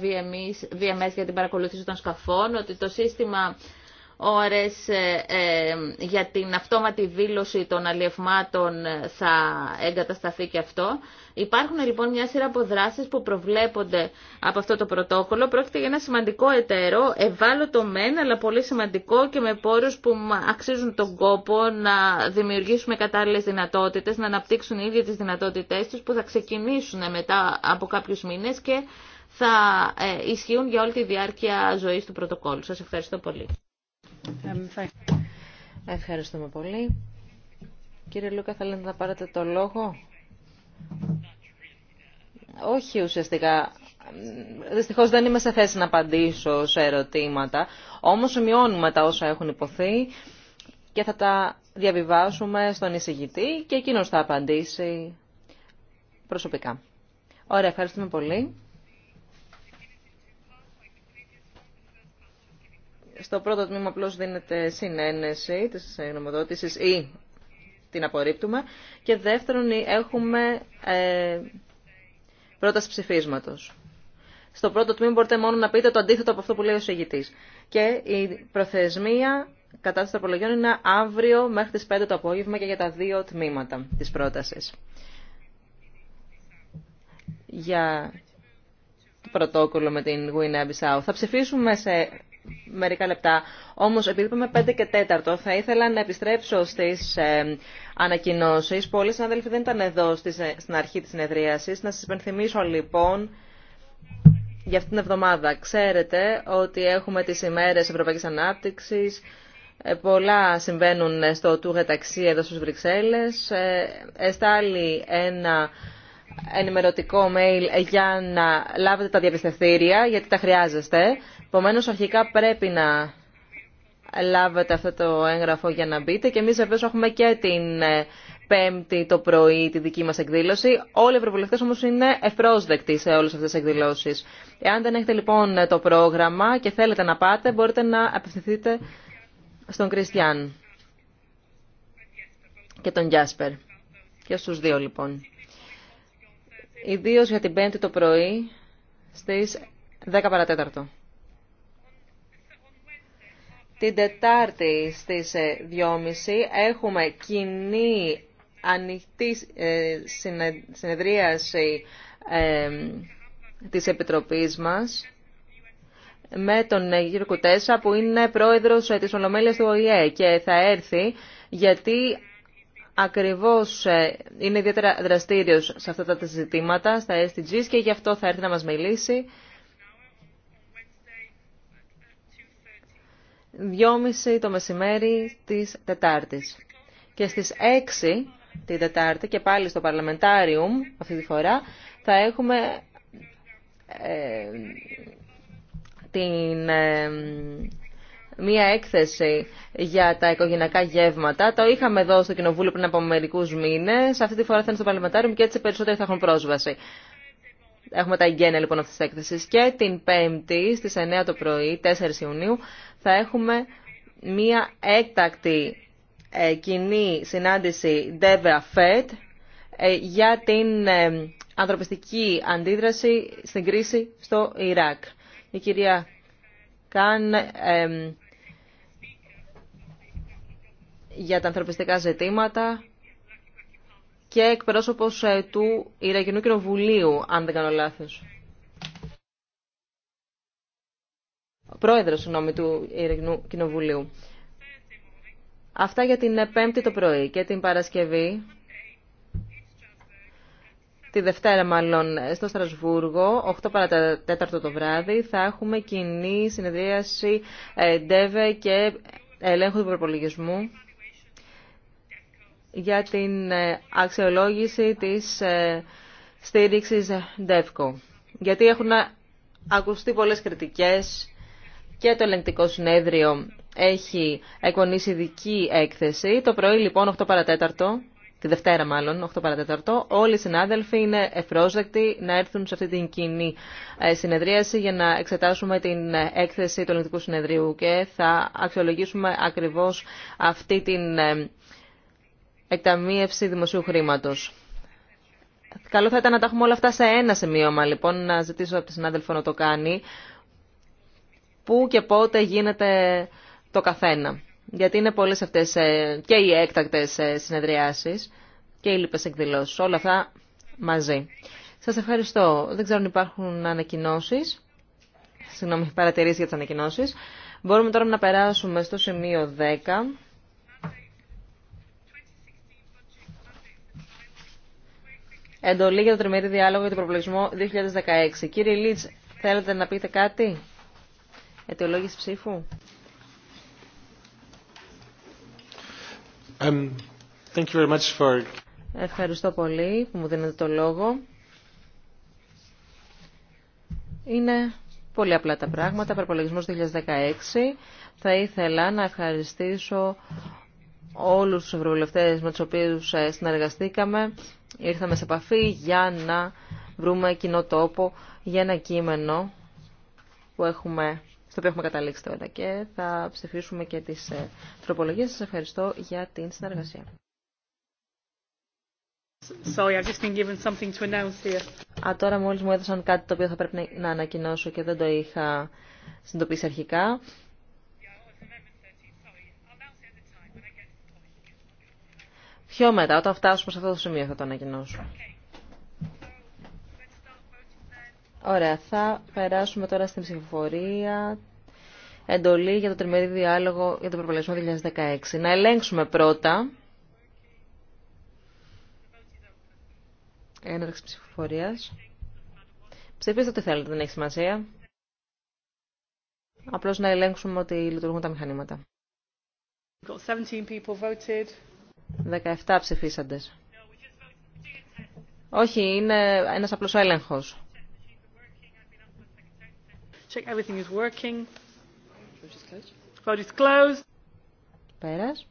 VMS για την παρακολουθήση των σκαφών, ότι το σύστημα ώρες ε, ε, για την αυτόματη δήλωση των αλλιευμάτων θα εγκατασταθεί και αυτό. Υπάρχουν λοιπόν μια σειρά από δράσεις που προβλέπονται από αυτό το πρωτόκολλο. Πρόκειται για ένα σημαντικό εταίρο, ευάλωτο μεν, αλλά πολύ σημαντικό και με πόρους που αξίζουν τον κόπο να δημιουργήσουμε κατάλληλες δυνατότητες, να αναπτύξουν οι ίδιοι τις δυνατότητές τους που θα ξεκινήσουν μετά από κάποιους μήνες και θα ε, ισχύουν για όλη τη διάρκεια ζωής του πρωτοκόλλου. Σας ευχαριστώ πολύ. Ευχαριστούμε πολύ. Κύριε Λούκα, θέλετε να πάρετε το λόγο. Όχι ουσιαστικά. Δυστυχώ δεν είμαι σε θέση να απαντήσω σε ερωτήματα. Όμως σημειώνουμε τα όσα έχουν υποθεί και θα τα διαβιβάσουμε στον εισηγητή και εκείνος θα απαντήσει προσωπικά. Ωραία, ευχαριστούμε πολύ. Στο πρώτο τμήμα απλώ δίνεται συνένεση της νομοδότησης ή την απορρίπτουμε. Και δεύτερον έχουμε ε, πρόταση ψηφίσματος. Στο πρώτο τμήμα μπορείτε μόνο να πείτε το αντίθετο από αυτό που λέει ο συγητής. Και η προθεσμία κατά των απολογίων είναι αύριο μέχρι τις 5 το απόγευμα και για τα δύο τμήματα της πρότασης. Για το πρωτόκολλο με την Γουινέα Θα ψηφίσουμε σε μερικά λεπτά. Όμω, επειδή είπαμε 5 και 4, θα ήθελα να επιστρέψω στι ε, ανακοινώσει. Πολλοί συνάδελφοι δεν ήταν εδώ στις, ε, στην αρχή τη συνεδρίαση. Να σα υπενθυμίσω, λοιπόν, για αυτήν την εβδομάδα. Ξέρετε ότι έχουμε τι ημέρε Ευρωπαϊκή Ε, Πολλά συμβαίνουν στο Τούγε Ταξί εδώ στου Βρυξέλλες. Ε, εστάλει ένα ενημερωτικό mail για να λάβετε τα διαπιστευτήρια, γιατί τα χρειάζεστε. Επομένω, αρχικά πρέπει να λάβετε αυτό το έγγραφο για να μπείτε και εμεί βεβαίω έχουμε και την ε, Πέμπτη το πρωί τη δική μα εκδήλωση. Όλοι οι ευρωβουλευτέ όμω είναι ευπρόσδεκτοι σε όλε αυτέ τι εκδηλώσει. Εάν δεν έχετε λοιπόν το πρόγραμμα και θέλετε να πάτε, μπορείτε να απευθυνθείτε στον Κριστιαν και τον Γιάσπερ. Και στους δύο λοιπόν. Ιδίω για την Πέμπτη το πρωί στις 10 παρατέταρτο. Την Τετάρτη στις 2.30 ε, έχουμε κοινή ανοιχτή ε, συνεδρίαση ε, της Επιτροπής μας με τον Γιώργο Κουτέσα που είναι πρόεδρος της Ολομέλειας του ΟΗΕ και θα έρθει γιατί ακριβώς είναι ιδιαίτερα δραστήριος σε αυτά τα ζητήματα, στα SDGs και γι' αυτό θα έρθει να μας μιλήσει. 2.30 το μεσημέρι της Τετάρτης. Και στις 6 την Τετάρτη και πάλι στο Παρλαμεντάριουμ αυτή τη φορά θα έχουμε ε, την, ε, μία έκθεση για τα οικογενειακά γεύματα. Το είχαμε εδώ στο Κοινοβούλιο πριν από μερικού μήνε. Αυτή τη φορά θα είναι στο Παρλαμεντάριουμ και έτσι περισσότεροι θα έχουν πρόσβαση. Έχουμε τα εγγένεια λοιπόν αυτής της έκθεσης και την 5η στις 9 το πρωί, 4 Ιουνίου, θα έχουμε μία έκτακτη ε, κοινή συνάντηση DEVA FED ε, για την ε, ανθρωπιστική αντίδραση στην κρίση στο Ιράκ. Η κυρία Καν για τα ανθρωπιστικά ζητήματα και εκπρόσωπος ε, του Ιρακινού Κοινοβουλίου, αν δεν κάνω λάθος. πρόεδρος, συγγνώμη, του Ιρακινού Κοινοβουλίου. Αυτά για την ε, Πέμπτη το πρωί και την Παρασκευή, τη Δευτέρα μάλλον, στο Στρασβούργο, 8 παρα το βράδυ, θα έχουμε κοινή συνεδρίαση ΔΕΒΕ και ελέγχου του προπολογισμού για την ε, αξιολόγηση της ε, στήριξης ΔΕΦΚΟ. Γιατί έχουν ακουστεί πολλές κριτικές και το ελεγκτικό συνέδριο έχει εκπονήσει δική έκθεση. Το πρωί λοιπόν 8 παρατέταρτο, τη Δευτέρα μάλλον, 8 παρατέταρτο, όλοι οι συνάδελφοι είναι ευπρόσδεκτοι να έρθουν σε αυτή την κοινή ε, συνεδρίαση για να εξετάσουμε την έκθεση του ελεγκτικού συνεδρίου και θα αξιολογήσουμε ακριβώς αυτή την εκταμίευση δημοσίου χρήματο. Καλό θα ήταν να τα έχουμε όλα αυτά σε ένα σημείωμα, λοιπόν, να ζητήσω από τη συνάδελφο να το κάνει. Πού και πότε γίνεται το καθένα. Γιατί είναι πολλές αυτές ε, και οι έκτακτες ε, συνεδριάσεις και οι λοιπές εκδηλώσεις. Όλα αυτά μαζί. Σας ευχαριστώ. Δεν ξέρω αν υπάρχουν ανακοινώσεις. Συγγνώμη, παρατηρήσεις για τις ανακοινώσεις. Μπορούμε τώρα να περάσουμε στο σημείο 10. εντολή για το τριμερή διάλογο για τον προπολογισμό 2016. Κύριε Λίτς, θέλετε να πείτε κάτι? Αιτιολόγηση ψήφου. Ευχαριστώ πολύ που μου δίνετε το λόγο. Είναι πολύ απλά τα πράγματα. Προπολογισμός 2016. Θα ήθελα να ευχαριστήσω όλους τους ευρωβουλευτές με τους οποίους ε, συνεργαστήκαμε. Ήρθαμε σε επαφή για να βρούμε κοινό τόπο για ένα κείμενο που έχουμε, στο οποίο έχουμε καταλήξει τώρα και θα ψηφίσουμε και τις ε, τροπολογίες. Σας ευχαριστώ για την συνεργασία. Sorry, I've just been given something to announce here. Α, τώρα μόλις μου έδωσαν κάτι το οποίο θα πρέπει να ανακοινώσω και δεν το είχα συνειδητοποιήσει αρχικά. Πιο μετά, όταν φτάσουμε σε αυτό το σημείο θα το ανακοινώσω. Ωραία, θα περάσουμε τώρα στην ψηφοφορία. Εντολή για το τριμερή διάλογο για το προπολογισμό 2016. Να ελέγξουμε πρώτα. Έναρξη ψηφοφορία. Ψηφίστε ό,τι θέλετε, δεν έχει σημασία. Απλώ να ελέγξουμε ότι λειτουργούν τα μηχανήματα. 17 ψηφίσαντες. Όχι, είναι ένας απλός έλεγχος. Check everything is working. Vote is closed. Πέρας.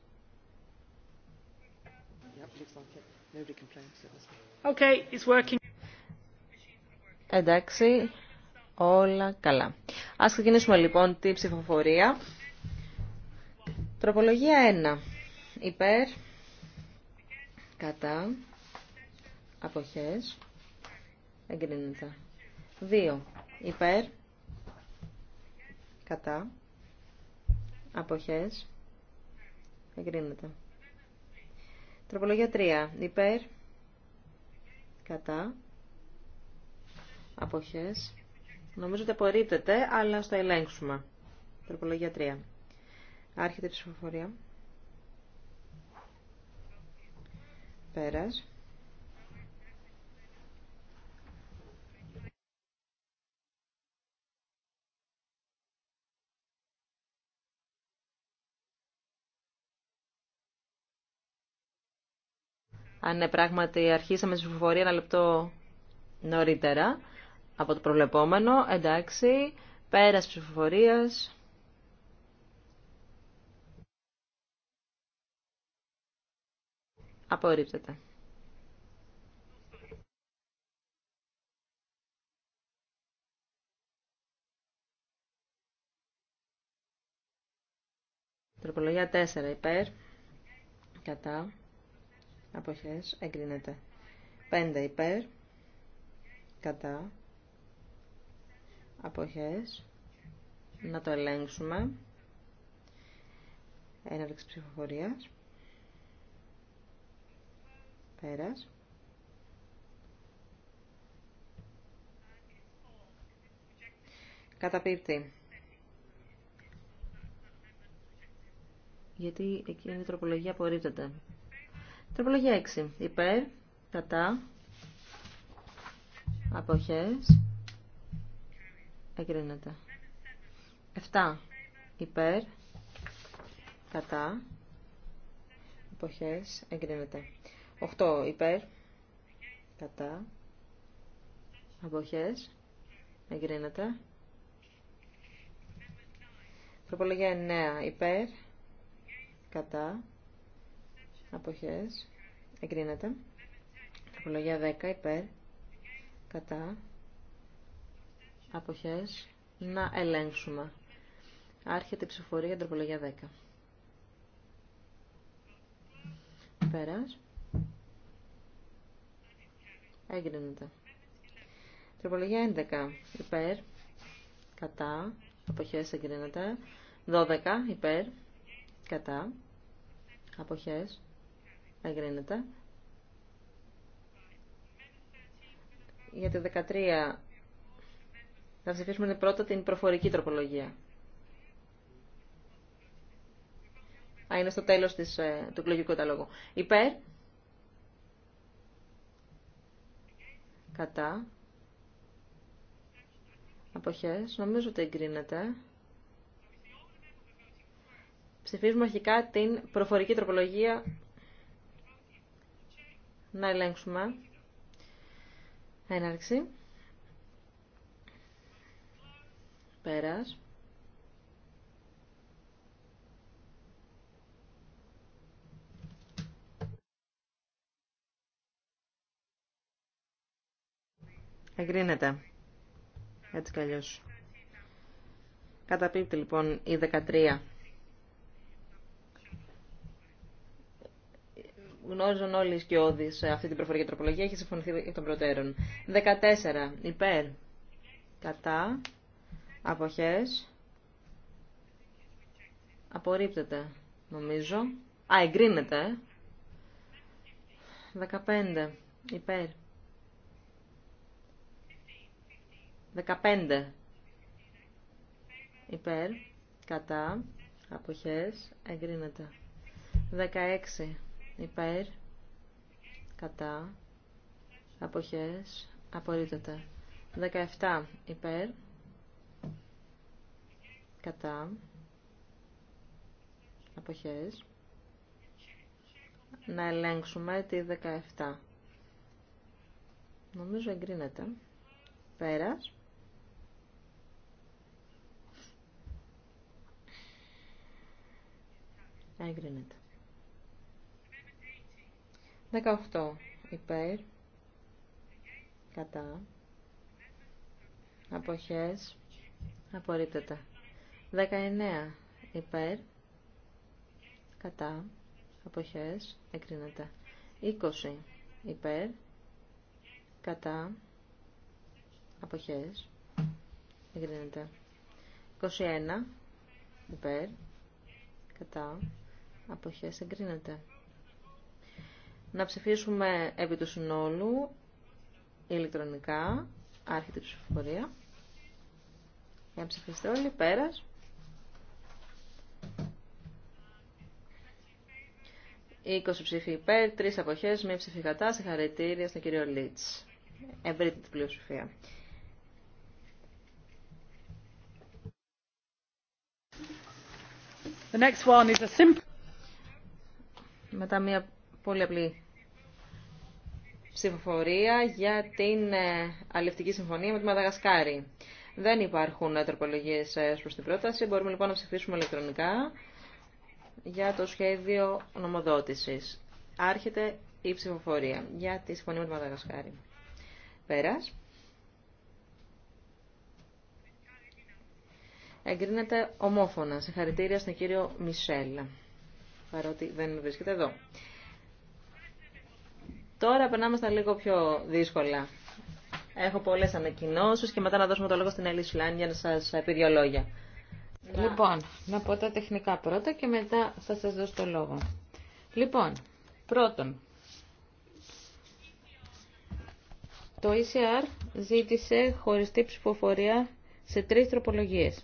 Okay, it's working. Εντάξει, όλα καλά. Ας ξεκινήσουμε λοιπόν τη ψηφοφορία. Τροπολογία 1. Υπέρ κατά, αποχές, εγκρίνεται. 2. Υπέρ, κατά, αποχές, εγκρίνεται. Τροπολογία 3. Υπέρ, κατά, αποχές, νομίζω ότι απορρίπτεται, αλλά στο ελέγξουμε. Τροπολογία 3. Άρχεται η ψηφοφορία. Πέρας. Αν ναι, πράγματι αρχίσαμε τη ψηφοφορία ένα λεπτό νωρίτερα από το προβλεπόμενο, εντάξει, πέρας ψηφοφορίας... Απορρίπτεται. Τροπολογία 4 υπέρ, κατά, αποχές, εγκρίνεται. 5 υπέρ, κατά, αποχές, να το ελέγξουμε. Έναρξη ψηφοφορίας. Πέρας. Καταπίπτει. Γιατί εκείνη η τροπολογία απορρίπτεται. Τροπολογία 6. Υπέρ, κατά, αποχές, εγκρίνεται. 7. Υπέρ, κατά, αποχές, εγκρίνεται. 8 υπέρ. Κατά. Αποχές. Εγκρίνεται. Τροπολογία 9 υπέρ. Κατά. Αποχές. Εγκρίνεται. Τροπολογία 10 υπέρ. Κατά. Αποχές. Να ελέγξουμε. Άρχεται η ψηφορία για τροπολογία 10. Πέρας. Έγκρινεται. Τροπολογία 11. Υπέρ. Κατά. Αποχές εγκρίνεται. 12. Υπέρ. Κατά. Αποχές. Εγκρίνεται. Για τη 13 θα ψηφίσουμε πρώτα την προφορική τροπολογία. Α, είναι στο τέλος της, ε, του εκλογικού καταλόγου. Υπέρ. κατά αποχές νομίζω ότι εγκρίνεται ψηφίζουμε αρχικά την προφορική τροπολογία να ελέγξουμε έναρξη πέρας Εγκρίνεται. Έτσι κι αλλιώς. Καταπίπτει λοιπόν η 13. Γνώριζαν όλοι οι σκιώδει αυτή την προφορική τροπολογία. Έχει συμφωνηθεί εκ των προτέρων. 14. Υπέρ. Κατά. Αποχές. Απορρίπτεται, νομίζω. Α, εγκρίνεται. 15. Ε. Υπέρ. 15 υπέρ, κατά, αποχές, εγκρίνεται. 16 υπέρ, κατά, αποχές, απορρίπτεται. 17 υπέρ, κατά, αποχές. Να ελέγξουμε τη 17. Νομίζω εγκρίνεται. Πέρας. Εγκρίνεται. 18 υπέρ. Κατά. Αποχές. Απορρίπτεται. 19 υπέρ. Κατά. Αποχές. Εγκρίνεται. 20 υπέρ. Κατά. Αποχές. Εγκρίνεται. 21 υπέρ. Κατά αποχές εγκρίνεται. Να ψηφίσουμε επί του συνόλου ηλεκτρονικά, άρχεται η ψηφοφορία. Για να ψηφίσετε όλοι, πέρας. 20 ψήφοι υπέρ, 3 αποχές, μία ψήφη κατά, συγχαρητήρια στον κύριο Λίτς. Εμπρίτη την πλειοψηφία. The next one is a simple... Μετά μια πολύ απλή ψηφοφορία για την ε, αλληλευτική συμφωνία με τη Μαδαγασκάρη. Δεν υπάρχουν τροπολογίε ε, προ την πρόταση. Μπορούμε λοιπόν να ψηφίσουμε ηλεκτρονικά για το σχέδιο νομοδότηση. Άρχεται η ψηφοφορία για τη συμφωνία με τη Μαδαγασκάρη. Πέρα. Εγκρίνεται ομόφωνα. Συγχαρητήρια στον κύριο Μισελ παρότι δεν βρίσκεται εδώ. Τώρα περνάμε στα λίγο πιο δύσκολα. Έχω πολλές ανακοινώσεις και μετά να δώσουμε το λόγο στην Έλλη Σουλάν για να σας πει δύο λόγια. Λοιπόν, να πω τα τεχνικά πρώτα και μετά θα σας δώσω το λόγο. Λοιπόν, πρώτον, το ECR ζήτησε χωριστή ψηφοφορία σε τρεις τροπολογίες.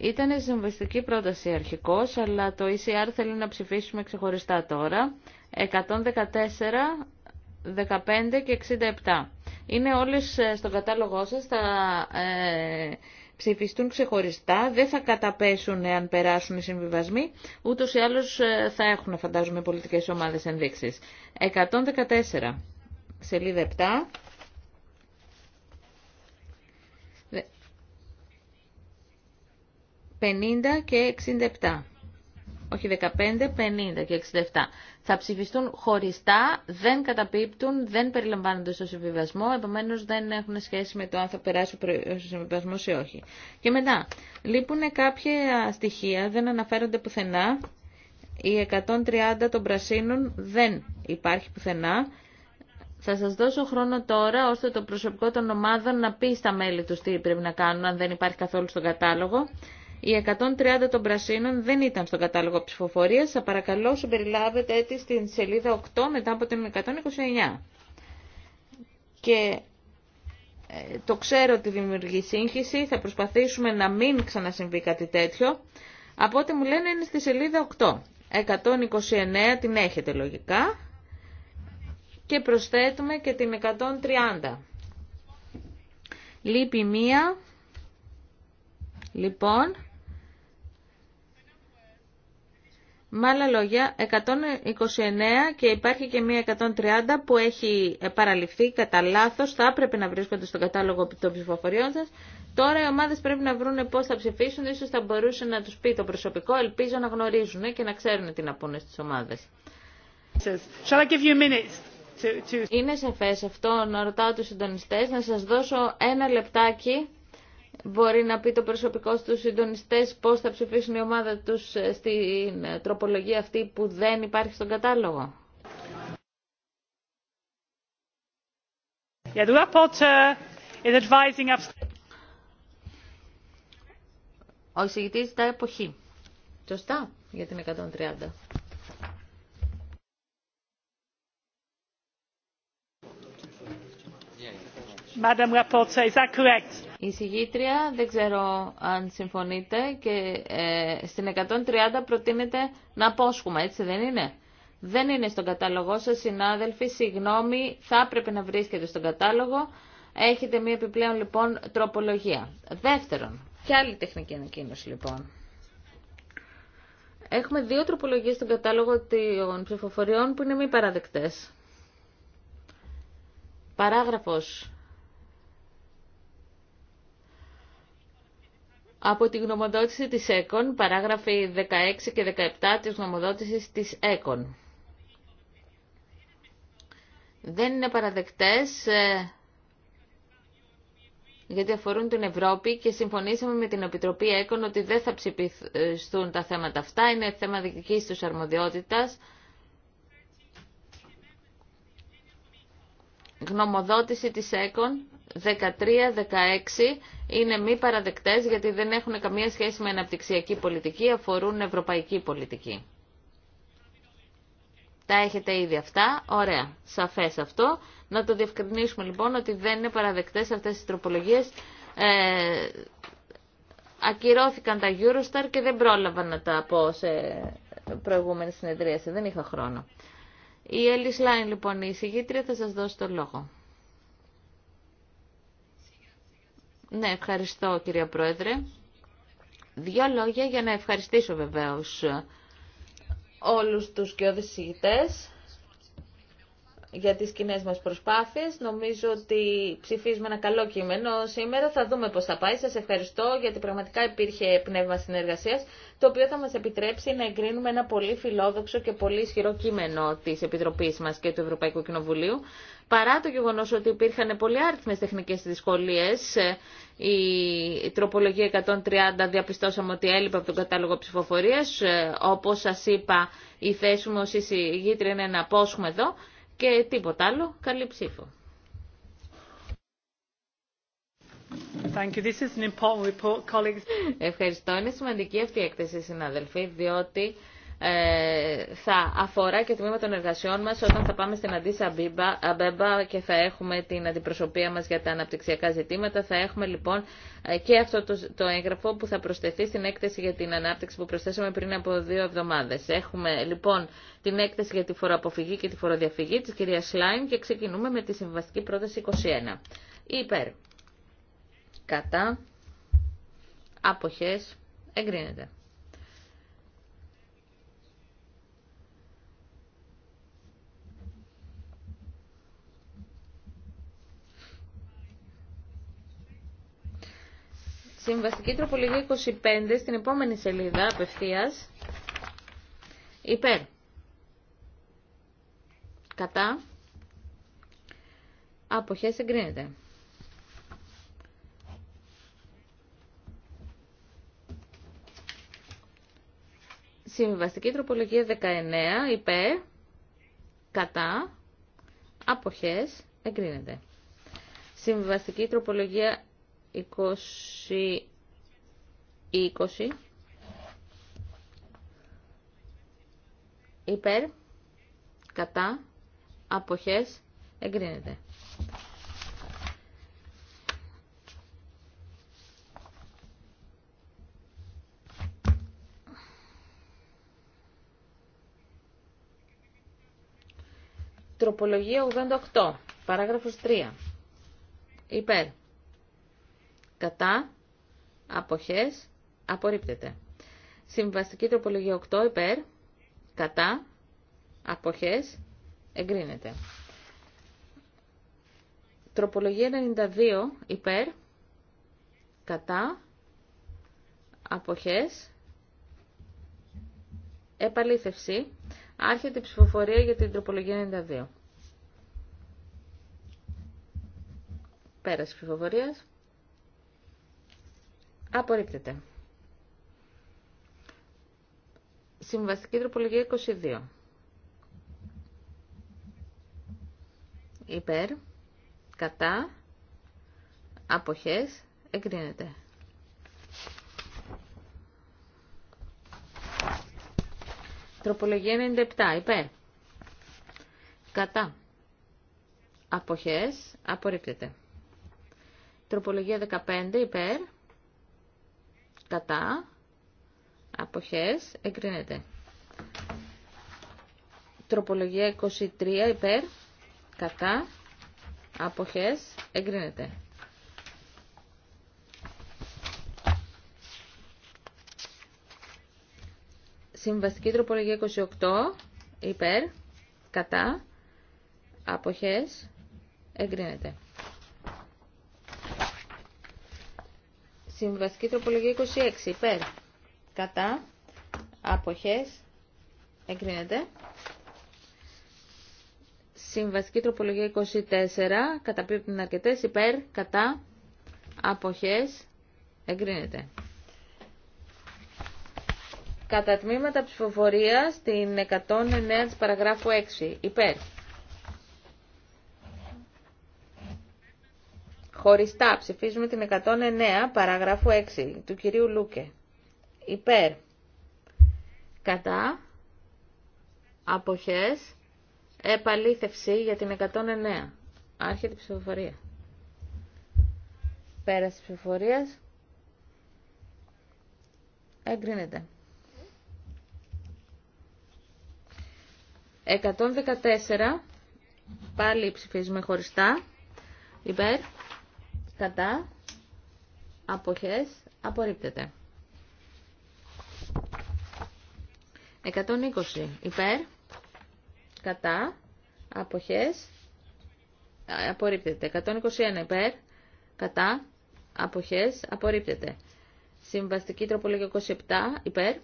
Ήταν η συμβαστική πρόταση αρχικός, αλλά το ECR θέλει να ψηφίσουμε ξεχωριστά τώρα. 114, 15 και 67. Είναι όλε ε, στον κατάλογό σα. θα ε, ψηφιστούν ξεχωριστά, δεν θα καταπέσουν αν περάσουν οι συμβιβασμοί, ούτως ή άλλως ε, θα έχουν, φαντάζομαι, οι πολιτικές ομάδες ενδείξεις. 114, σελίδα 7. 50 και 67. Όχι 15, 50 και 67. Θα ψηφιστούν χωριστά, δεν καταπίπτουν, δεν περιλαμβάνονται στο συμβιβασμό, επομένως δεν έχουν σχέση με το αν θα περάσει ο συμβιβασμό ή όχι. Και μετά, λείπουν κάποια στοιχεία, δεν αναφέρονται πουθενά. Οι 130 των πρασίνων δεν υπάρχει πουθενά. Θα σας δώσω χρόνο τώρα, ώστε το προσωπικό των ομάδων να πει στα μέλη τους τι πρέπει να κάνουν, αν δεν υπάρχει καθόλου στον κατάλογο. Οι 130 των πρασίνων δεν ήταν στον κατάλογο ψηφοφορίας. Σα παρακαλώ συμπεριλάβετε έτσι στην σελίδα 8 μετά από την 129. Και ε, το ξέρω ότι δημιουργεί σύγχυση, θα προσπαθήσουμε να μην ξανασυμβεί κάτι τέτοιο. Από ό,τι μου λένε είναι στη σελίδα 8. 129 την έχετε λογικά και προσθέτουμε και την 130. Λείπει μία. Λοιπόν, Με άλλα λόγια, 129 και υπάρχει και μία 130 που έχει παραληφθεί κατά λάθο, θα έπρεπε να βρίσκονται στον κατάλογο των ψηφοφοριών σα. Τώρα οι ομάδε πρέπει να βρουν πώ θα ψηφίσουν, σω θα μπορούσε να του πει το προσωπικό. Ελπίζω να γνωρίζουν και να ξέρουν τι να πούνε στι ομάδε. Είναι σαφέ αυτό να ρωτάω του συντονιστέ να σα δώσω ένα λεπτάκι μπορεί να πει το προσωπικό στους συντονιστές πώς θα ψηφίσουν η ομάδα τους ε, στην ε, τροπολογία αυτή που δεν υπάρχει στον κατάλογο. Yeah, the advising Ο εισηγητής ζητά εποχή. Σωστά για την 130. Madam Rapporteur, is that correct? Η συγγήτρια δεν ξέρω αν συμφωνείτε και ε, στην 130 προτείνεται να απόσχουμε, έτσι δεν είναι. Δεν είναι στον κατάλογό σας, συνάδελφοι, συγγνώμη, θα έπρεπε να βρίσκεται στον κατάλογο. Έχετε μία επιπλέον λοιπόν τροπολογία. Δεύτερον, και άλλη τεχνική ανακοίνωση λοιπόν. Έχουμε δύο τροπολογίες στον κατάλογο των ψηφοφοριών που είναι μη παραδεκτές. Παράγραφος από τη γνωμοδότηση της ΕΚΟΝ, παράγραφοι 16 και 17 της γνωμοδότησης της ΕΚΟΝ. Δεν είναι παραδεκτές ε, γιατί αφορούν την Ευρώπη και συμφωνήσαμε με την Επιτροπή ΕΚΟΝ ότι δεν θα ψηφιστούν τα θέματα αυτά, είναι θέμα δικής τους αρμοδιότητας. Γνωμοδότηση της ΕΚΟΝ 13-16 είναι μη παραδεκτές γιατί δεν έχουν καμία σχέση με αναπτυξιακή πολιτική, αφορούν ευρωπαϊκή πολιτική. Τα έχετε ήδη αυτά. Ωραία. Σαφές αυτό. Να το διευκρινίσουμε λοιπόν ότι δεν είναι παραδεκτές αυτές οι τροπολογίες. Ε, ακυρώθηκαν τα Eurostar και δεν πρόλαβα να τα πω σε προηγούμενη συνεδρίαση. Δεν είχα χρόνο. Η Έλλη λοιπόν η εισηγήτρια θα σας δώσει το λόγο. Ναι, ευχαριστώ κυρία Πρόεδρε. Δύο λόγια για να ευχαριστήσω βεβαίως όλους τους και για τις κοινέ μας προσπάθειες. Νομίζω ότι ψηφίζουμε ένα καλό κείμενο σήμερα. Θα δούμε πώς θα πάει. Σας ευχαριστώ γιατί πραγματικά υπήρχε πνεύμα συνεργασίας, το οποίο θα μας επιτρέψει να εγκρίνουμε ένα πολύ φιλόδοξο και πολύ ισχυρό κείμενο της Επιτροπής μας και του Ευρωπαϊκού Κοινοβουλίου. Παρά το γεγονός ότι υπήρχαν πολλοί άριθμες τεχνικές δυσκολίες, ε, η τροπολογία 130 διαπιστώσαμε ότι έλειπε από τον κατάλογο ψηφοφορίας. Ε, όπως σα είπα, η θέση μου ως εισηγήτρια είναι να εδώ. Και τίποτα άλλο. Καλή ψήφο. Thank you. This is an report, Ευχαριστώ. Είναι σημαντική αυτή η έκθεση, συνάδελφοι, διότι ε, θα αφορά και το τμήμα των εργασιών μας όταν θα πάμε στην Αντίσα Αμπέμπα και θα έχουμε την αντιπροσωπεία μας για τα αναπτυξιακά ζητήματα. Θα έχουμε λοιπόν ε, και αυτό το, έγγραφο που θα προσθεθεί στην έκθεση για την ανάπτυξη που προσθέσαμε πριν από δύο εβδομάδες. Έχουμε λοιπόν την έκθεση για τη φοροαποφυγή και τη φοροδιαφυγή της κυρία Σλάιν και ξεκινούμε με τη συμβαστική πρόταση 21. Υπέρ. Κατά. Αποχές. Εγκρίνεται. Συμβαστική τροπολογία 25 στην επόμενη σελίδα απευθείας. Υπέρ. Κατά. Αποχές εγκρίνεται. Συμβαστική τροπολογία 19 υπέρ. Κατά. Αποχές εγκρίνεται. Συμβαστική τροπολογία 20 υπέρ κατά αποχές εγκρίνεται. Τροπολογία 88, παράγραφος 3. Υπέρ κατά, αποχές, απορρίπτεται. Συμβαστική τροπολογία 8 υπέρ, κατά, αποχές, εγκρίνεται. Τροπολογία 92 υπέρ, κατά, αποχές, επαλήθευση, άρχεται η ψηφοφορία για την τροπολογία 92. Πέραση ψηφοφορίας. Απορρίπτεται. Συμβαστική τροπολογία 22. Υπέρ, κατά, αποχές, εγκρίνεται. Τροπολογία 97. Υπέρ. Κατά. Αποχές. Απορρίπτεται. Τροπολογία 15. Υπέρ κατά, αποχές, εγκρίνεται. Τροπολογία 23 υπέρ, κατά, αποχές, εγκρίνεται. Συμβαστική τροπολογία 28 υπέρ, κατά, αποχές, εγκρίνεται. Συμβαστική τροπολογία 26 υπέρ. Κατά. Αποχές. Εγκρίνεται. Συμβαστική τροπολογία 24. Καταπίπτουν αρκετές υπέρ. Κατά. Αποχές. Εγκρίνεται. Κατά τμήματα ψηφοφορία στην 109 της παραγράφου 6. Υπέρ. Χωριστά ψηφίζουμε την 109 παραγράφου 6 του κυρίου Λούκε. Υπέρ. Κατά. Αποχές. Επαλήθευση για την 109. Άρχεται η ψηφοφορία. Πέραση ψηφοφορίας. Εγκρίνεται. 114. Πάλι ψηφίζουμε χωριστά. Υπέρ κατά, αποχές, απορρίπτεται. 120 υπέρ, κατά, αποχές, απορρίπτεται. 121 υπέρ, κατά, αποχές, απορρίπτεται. Συμβαστική τροπολογία 27 υπέρ,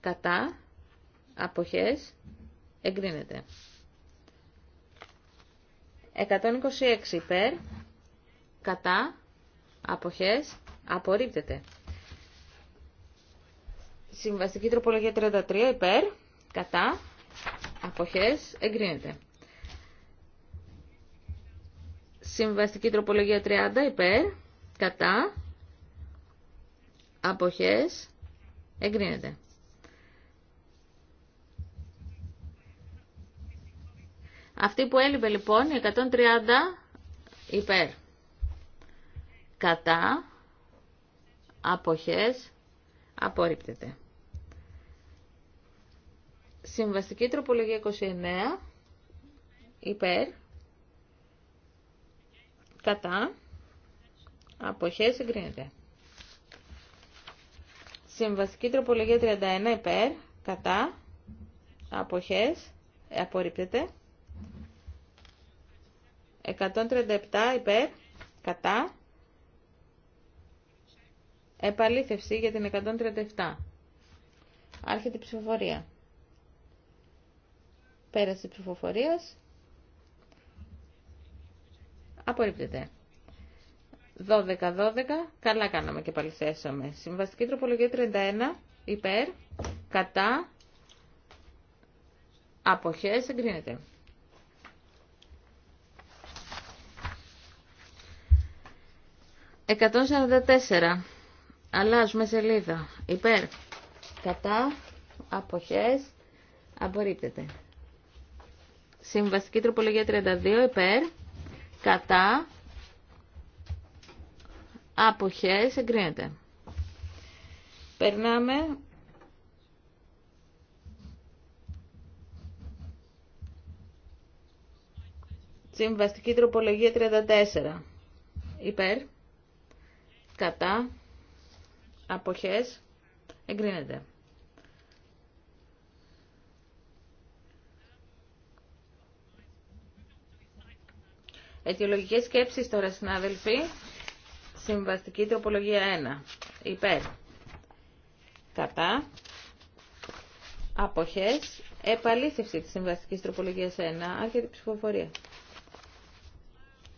κατά, αποχές, εγκρίνεται. 126 υπέρ, κατά, αποχές, απορρίπτεται. Συμβαστική τροπολογία 33 υπέρ, κατά, αποχές, εγκρίνεται. Συμβαστική τροπολογία 30 υπέρ, κατά, αποχές, εγκρίνεται. Αυτή που έλειπε λοιπόν, 130 υπέρ κατά, αποχές, απορρίπτεται. Συμβαστική τροπολογία 29, υπέρ, κατά, αποχές, εγκρίνεται. Συμβαστική τροπολογία 31, υπέρ, κατά, αποχές, απορρίπτεται. 137 υπέρ, κατά, Επαλήθευση για την 137. Άρχεται η ψηφοφορία. Πέραση η ψηφοφορίας. Απορρίπτεται. 12-12. Καλά κάναμε και παληθέσαμε. Συμβαστική τροπολογία 31. Υπέρ. Κατά. Αποχές. Εγκρίνεται. Εκατόν Αλλάζουμε σελίδα. Υπέρ. Κατά. Αποχές. Απορρίπτεται. Συμβαστική τροπολογία 32. Υπέρ. Κατά. Αποχές. Εγκρίνεται. Περνάμε Συμβαστική τροπολογία 34. Υπέρ. Κατά αποχές εγκρίνεται. Αιτιολογικές σκέψεις τώρα, συνάδελφοι. Συμβαστική τροπολογία 1. Υπέρ. Κατά. Αποχές. Επαλήθευση της συμβαστικής τροπολογίας 1. Άρχεται την ψηφοφορία.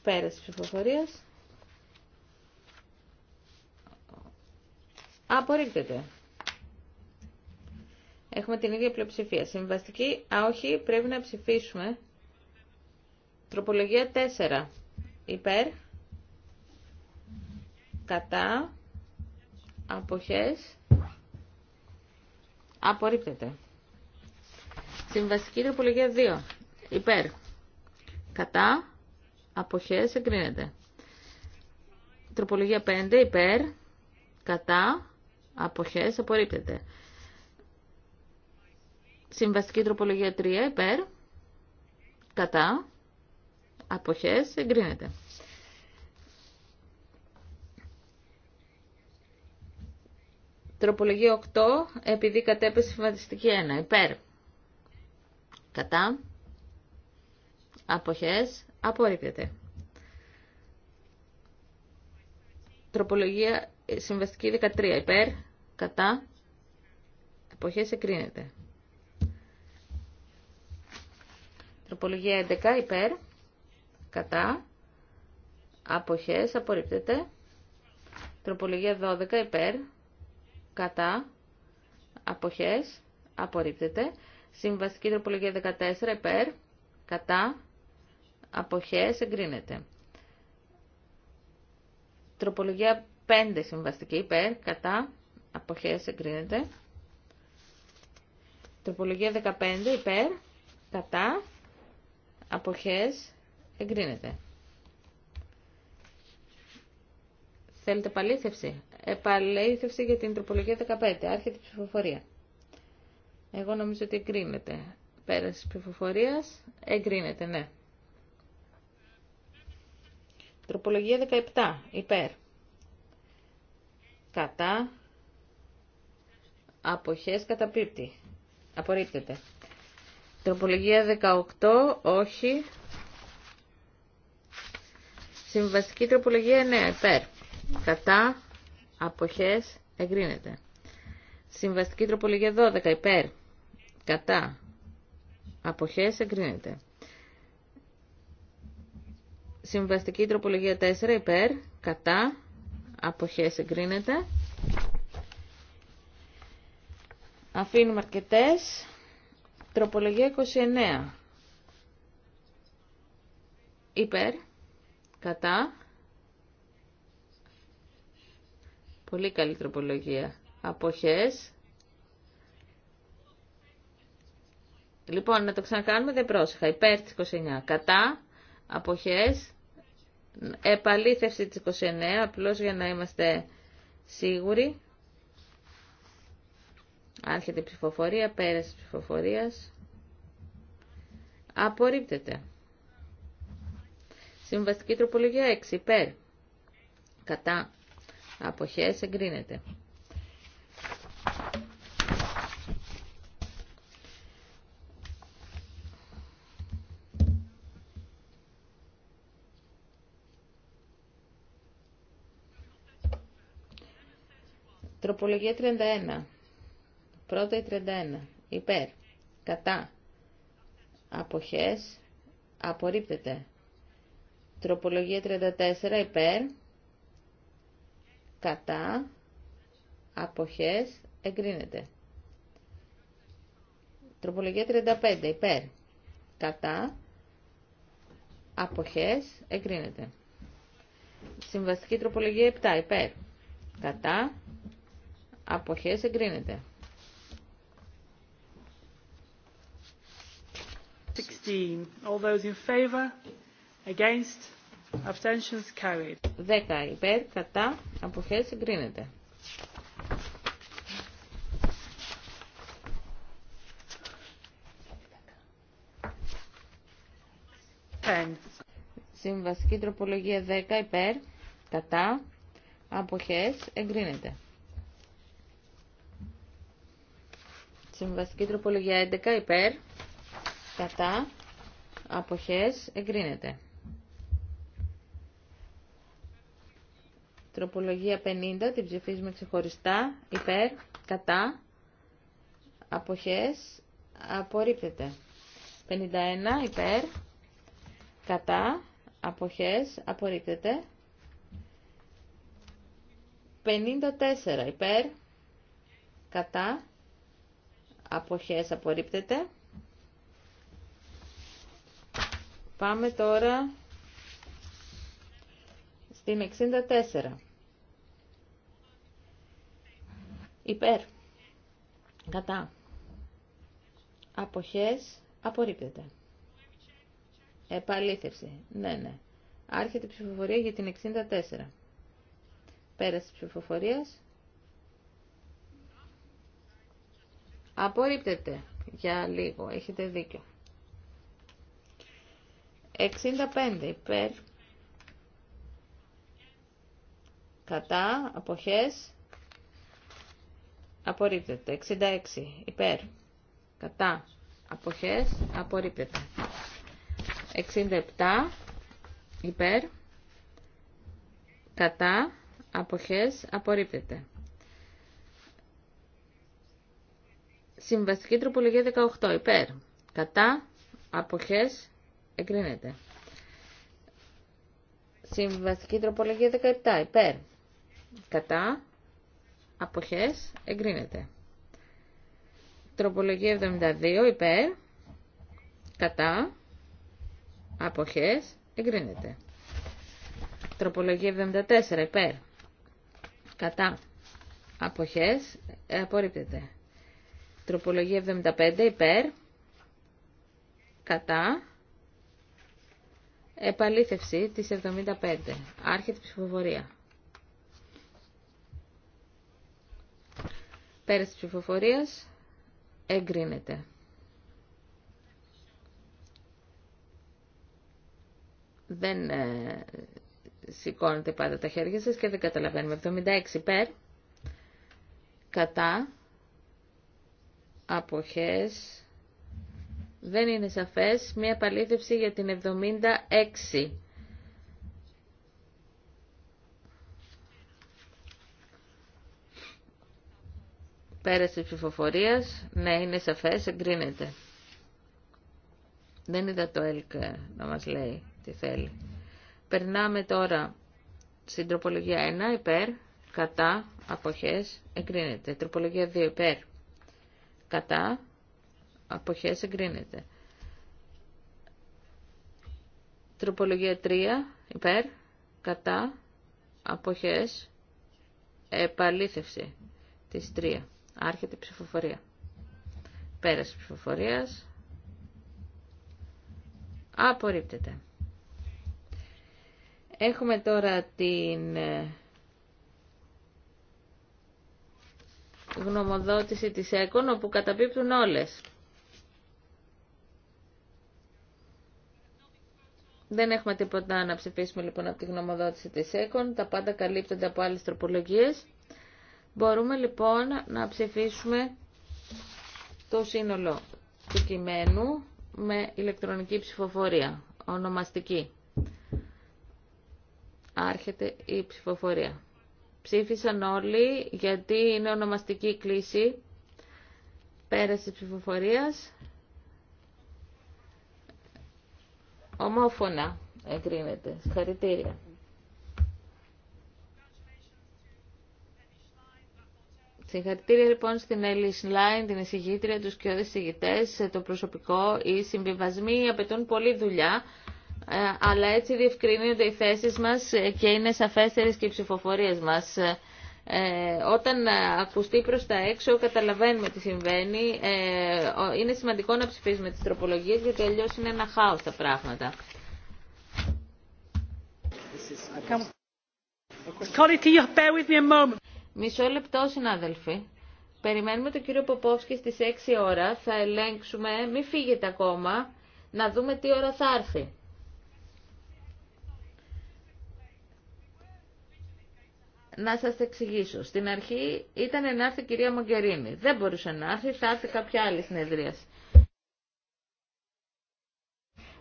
Πέραση της ψηφοφορίας. Απορρίπτεται. Έχουμε την ίδια πλειοψηφία. Συμβαστική, α όχι, πρέπει να ψηφίσουμε. Τροπολογία 4. Υπέρ. Κατά. Αποχές. Απορρίπτεται. Συμβαστική τροπολογία 2. Υπέρ. Κατά. Αποχές εγκρίνεται. Τροπολογία 5. Υπέρ. Κατά αποχές απορρίπτεται. Συμβαστική τροπολογία 3 υπέρ, κατά, αποχές εγκρίνεται. Τροπολογία 8, επειδή κατέπεσε συμβαστική 1, υπέρ, κατά, αποχές, απορρίπτεται. Τροπολογία ε, συμβαστική 13, υπέρ, κατά, εποχές εγκρίνεται. Τροπολογία 11 υπέρ, κατά, αποχές απορρίπτεται. Τροπολογία 12 υπέρ, κατά, αποχές απορρίπτεται. Συμβαστική τροπολογία 14 υπέρ, κατά, αποχές εγκρίνεται. Τροπολογία 5 συμβαστική υπέρ, κατά, αποχές εγκρίνεται. Τροπολογία 15 υπέρ, κατά, αποχές εγκρίνεται. Θέλετε παλήθευση. Επαλήθευση για την τροπολογία 15. Άρχεται η ψηφοφορία. Εγώ νομίζω ότι εγκρίνεται. Πέραση ψηφοφορία. Εγκρίνεται, ναι. Τροπολογία 17. Υπέρ. Κατά αποχές καταπίπτει. Απορρίπτεται. Τροπολογία 18, όχι. Συμβαστική τροπολογία 9, υπέρ. Κατά, αποχές, εγκρίνεται. Συμβαστική τροπολογία 12, υπέρ. Κατά, αποχές, εγκρίνεται. Συμβαστική τροπολογία 4, υπέρ. Κατά, αποχές, εγκρίνεται. Αφήνουμε αρκετές. Τροπολογία 29. Υπέρ. Κατά. Πολύ καλή τροπολογία. Αποχές. Λοιπόν, να το ξανακάνουμε, δεν πρόσεχα. Υπέρ της 29. Κατά. Αποχές. Επαλήθευση της 29, απλώς για να είμαστε σίγουροι. Άρχεται η ψηφοφορία, πέρασε ψηφοφορίας. Απορρίπτεται. Συμβαστική τροπολογία 6. Υπέρ. Κατά. Αποχές εγκρίνεται. Τροπολογία 31. Πρώτα η 31. Υπέρ. Κατά. Αποχές. Απορρίπτεται. Τροπολογία 34. Υπέρ. Κατά. Αποχές. Εγκρίνεται. Τροπολογία 35. Υπέρ. Κατά. Αποχές. Εγκρίνεται. Συμβαστική τροπολογία 7. Υπέρ. Κατά. Αποχές εγκρίνεται. 16. All those in against, abstentions carried. 10 υπέρ, κατά, αποχές εγκρίνεται. Συμβαστική τροπολογία 10 υπέρ, κατά, αποχές, εγκρίνεται. Συμβαστική τροπολογία 11 υπέρ, κατά, αποχές, εγκρίνεται. Τροπολογία 50, την ψηφίζουμε ξεχωριστά, υπέρ, κατά, αποχές, απορρίπτεται. 51, υπέρ, κατά, αποχές, απορρίπτεται. 54, υπέρ, κατά, αποχές, απορρίπτεται. Πάμε τώρα στην 64. Υπέρ. Κατά. Αποχές. Απορρίπτεται. Επαλήθευση. Ναι, ναι. Άρχεται η ψηφοφορία για την 64. Πέραση της ψηφοφορίας. Απορρίπτεται. Για λίγο. Έχετε δίκιο. 65 υπέρ, κατά, αποχές, απορρίπτεται. 66 υπέρ, κατά, αποχές, απορρίπτεται. 67 υπέρ, κατά, αποχές, απορρίπτεται. Συμβαστική τροπολογία 18 υπέρ, κατά, αποχές, εγκρίνεται. Συμβαστική τροπολογία 17 υπέρ. Κατά. Αποχές εγκρίνεται. Τροπολογία 72 υπέρ. Κατά. Αποχές εγκρίνεται. Τροπολογία 74 υπέρ. Κατά. Αποχές απορρίπτεται. Τροπολογία 75 υπέρ. Κατά. Επαλήθευση της 75. Άρχεται ψηφοφορία. Πέρας της ψηφοφορίας εγκρίνεται. Δεν ε, σηκώνετε πάντα τα χέρια σας και δεν καταλαβαίνουμε. 76 υπέρ, κατά, αποχές, δεν είναι σαφές. Μία παλήθευση για την 76. Πέρασε ψηφοφορία. Ναι, είναι σαφές. Εγκρίνεται. Δεν είδα το ΕΛΚ να μας λέει τι θέλει. Περνάμε τώρα στην τροπολογία 1, υπέρ, κατά, αποχές, εγκρίνεται. Τροπολογία 2, υπέρ, κατά, αποχές εγκρίνεται. Τροπολογία 3 υπέρ κατά αποχές επαλήθευση της 3. Άρχεται η ψηφοφορία. Πέραση ψηφοφορίας. Απορρίπτεται. Έχουμε τώρα την ε, γνωμοδότηση της ΕΚΟΝ που καταπίπτουν όλες. Δεν έχουμε τίποτα να ψηφίσουμε λοιπόν από τη γνωμοδότηση της ΕΚΟΝ. Τα πάντα καλύπτονται από άλλες τροπολογίες. Μπορούμε λοιπόν να ψηφίσουμε το σύνολο του κειμένου με ηλεκτρονική ψηφοφορία, ονομαστική. Άρχεται η ψηφοφορία. Ψήφισαν όλοι γιατί είναι ονομαστική κλίση πέραση ψηφοφορίας. Ομόφωνα εγκρίνεται. Συγχαρητήρια. Συγχαρητήρια λοιπόν στην Έλλη Σλάιν, την εισηγήτρια, τους και εισηγητές, το προσωπικό. Οι συμβιβασμοί απαιτούν πολλή δουλειά, ε, αλλά έτσι διευκρινίζονται οι θέσεις μας και είναι σαφέστερες και οι ψηφοφορίες μας. Ε, όταν ακουστεί προς τα έξω καταλαβαίνουμε τι συμβαίνει. Ε, είναι σημαντικό να ψηφίσουμε τις τροπολογίες γιατί αλλιώ είναι ένα χάος τα πράγματα. Μισό λεπτό συνάδελφοι. Περιμένουμε τον κύριο Ποπόφσκι στις 6 ώρα. Θα ελέγξουμε. Μην φύγετε ακόμα. Να δούμε τι ώρα θα έρθει. Να σας εξηγήσω. Στην αρχή ήταν να έρθει η κυρία Μογκερίνη. Δεν μπορούσε να έρθει, θα έρθει κάποια άλλη συνεδρία.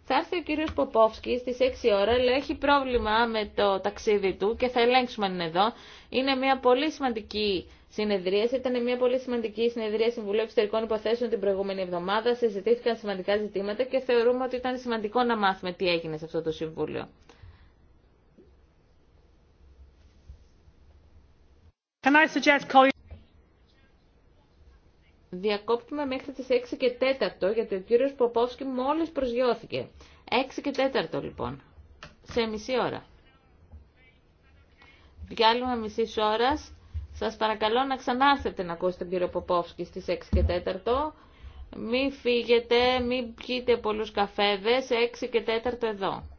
Θα έρθει ο κύριος Ποπόφσκι στις 6 ώρα, αλλά έχει πρόβλημα με το ταξίδι του και θα ελέγξουμε αν είναι εδώ. Είναι μια πολύ σημαντική συνεδρία. ήταν μια πολύ σημαντική συνεδρία Συμβουλίου Εξωτερικών Υποθέσεων την προηγούμενη εβδομάδα, συζητήθηκαν σημαντικά ζητήματα και θεωρούμε ότι ήταν σημαντικό να μάθουμε τι έγινε σε αυτό το Συμβούλιο. Διακόπτουμε μέχρι τις 6 και 4 γιατί ο κύριος Ποπόφσκι μόλις προσγειώθηκε. 6 και 4 λοιπόν, σε μισή ώρα. Διάλειμμα μισή ώρα. Σας παρακαλώ να ξανάρθετε να ακούσετε τον κύριο Ποπόφσκι στις 6 και 4. Μην φύγετε, μην πιείτε πολλούς καφέδες, 6 και 4 εδώ.